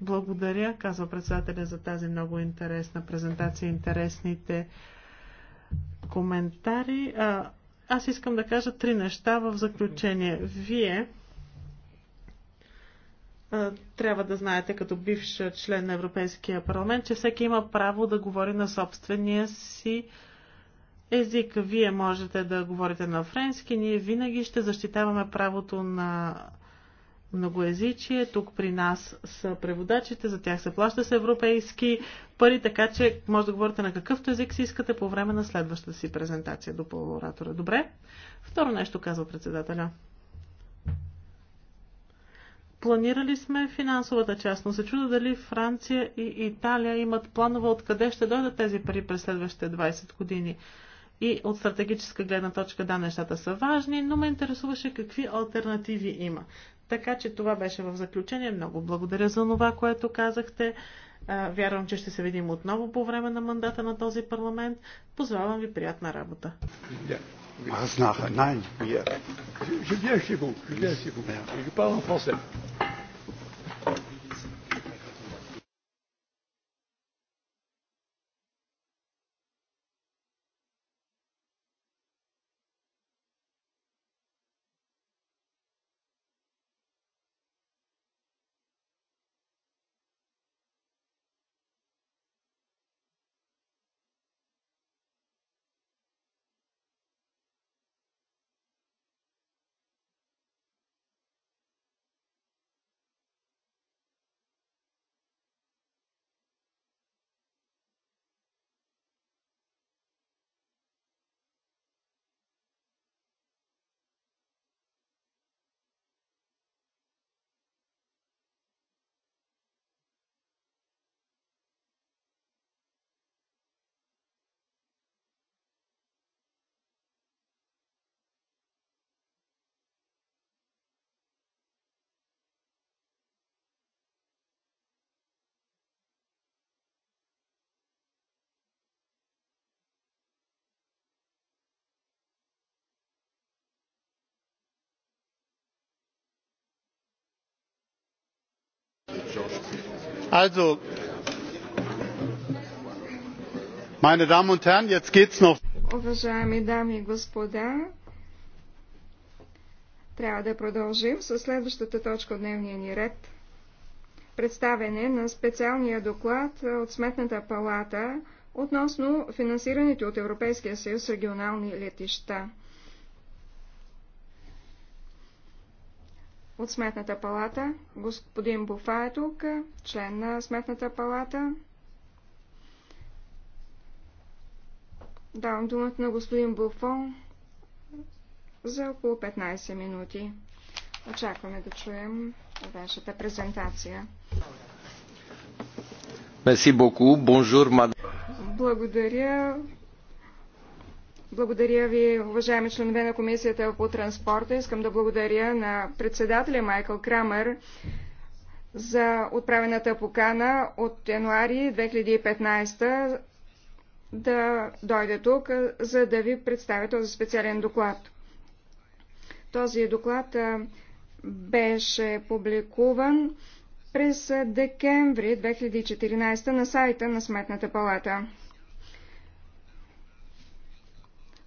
Благодаря, казва председателя за тази много интересна презентация, интересните коментари. А, аз искам да кажа три неща в заключение. Вие е, трябва да знаете като бивш член на Европейския парламент, че всеки има право да говори на собствения си език. Вие можете да говорите на френски, ние винаги ще защитаваме правото на многоязичие. Тук при нас са преводачите, за тях се плаща с европейски пари, така че може да говорите на какъвто език си искате по време на следващата си презентация до оратора. Добре? Второ нещо казва председателя. Планирали сме финансовата част, но се чуда дали Франция и Италия имат планове откъде ще дойдат тези пари през следващите 20 години. И от стратегическа гледна точка, да, нещата са важни, но ме интересуваше какви альтернативи има. Така че това беше в заключение. Много благодаря за това, което казахте. Вярвам, че ще се видим отново по време на мандата на този парламент. Позвавам ви приятна работа. Yeah mach es nachher? Nein, hier. Je viens chez vous, je viens chez vous. Je parle en français. Also, meine Damen und Herren, jetzt es noch. Уважаеми дами и господа, трябва да продължим с следващата точка от дневния ни ред. Представене на специалния доклад от Сметната палата относно финансираните от Европейския съюз регионални летища. от Сметната палата. Господин Буфа е тук, член на Сметната палата. Давам думата на господин Буфон за около 15 минути. Очакваме да чуем вашата презентация. Благодаря. Благодаря ви, уважаеми членове на Комисията по транспорта. Искам да благодаря на председателя Майкъл Крамер за отправената покана от януари 2015 да дойде тук, за да ви представя този специален доклад. Този доклад беше публикуван през декември 2014 на сайта на Сметната палата.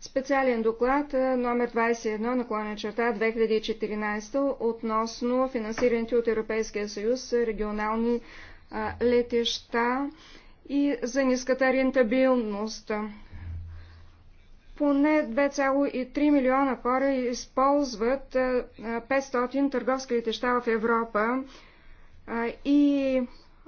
специален доклад номер 21 наклонен черта 2014 относно финансираните от Европейския съюз регионални летища и за ниската рентабилност. Поне 2,3 милиона хора използват 500 търговски летища в Европа и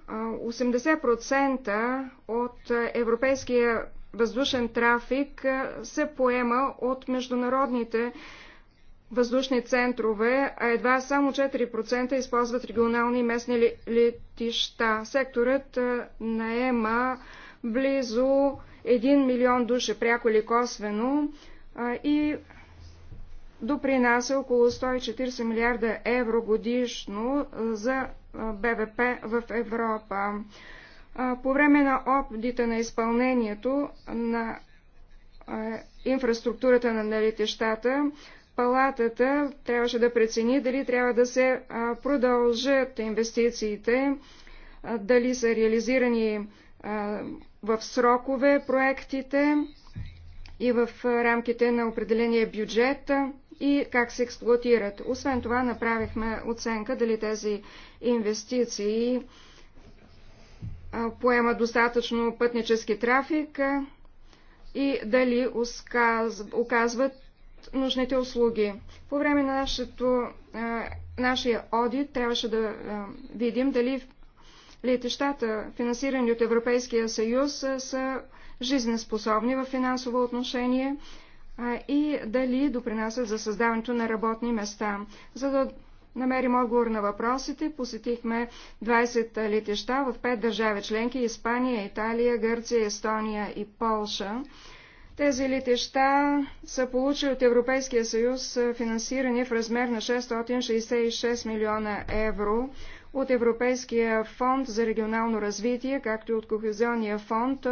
80% от европейския въздушен трафик се поема от международните въздушни центрове, а едва само 4% използват регионални и местни летища. Секторът наема близо 1 милион души, пряко или косвено, и допринася около 140 милиарда евро годишно за БВП в Европа. По време на опдита на изпълнението на инфраструктурата на налетещата, палатата трябваше да прецени дали трябва да се продължат инвестициите, дали са реализирани в срокове проектите и в рамките на определения бюджет и как се експлуатират. Освен това направихме оценка дали тези инвестиции поема достатъчно пътнически трафик и дали оказват нужните услуги. По време на нашето, нашия одит трябваше да видим дали летищата, финансирани от Европейския съюз, са жизнеспособни в финансово отношение и дали допринасят за създаването на работни места. За да намерим отговор на въпросите. Посетихме 20 летища в 5 държави членки – Испания, Италия, Гърция, Естония и Полша. Тези летища са получили от Европейския съюз финансиране в размер на 666 милиона евро от Европейския фонд за регионално развитие, както и от Кохезионния фонд,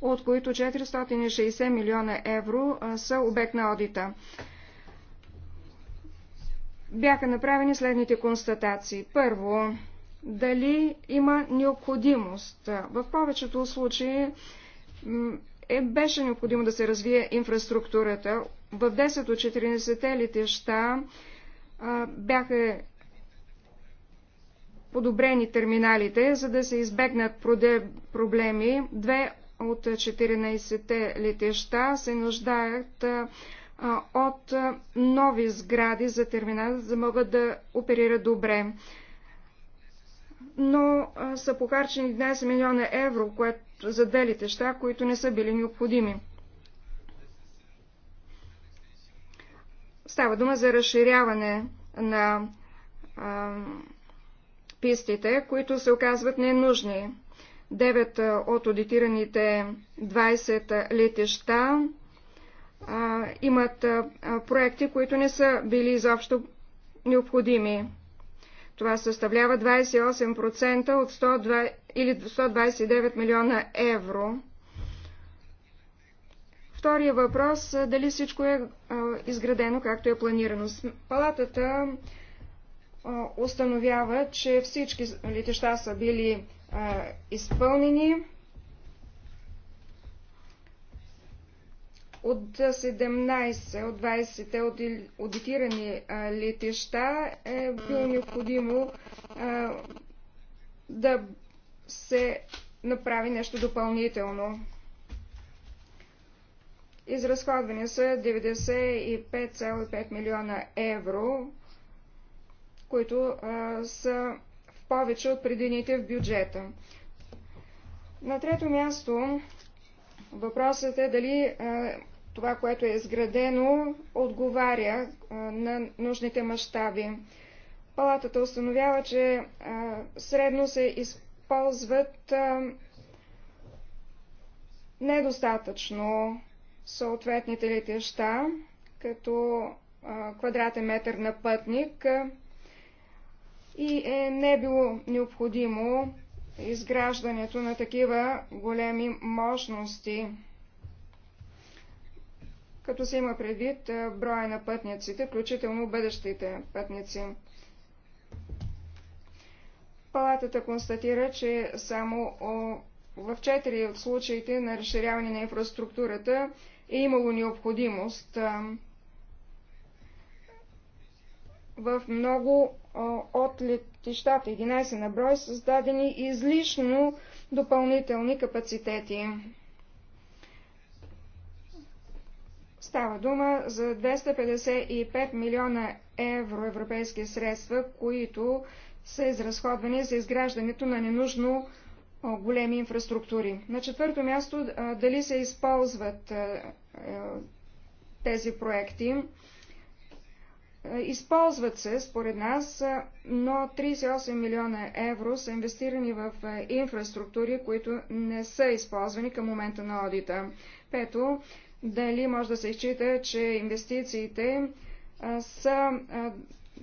от които 460 милиона евро са обект на одита бяха направени следните констатации. Първо, дали има необходимост. В повечето случаи е, беше необходимо да се развие инфраструктурата. В 10 от 14-те летища бяха подобрени терминалите, за да се избегнат проблеми. Две от 14-те летеща се нуждаят от нови сгради за терминала, за да могат да оперират добре. Но са похарчени 11 милиона евро което, за две летеща, които не са били необходими. Става дума за разширяване на а, пистите, които се оказват ненужни. 9 от аудитираните 20 летеща а, имат а, проекти, които не са били изобщо необходими. Това съставлява 28% от 102, или 129 милиона евро. Втория въпрос – дали всичко е изградено както е планирано. Палатата установява, че всички летища са били изпълнени. От 17 от 20 те аудитирани летища е било необходимо а, да се направи нещо допълнително. Изразходвани са 95,5 милиона евро, които а, са в повече от предините в бюджета. На трето място въпросът е дали а, това, което е изградено, отговаря на нужните мащаби. Палатата установява, че средно се използват недостатъчно съответните летища, като квадратен метър на пътник и е не било необходимо изграждането на такива големи мощности като се има предвид броя на пътниците, включително бъдещите пътници. Палатата констатира, че само в четири от случаите на разширяване на инфраструктурата е имало необходимост в много от летищата, 11 на брой, създадени излишно допълнителни капацитети. Става дума за 255 милиона евро европейски средства, които са изразходвани за изграждането на ненужно големи инфраструктури. На четвърто място, дали се използват тези проекти. Използват се, според нас, но 38 милиона евро са инвестирани в инфраструктури, които не са използвани към момента на одита. Пето, дали може да се изчита, че инвестициите са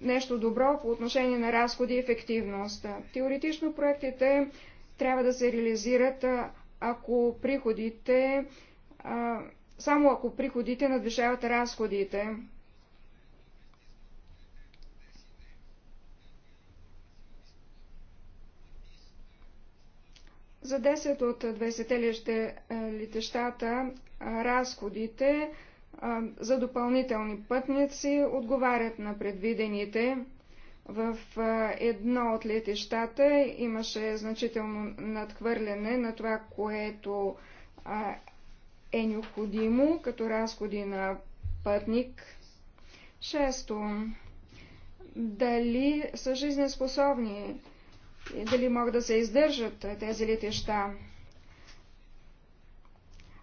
нещо добро по отношение на разходи и ефективност. Теоретично проектите трябва да се реализират, ако приходите, само ако приходите надвишават разходите. За 10 от 20 летещата разходите за допълнителни пътници отговарят на предвидените. В едно от летещата имаше значително надхвърляне на това, което е необходимо като разходи на пътник. Шесто. Дали са жизнеспособни и дали могат да се издържат е, тези летища.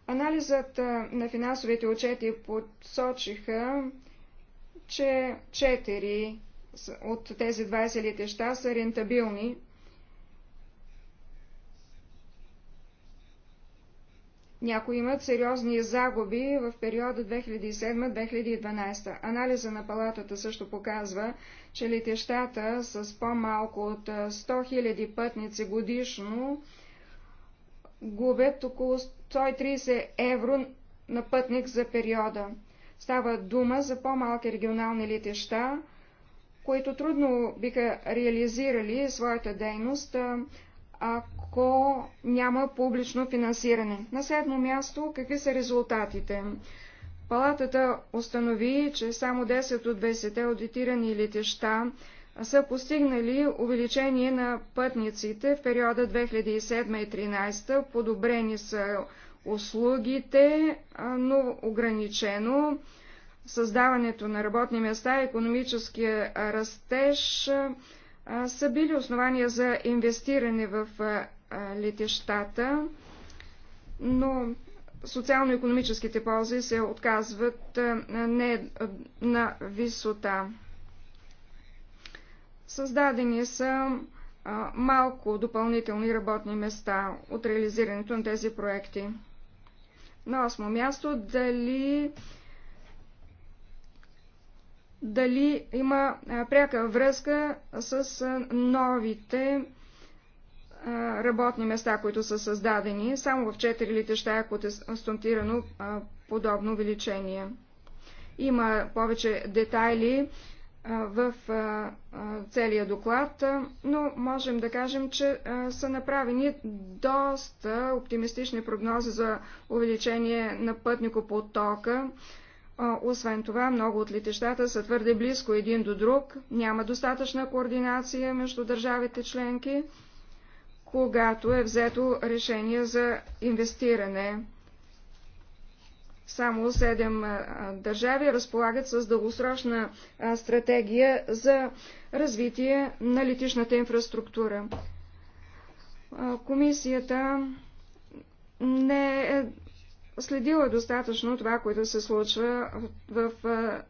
Анализът е, на финансовите отчети подсочиха, че 4 от тези 20 летища са рентабилни Някои имат сериозни загуби в периода 2007-2012. Анализа на палатата също показва, че летещата с по-малко от 100 000 пътници годишно губят около 130 евро на пътник за периода. Става дума за по-малки регионални летеща, които трудно биха реализирали своята дейност ако няма публично финансиране. На седмо място, какви са резултатите? Палатата установи, че само 10 от 20 те аудитирани летища са постигнали увеличение на пътниците в периода 2007-2013. Подобрени са услугите, но ограничено. Създаването на работни места, економическия растеж, са били основания за инвестиране в летищата, но социално-економическите ползи се отказват не на висота. Създадени са малко допълнителни работни места от реализирането на тези проекти. На осмо място, дали дали има пряка връзка с новите работни места, които са създадени. Само в 4 ако е стонтирано подобно увеличение. Има повече детайли в целия доклад, но можем да кажем, че са направени доста оптимистични прогнози за увеличение на пътникопотока освен това, много от летищата са твърде близко един до друг, няма достатъчна координация между държавите членки, когато е взето решение за инвестиране. Само 7 държави разполагат с дългосрочна стратегия за развитие на летишната инфраструктура. Комисията не е следила е достатъчно това, което се случва в, в,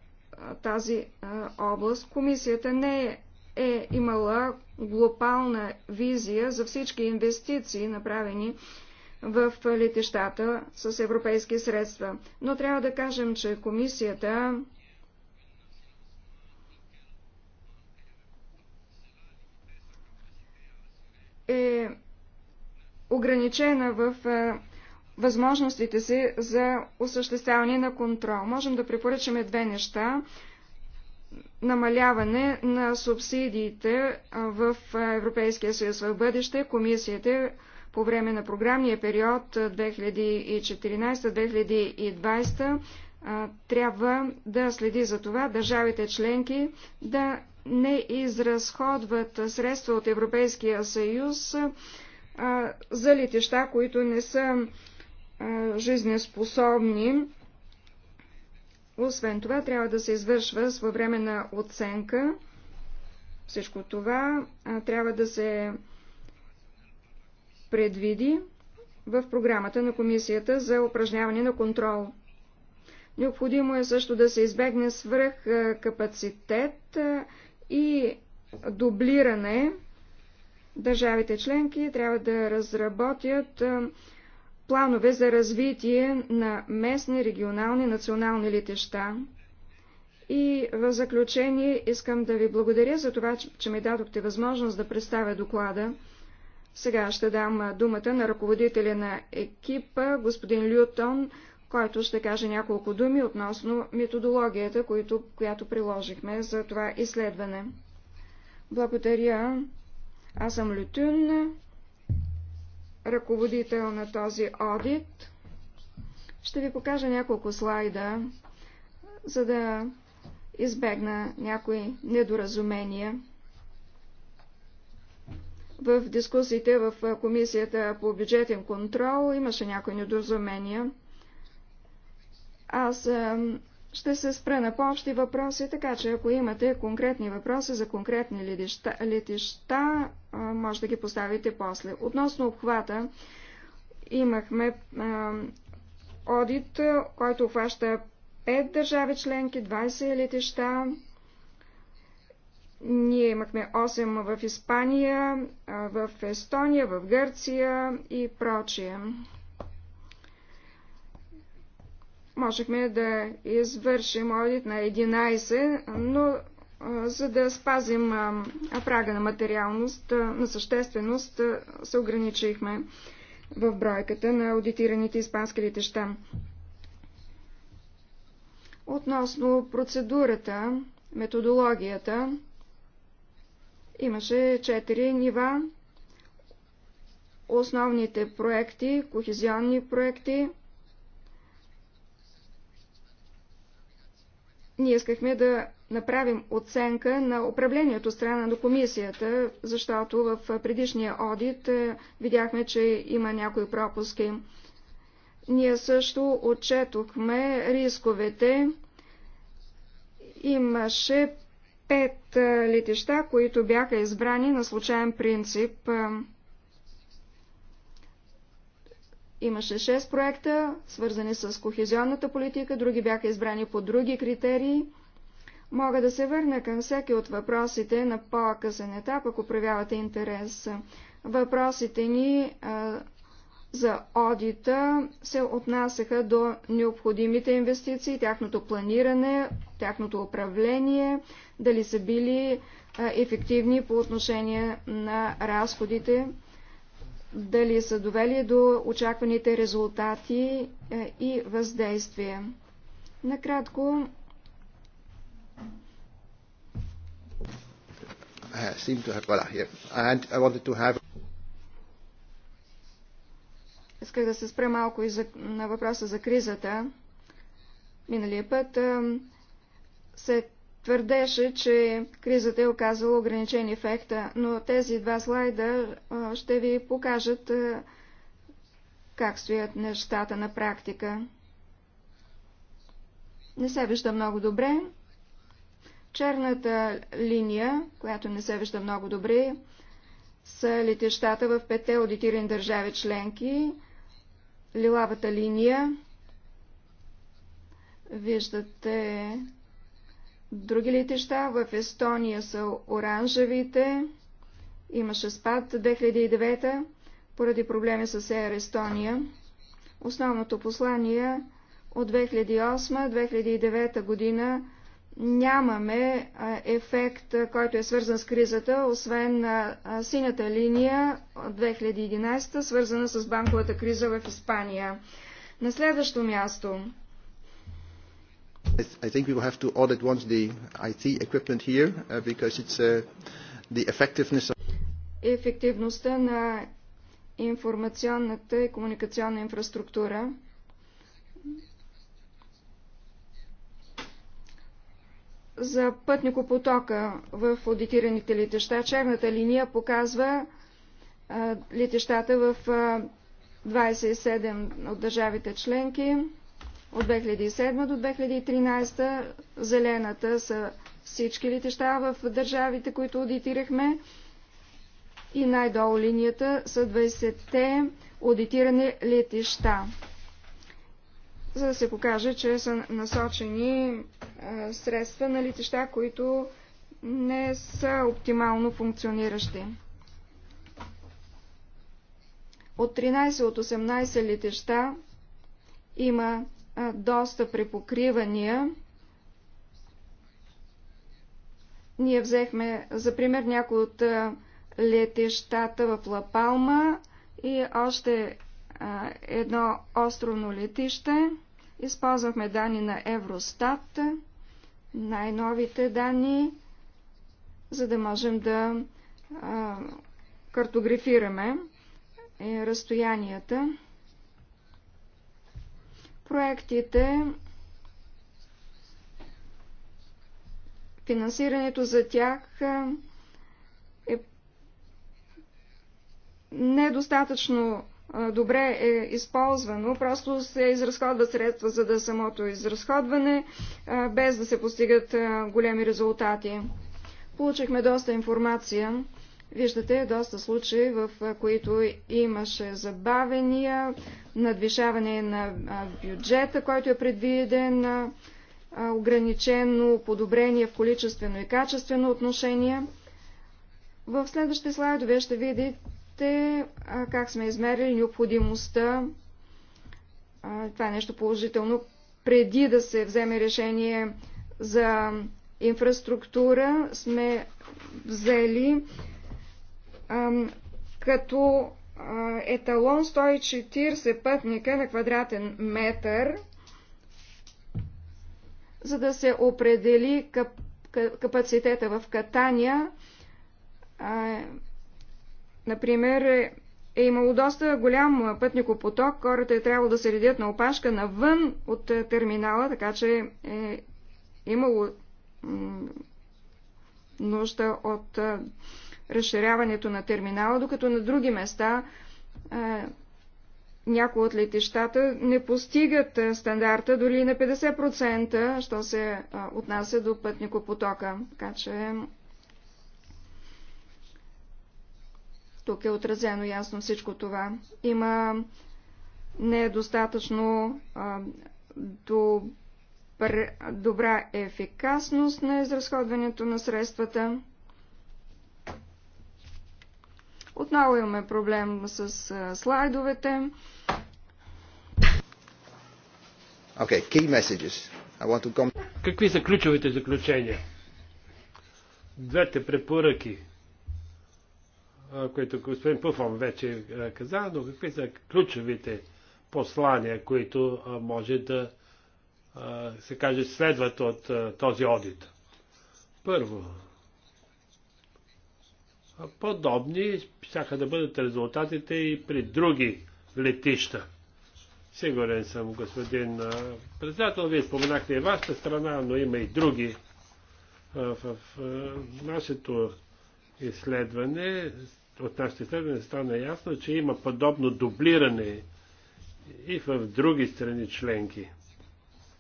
тази област. Комисията не е, е имала глобална визия за всички инвестиции, направени в летищата с европейски средства. Но трябва да кажем, че комисията е ограничена в възможностите си за осъществяване на контрол. Можем да препоръчаме две неща. Намаляване на субсидиите в Европейския съюз в бъдеще. Комисията по време на програмния период 2014-2020 трябва да следи за това държавите членки да не изразходват средства от Европейския съюз за летища, които не са жизнеспособни. Освен това, трябва да се извършва своевременна оценка. Всичко това трябва да се предвиди в програмата на Комисията за упражняване на контрол. Необходимо е също да се избегне свръх капацитет и дублиране. Държавите членки трябва да разработят планове за развитие на местни, регионални, национални летища. И в заключение искам да ви благодаря за това, че ми дадохте възможност да представя доклада. Сега ще дам думата на ръководителя на екипа, господин Лютон, който ще каже няколко думи относно методологията, която, която приложихме за това изследване. Благодаря. Аз съм Лютун ръководител на този одит. Ще ви покажа няколко слайда, за да избегна някои недоразумения. В дискусиите в Комисията по бюджетен контрол имаше някои недоразумения. Аз ще се спра на по-общи въпроси, така че ако имате конкретни въпроси за конкретни летища, летища може да ги поставите после. Относно обхвата, имахме а, одит, който обхваща 5 държави членки, 20 летища. Ние имахме 8 в Испания, в Естония, в Гърция и прочие можехме да извършим одит на 11, но за да спазим прага на материалност, на същественост, се ограничихме в бройката на аудитираните испански летища. Относно процедурата, методологията, имаше четири нива. Основните проекти, кохезионни проекти – ние искахме да направим оценка на управлението страна на комисията, защото в предишния одит е, видяхме, че има някои пропуски. Ние също отчетохме рисковете. Имаше пет е, летища, които бяха избрани на случайен принцип. Е, Имаше шест проекта, свързани с кохезионната политика, други бяха избрани по други критерии. Мога да се върна към всеки от въпросите на по-късен етап, ако проявявате интерес. Въпросите ни а, за одита се отнасяха до необходимите инвестиции, тяхното планиране, тяхното управление, дали са били а, ефективни по отношение на разходите дали са довели до очакваните резултати е, и въздействие. Накратко. Исках да се спра малко и за, на въпроса за кризата. Миналия път е, се твърдеше, че кризата е оказала ограничен ефекта, но тези два слайда ще ви покажат как стоят нещата на практика. Не се вижда много добре. Черната линия, която не се вижда много добре, са летещата в петте аудитирани държави членки. Лилавата линия. Виждате Други летища в Естония са оранжевите. Имаше спад 2009 поради проблеми с Air Естония. Основното послание от 2008-2009 година нямаме ефект, който е свързан с кризата, освен на синята линия от 2011, свързана с банковата криза в Испания. На следващо място I think we will have to audit once the IT equipment here uh, because it's uh, the effectiveness of... Ефективността на информационната и комуникационна инфраструктура. За пътникопотока в аудитираните летища черната линия показва летищата в 27 от държавите членки. От 2007 до 2013 зелената са всички летища в държавите, които аудитирахме. И най-долу линията са 20-те аудитирани летища. За да се покаже, че са насочени средства на летища, които не са оптимално функциониращи. От 13 от 18 летища има доста препокривания. Ние взехме за пример някои от летещата в Лапалма и още едно островно летище. Използвахме данни на Евростат, най-новите данни, за да можем да картографираме е, разстоянията. Проектите, финансирането за тях е, е недостатъчно е, добре е използвано, просто се изразходват средства за да самото изразходване, е, без да се постигат големи резултати. Получихме доста информация Виждате доста случаи, в които имаше забавения, надвишаване на бюджета, който е предвиден, ограничено подобрение в количествено и качествено отношение. В следващите слайдове ще видите как сме измерили необходимостта. Това е нещо положително. Преди да се вземе решение за инфраструктура сме взели като еталон 140 пътника на квадратен метър, за да се определи капацитета в катания. Например, е имало доста голям пътникопоток, хората е трябвало да се редят на опашка навън от терминала, така че е имало нужда от разширяването на терминала, докато на други места е, някои от летищата не постигат е, стандарта дори на 50%, що се е, отнася до пътникопотока. Така че тук е отразено ясно всичко това. Има недостатъчно а, добър, добра ефикасност на изразходването на средствата. Отново имаме проблем с слайдовете. Okay, key messages. I want to come... Какви са ключовите заключения? Двете препоръки, които господин Пуфон вече каза, но какви са ключовите послания, които може да се каже следват от този одит? Първо, Подобни щяха да бъдат резултатите и при други летища. Сигурен съм, господин председател, вие споменахте и вашата страна, но има и други. В, в нашето изследване, от нашите изследвания стана ясно, че има подобно дублиране и в други страни членки.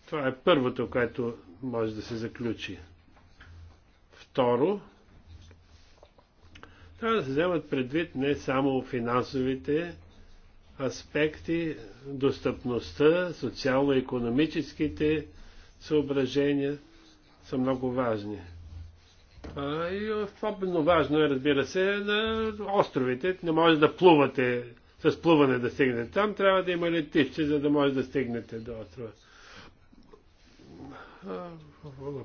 Това е първото, което може да се заключи. Второ, трябва да се вземат предвид не само финансовите аспекти, достъпността, социално-економическите съображения са много важни. А, и особено важно е, разбира се, на островите. Не може да плувате с плуване да стигнете там. Трябва да има летище, за да може да стигнете до острова.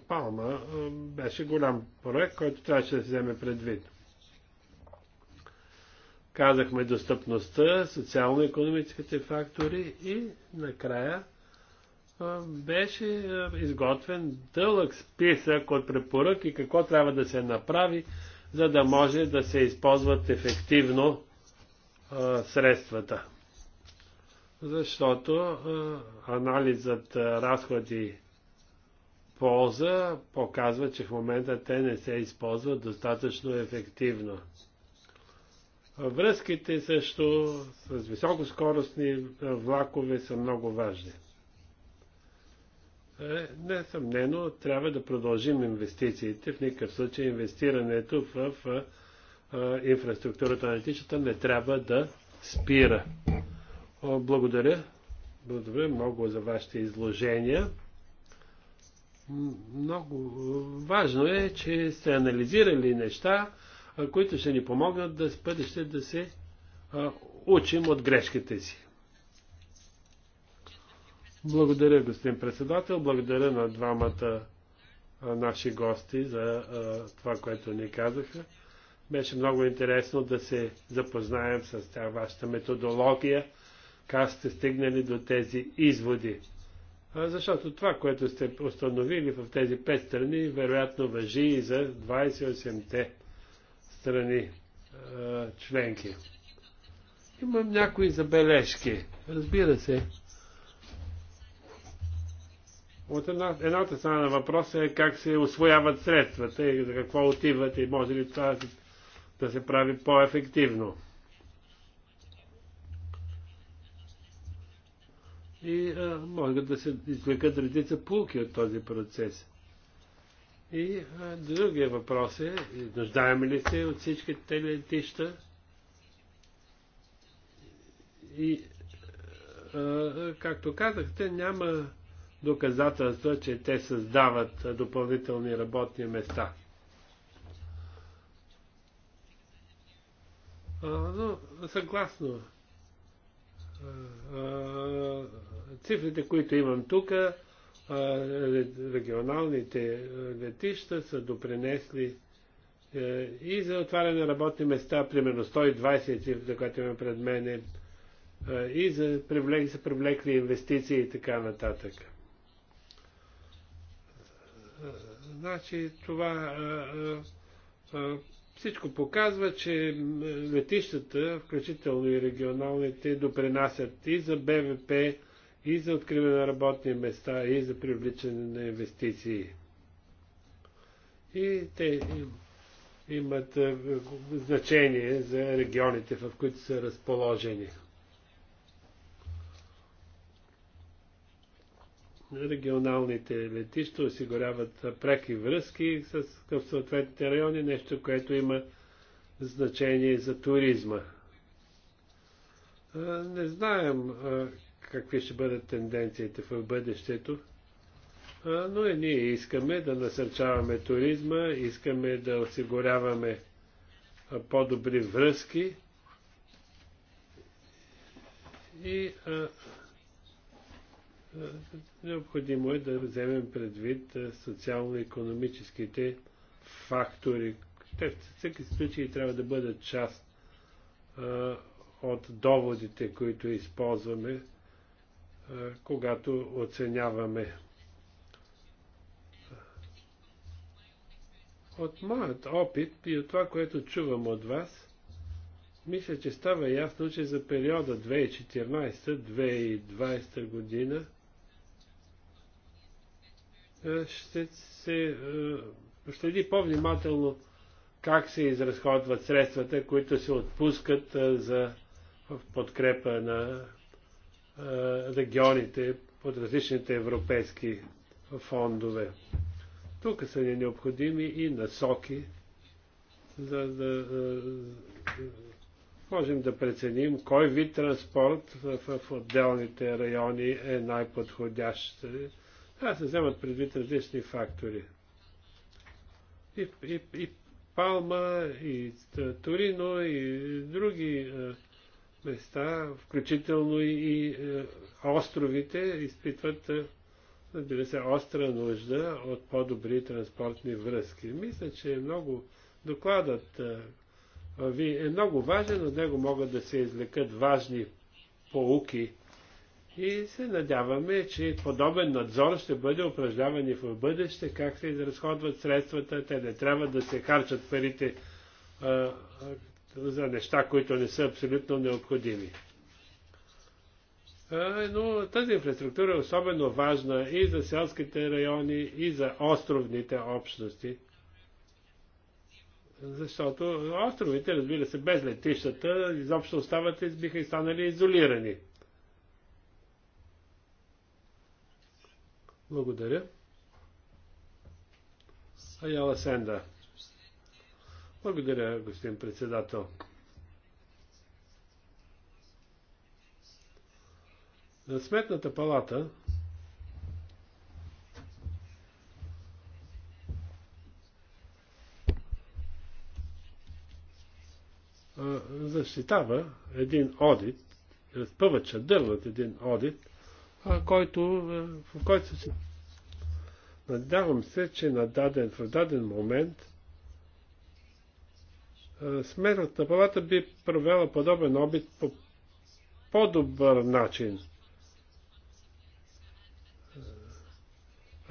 Палма беше голям проект, който трябваше да се вземе предвид. Казахме достъпността, социално-економическите фактори и накрая беше изготвен дълъг списък от препоръки какво трябва да се направи, за да може да се използват ефективно средствата. Защото анализът разходи полза показва, че в момента те не се използват достатъчно ефективно. Връзките също с високоскоростни влакове са много важни. Е, несъмнено, трябва да продължим инвестициите. В никакъв случай инвестирането в, инфраструктурата на тичата не трябва да спира. Благодаря. Благодаря много за вашите изложения. Много важно е, че сте анализирали неща, които ще ни помогнат да бъдеще да се учим от грешките си. Благодаря, господин председател. Благодаря на двамата наши гости за това, което ни казаха. Беше много интересно да се запознаем с тя, вашата методология, как сте стигнали до тези изводи. Защото това, което сте установили в тези пет страни, вероятно въжи и за 28-те страни членки. Имам някои забележки. Разбира се. От една, едната страна на въпроса е как се освояват средствата и за какво отиват и може ли това да се прави по-ефективно. И а, могат да се извлекат редица пулки от този процес. И а, другия въпрос е, нуждаем ли се от всички те летища? И, а, както казахте, няма доказателства, че те създават допълнителни работни места. А, но, съгласно цифрите, които имам тук, регионалните летища са допринесли е, и за отваряне на работни места, примерно 120, за което имам пред мене, и за привлекли, са привлекли инвестиции и така нататък. Значи това всичко показва, че летищата, включително и регионалните, допринасят и за БВП, и за откриване на работни места, и за привличане на инвестиции. И те имат е, значение за регионите, в които са разположени. Регионалните летища осигуряват преки връзки с към съответните райони, нещо, което има значение за туризма. Е, не знаем е, какви ще бъдат тенденциите в бъдещето. Но и ние искаме да насърчаваме туризма, искаме да осигуряваме по-добри връзки и а, необходимо е да вземем предвид социално-економическите фактори. Те в всеки случай трябва да бъдат част а, от доводите, които използваме когато оценяваме. От моят опит и от това, което чувам от вас, мисля, че става ясно, че за периода 2014-2020 година ще се следи по-внимателно как се изразходват средствата, които се отпускат за в подкрепа на е, регионите под различните европейски фондове. Тук са ни необходими и насоки, за да е, е, можем да преценим кой вид транспорт в отделните райони е най-подходящ. Трябва да се вземат предвид различни фактори. И, и, и Палма, и Торино, и други места, включително и е, островите, изпитват, разбира е, се, остра нужда от по-добри транспортни връзки. Мисля, че е много докладът е, ви е много важен, от него могат да се извлекат важни поуки и се надяваме, че подобен надзор ще бъде упражняван и в бъдеще, как се изразходват средствата, те не трябва да се харчат парите за неща, които не са абсолютно необходими. Но тази инфраструктура е особено важна и за селските райони, и за островните общности. Защото островите, разбира се, без летищата, изобщо остават и биха и станали изолирани. Благодаря. Аяла Сенда. Благодаря, господин председател. На Сметната палата защитава един одит, разпъвача дърват един одит, който, в който се... Надявам се, че на даден, в даден момент Сметната палата би провела подобен обид по по-добър начин.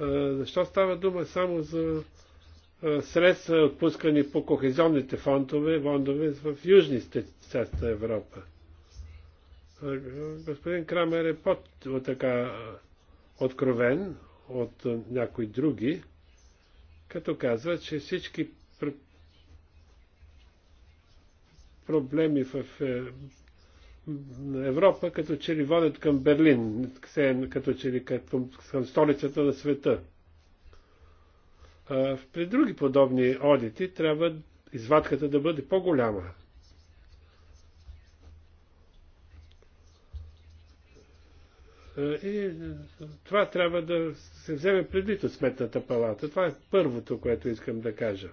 Защо става дума само за средства, отпускани по кохезионните фондове, фондове в южни части на Европа? Господин Крамер е по-така откровен от някои други, като казва, че всички проблеми в е, Европа, като че ли водят към Берлин, като че ли към, към столицата на света. При други подобни одити трябва извадката да бъде по-голяма. И това трябва да се вземе предвид от сметната палата. Това е първото, което искам да кажа.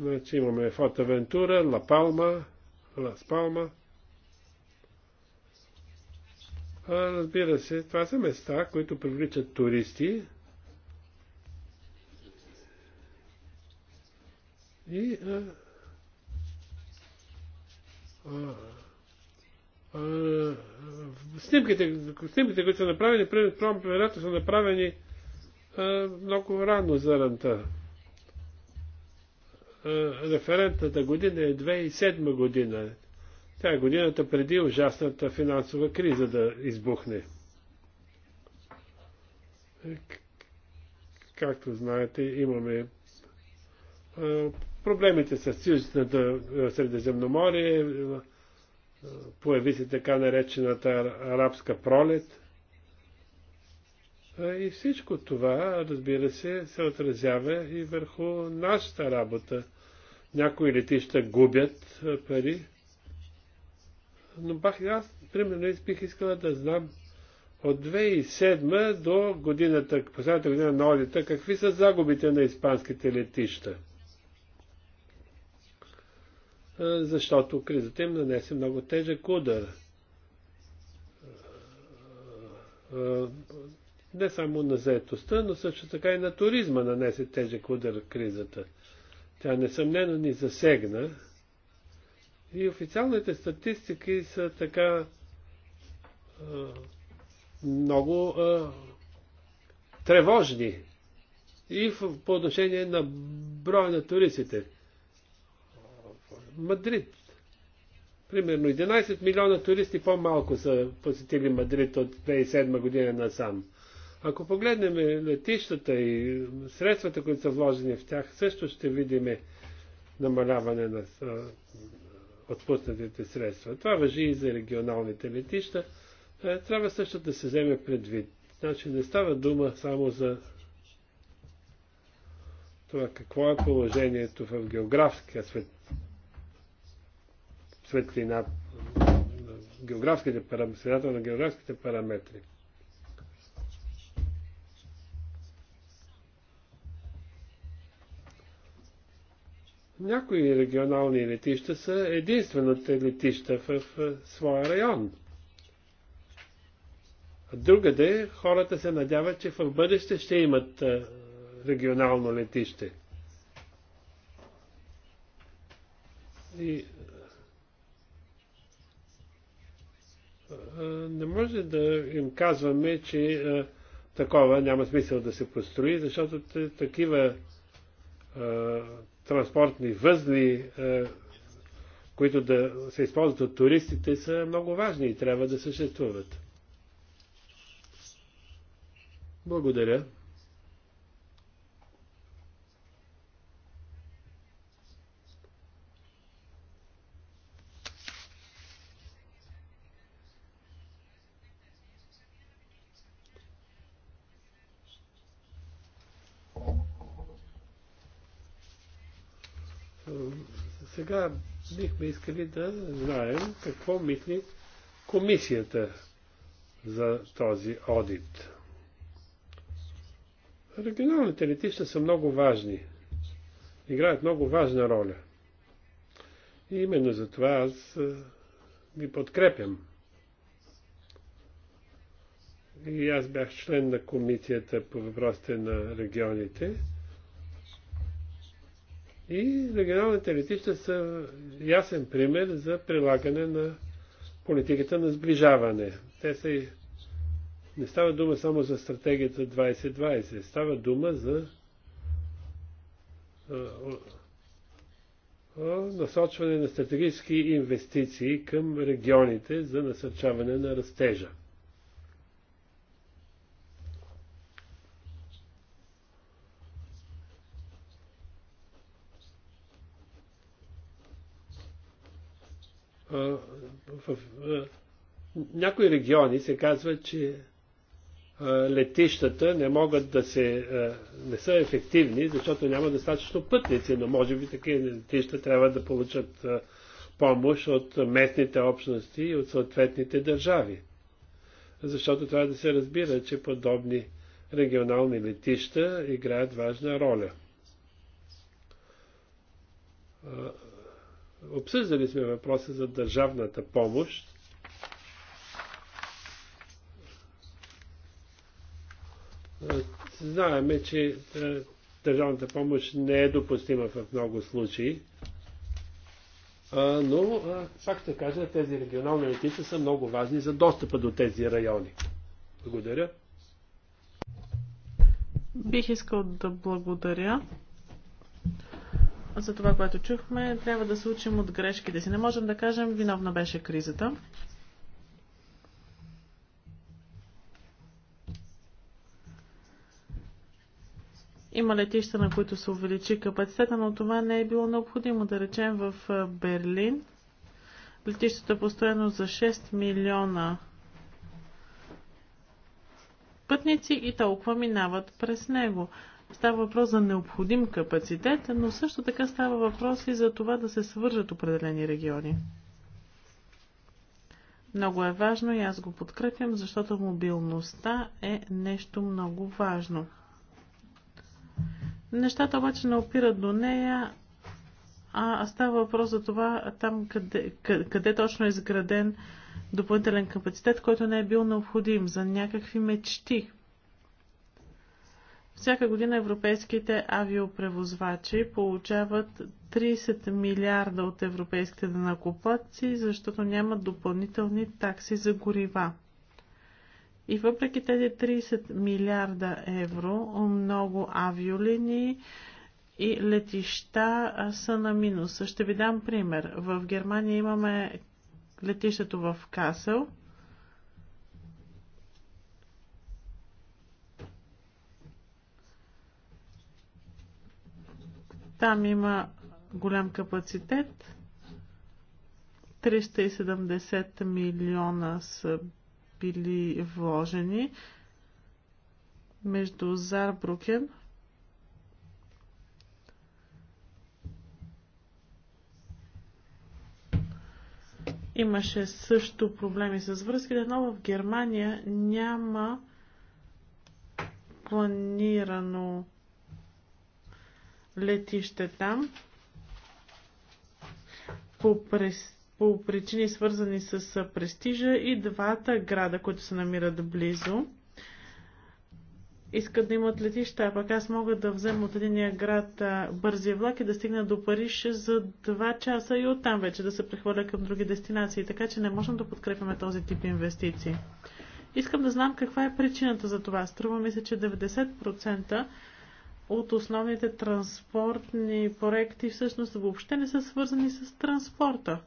Значи имаме Фотавентура, Ла Палма, Лас Палма. Разбира се, това са места, които привличат туристи. И а, а, а, снимките, снимките, които са направени, това са направени а, много рано за ранта референтната година е 2007 година. Тя е годината преди ужасната финансова криза да избухне. Както знаете, имаме проблемите с Южната Средиземноморие, появи се така наречената арабска пролет. И всичко това, разбира се, се отразява и върху нашата работа. Някои летища губят пари, но бах, аз, примерно, бих искала да знам от 2007 до годината, последната година на одита, какви са загубите на испанските летища. Защото кризата им нанесе много тежък удар не само на заетостта, но също така и на туризма нанесе тежък удар кризата. Тя несъмнено ни засегна. И официалните статистики са така а, много а, тревожни. И в, по отношение на броя на туристите. Мадрид. Примерно 11 милиона туристи по-малко са посетили Мадрид от 2007 година насам. Ако погледнем летищата и средствата, които са вложени в тях, също ще видим намаляване на отпуснатите средства. Това въжи и за регионалните летища. Е, трябва също да се вземе предвид. Значи не става дума само за това какво е положението в географския свет, светлина, географските, средата на географските параметри. Някои регионални летища са единствените летища в, в своя район. другаде хората се надяват, че в бъдеще ще имат регионално летище. И не може да им казваме, че такова няма смисъл да се построи, защото такива транспортни възли, е, които да се използват от туристите, са много важни и трябва да съществуват. Благодаря. сега бихме искали да знаем какво мисли комисията за този одит. Регионалните летища са много важни. Играят много важна роля. И именно за това аз ги подкрепям. И аз бях член на комисията по въпросите на регионите. И регионалните летища са ясен пример за прилагане на политиката на сближаване. Те са и... Не става дума само за стратегията 2020, става дума за насочване на стратегически инвестиции към регионите за насърчаване на растежа. в някои региони се казва, че летищата не могат да се, не са ефективни, защото няма достатъчно пътници, но може би такива летища трябва да получат помощ от местните общности и от съответните държави. Защото трябва да се разбира, че подобни регионални летища играят важна роля. Обсъждали сме въпроса за държавната помощ. Знаеме, че е, държавната помощ не е допустима в много случаи, но пак ще кажа, тези регионални летища са много важни за достъпа до тези райони. Благодаря. Бих искал да благодаря за това, което чухме. Трябва да се учим от грешките си. Не можем да кажем, виновна беше кризата. Има летища, на които се увеличи капацитета, но това не е било необходимо. Да речем в Берлин. Летището е построено за 6 милиона пътници и толкова минават през него. Става въпрос за необходим капацитет, но също така става въпрос и за това да се свържат определени региони. Много е важно и аз го подкрепям, защото мобилността е нещо много важно. Нещата обаче не опират до нея, а става въпрос за това там къде, къде, къде точно е изграден допълнителен капацитет, който не е бил необходим за някакви мечти. Всяка година европейските авиопревозвачи получават 30 милиарда от европейските данакоплатци, защото нямат допълнителни такси за горива. И въпреки тези 30 милиарда евро, много авиолинии и летища са на минус. Ще ви дам пример. В Германия имаме летището в Касел – Там има голям капацитет. 370 милиона са били вложени между Зарбрукен имаше също проблеми с връзките, но в Германия няма планирано летище там по, прес, по причини свързани с престижа и двата града, които се намират близо. Искат да имат летища, а пък аз мога да взема от единия град бързия влак и да стигна до Париж за 2 часа и оттам вече да се прехвърля към други дестинации, така че не можем да подкрепяме този тип инвестиции. Искам да знам каква е причината за това. Струва ми се, че 90% от основните транспортни проекти всъщност въобще не са свързани с транспорта.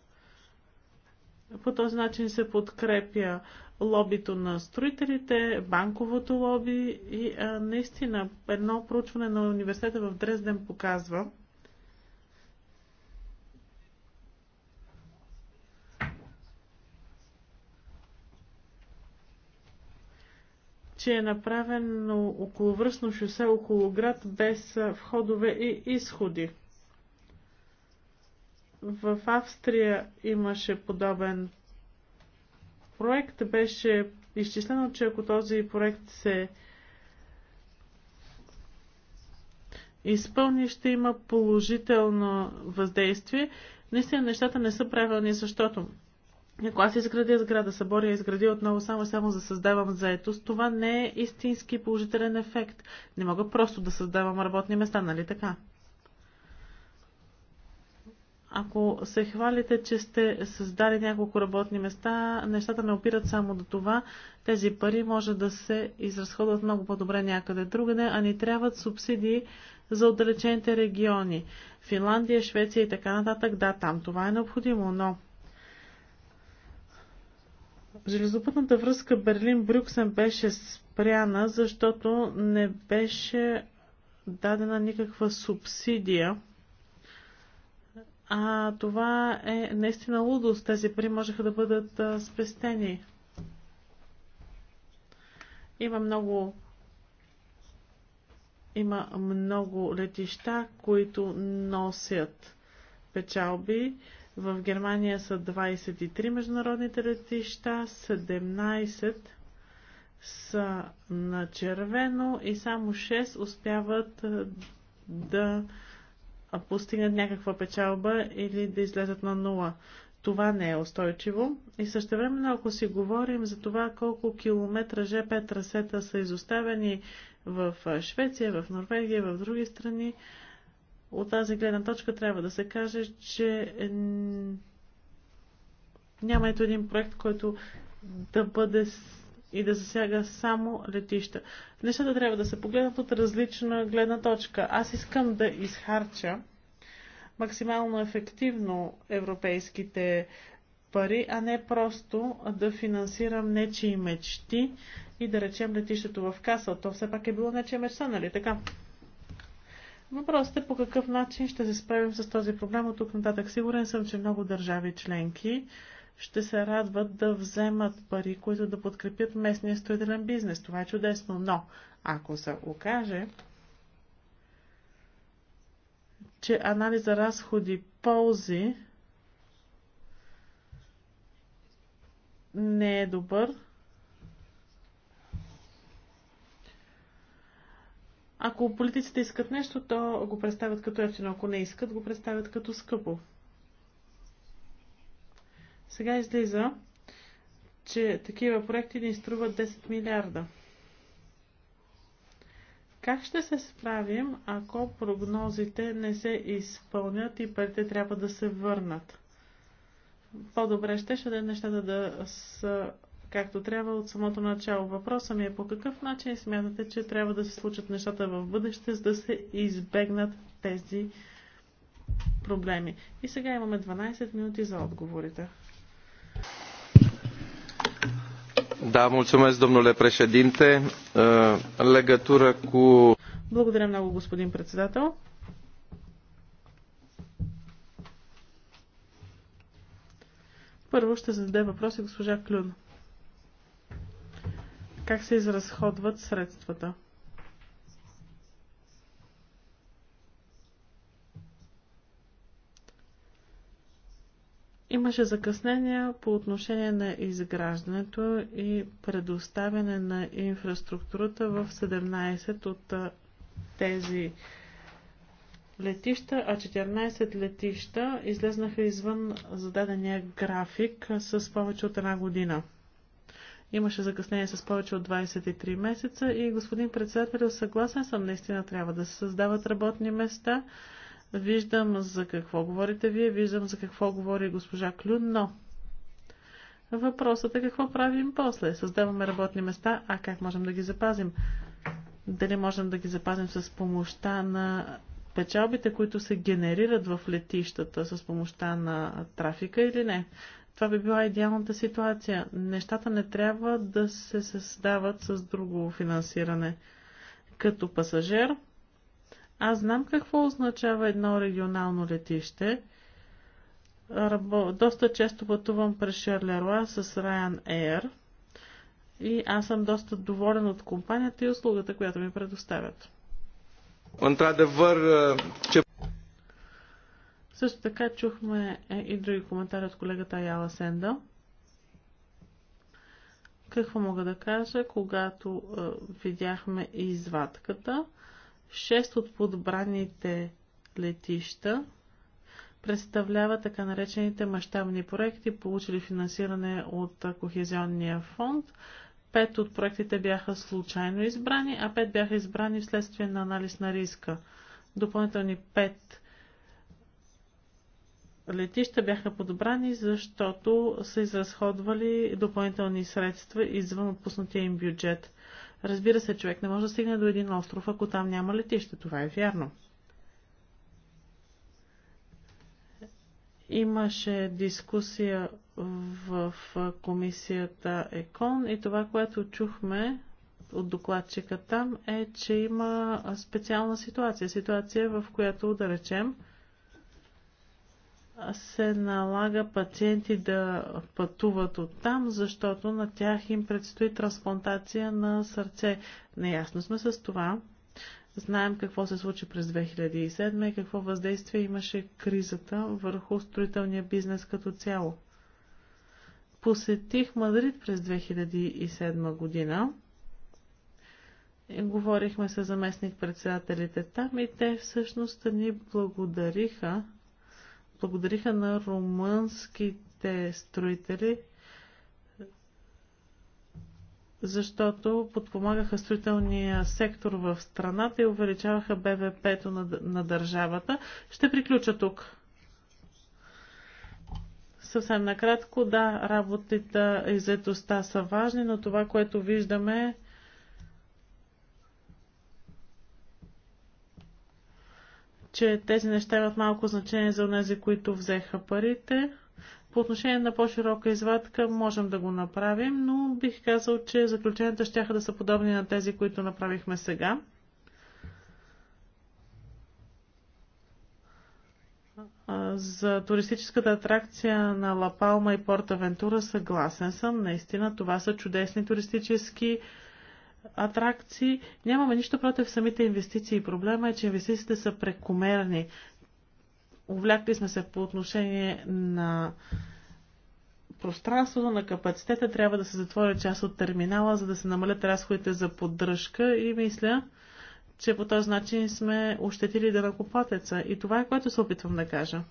По този начин се подкрепя лобито на строителите, банковото лоби и а, наистина едно проучване на университета в Дрезден показва, че е направено околовръстно шосе около град без входове и изходи. В Австрия имаше подобен проект. Беше изчислено, че ако този проект се изпълни, ще има положително въздействие. Наистина нещата не са правилни, защото ако аз изградя сграда, събор я изградя отново само само за да създавам заетост, това не е истински положителен ефект. Не мога просто да създавам работни места, нали така? Ако се хвалите, че сте създали няколко работни места, нещата не опират само до това. Тези пари може да се изразходват много по-добре някъде другаде, а ни трябват субсидии за отдалечените региони. Финландия, Швеция и така нататък, да, там това е необходимо, но железопътната връзка Берлин-Брюксен беше спряна, защото не беше дадена никаква субсидия. А това е наистина лудост. Тези пари можеха да бъдат а, спестени. Има много има много летища, които носят печалби. В Германия са 23 международните летища, 17 са на червено и само 6 успяват да постигнат някаква печалба или да излезат на нула. Това не е устойчиво. И също време, ако си говорим за това колко километра ЖП трасета са изоставени в Швеция, в Норвегия, в други страни, от тази гледна точка трябва да се каже, че е, няма ето един проект, който да бъде и да засяга само летища. Нещата трябва да се погледнат от различна гледна точка. Аз искам да изхарча максимално ефективно европейските пари, а не просто да финансирам нечии мечти и да речем летището в каса. То все пак е било нечия мечта, нали така? Въпросът е по какъв начин ще се справим с този проблем от тук нататък. Сигурен съм, че много държави членки ще се радват да вземат пари, които да подкрепят местния строителен бизнес. Това е чудесно, но ако се окаже, че анализа разходи-ползи не е добър, Ако политиците искат нещо, то го представят като ефтино. Ако не искат, го представят като скъпо. Сега излиза, че такива проекти ни струват 10 милиарда. Как ще се справим, ако прогнозите не се изпълнят и парите трябва да се върнат? По-добре ще ще да нещата да са както трябва от самото начало. Въпросът ми е по какъв начин смятате, че трябва да се случат нещата в бъдеще, за да се избегнат тези проблеми. И сега имаме 12 минути за отговорите. Да, мулцумес, domnule președinte. Е, în legătură Благодаря много, господин председател. Първо ще зададе въпроси госпожа Клюн как се изразходват средствата. Имаше закъснения по отношение на изграждането и предоставяне на инфраструктурата в 17 от тези летища, а 14 летища излезнаха извън зададения график с повече от една година. Имаше закъснение с повече от 23 месеца и господин председател, съгласен съм, наистина трябва да се създават работни места. Виждам за какво говорите вие, виждам за какво говори госпожа Клюн, но въпросът е какво правим после. Създаваме работни места, а как можем да ги запазим? Дали можем да ги запазим с помощта на печалбите, които се генерират в летищата с помощта на трафика или не. Това би била идеалната ситуация. Нещата не трябва да се създават с друго финансиране. Като пасажир, аз знам какво означава едно регионално летище. Рабо... Доста често пътувам през Шерлеруа с Ryan Air и аз съм доста доволен от компанията и услугата, която ми предоставят. Într-adevăr, ce също така чухме е, и други коментари от колегата Яла Сенда. Какво мога да кажа, когато е, видяхме извадката? Шест от подбраните летища представлява така наречените мащабни проекти, получили финансиране от е, Кохезионния фонд. Пет от проектите бяха случайно избрани, а пет бяха избрани вследствие на анализ на риска. Допълнителни пет летища бяха подобрани, защото са изразходвали допълнителни средства извън отпуснатия им бюджет. Разбира се, човек не може да стигне до един остров, ако там няма летище. Това е вярно. Имаше дискусия в комисията ЕКОН и това, което чухме от докладчика там е, че има специална ситуация. Ситуация, в която, да речем, се налага пациенти да пътуват от там, защото на тях им предстои трансплантация на сърце. Неясно сме с това. Знаем какво се случи през 2007 и какво въздействие имаше кризата върху строителния бизнес като цяло. Посетих Мадрид през 2007 година. И говорихме с заместник председателите там и те всъщност ни благодариха благодариха на румънските строители, защото подпомагаха строителния сектор в страната и увеличаваха БВП-то на, на държавата. Ще приключа тук. Съвсем накратко, да, работата и заедостта са важни, но това, което виждаме че тези неща имат малко значение за тези, които взеха парите. По отношение на по-широка извадка можем да го направим, но бих казал, че заключенията ще да са подобни на тези, които направихме сега. За туристическата атракция на Палма и Порта Вентура съгласен съм. Наистина това са чудесни туристически атракции. Нямаме нищо против самите инвестиции. Проблема е, че инвестициите са прекомерни. Увлякли сме се по отношение на пространството, на капацитета. Трябва да се затвори част от терминала, за да се намалят разходите за поддръжка и мисля, че по този начин сме ощетили дънакоплатеца. И това е което се опитвам да кажа.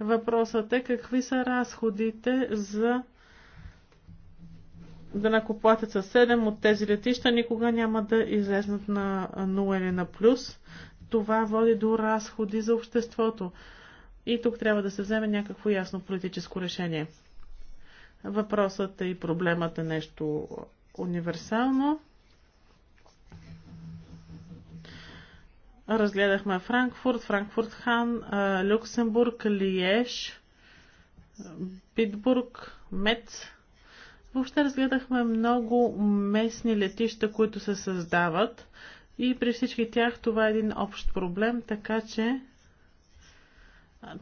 Въпросът е какви са разходите за данакоплатеца 7 от тези летища никога няма да излезнат на 0 или на плюс. Това води до разходи за обществото. И тук трябва да се вземе някакво ясно политическо решение. Въпросът и проблемът е нещо универсално. Разгледахме Франкфурт, Франкфурт Хан, Люксембург, Лиеж, Питбург, Мец. Въобще разгледахме много местни летища, които се създават и при всички тях това е един общ проблем, така че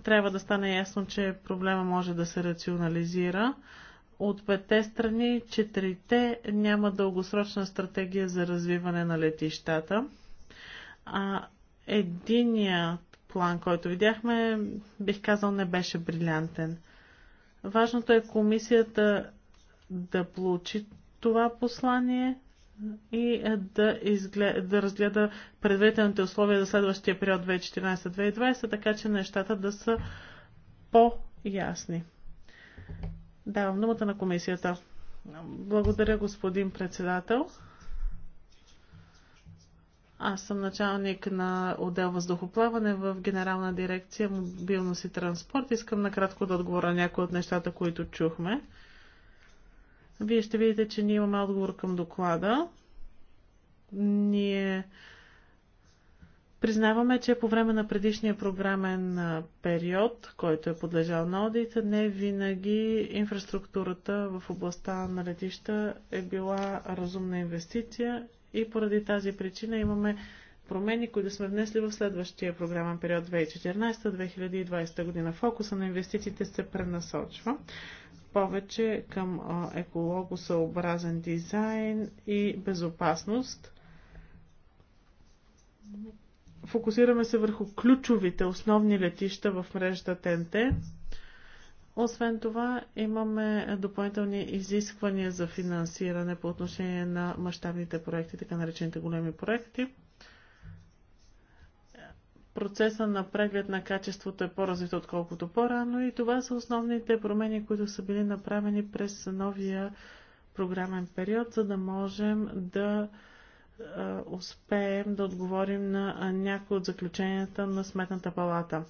трябва да стане ясно, че проблема може да се рационализира. От пете страни, четирите няма дългосрочна стратегия за развиване на летищата. А единият план, който видяхме, бих казал, не беше брилянтен. Важното е комисията да получи това послание и да, изгледа, да разгледа предварителните условия за следващия период 2014-2020, така че нещата да са по-ясни. Давам думата на комисията. Благодаря, господин председател. Аз съм началник на отдел въздухоплаване в Генерална дирекция мобилност и транспорт. Искам накратко да отговоря някои от нещата, които чухме. Вие ще видите, че ние имаме отговор към доклада. Ние признаваме, че по време на предишния програмен период, който е подлежал на одит, не винаги инфраструктурата в областта на летища е била разумна инвестиция и поради тази причина имаме промени, които сме внесли в следващия програмен период 2014-2020 година. Фокуса на инвестициите се пренасочва повече към екологосъобразен дизайн и безопасност. Фокусираме се върху ключовите основни летища в мрежата ТНТ. Освен това, имаме допълнителни изисквания за финансиране по отношение на мащабните проекти, така наречените големи проекти процеса на преглед на качеството е по-развит отколкото по-рано и това са основните промени, които са били направени през новия програмен период, за да можем да успеем да отговорим на някои от заключенията на Сметната палата.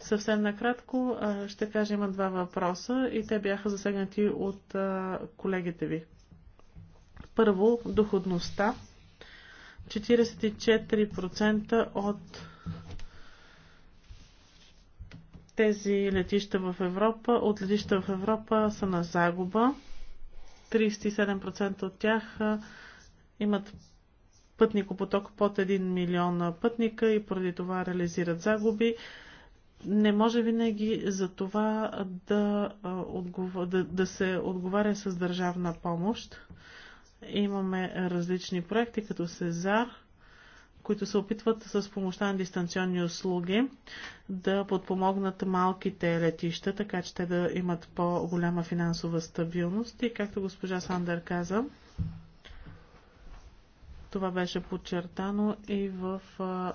Съвсем накратко ще кажа, има два въпроса и те бяха засегнати от колегите ви. Първо, доходността. 44% от тези летища в Европа, от летища в Европа са на загуба. 37% от тях имат пътникопоток под 1 милион пътника и поради това реализират загуби. Не може винаги за това да, да, да се отговаря с държавна помощ. Имаме различни проекти, като Сезар – които се опитват с помощта на дистанционни услуги да подпомогнат малките летища, така че те да имат по-голяма финансова стабилност. И както госпожа Сандър каза, това беше подчертано и в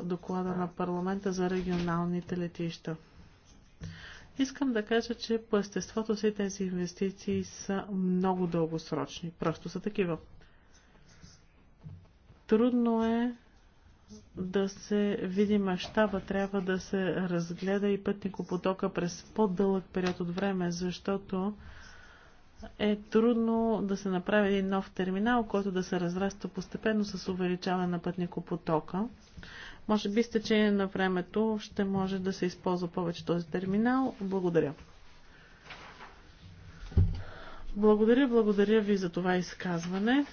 доклада на парламента за регионалните летища. Искам да кажа, че по естеството си тези инвестиции са много дългосрочни. Просто са такива. Трудно е да се види мащаба, трябва да се разгледа и пътникопотока през по-дълъг период от време, защото е трудно да се направи един нов терминал, който да се разраста постепенно с увеличаване на пътникопотока. Може би с течение на времето ще може да се използва повече този терминал. Благодаря. Благодаря, благодаря ви за това изказване.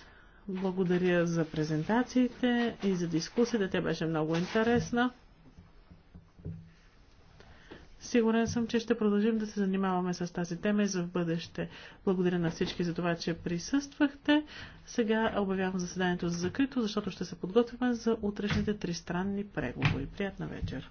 Благодаря за презентациите и за дискусията. Тя беше много интересна. Сигурен съм, че ще продължим да се занимаваме с тази тема и за в бъдеще. Благодаря на всички за това, че присъствахте. Сега обявявам заседанието за закрито, защото ще се подготвяме за утрешните тристранни преговори. Приятна вечер!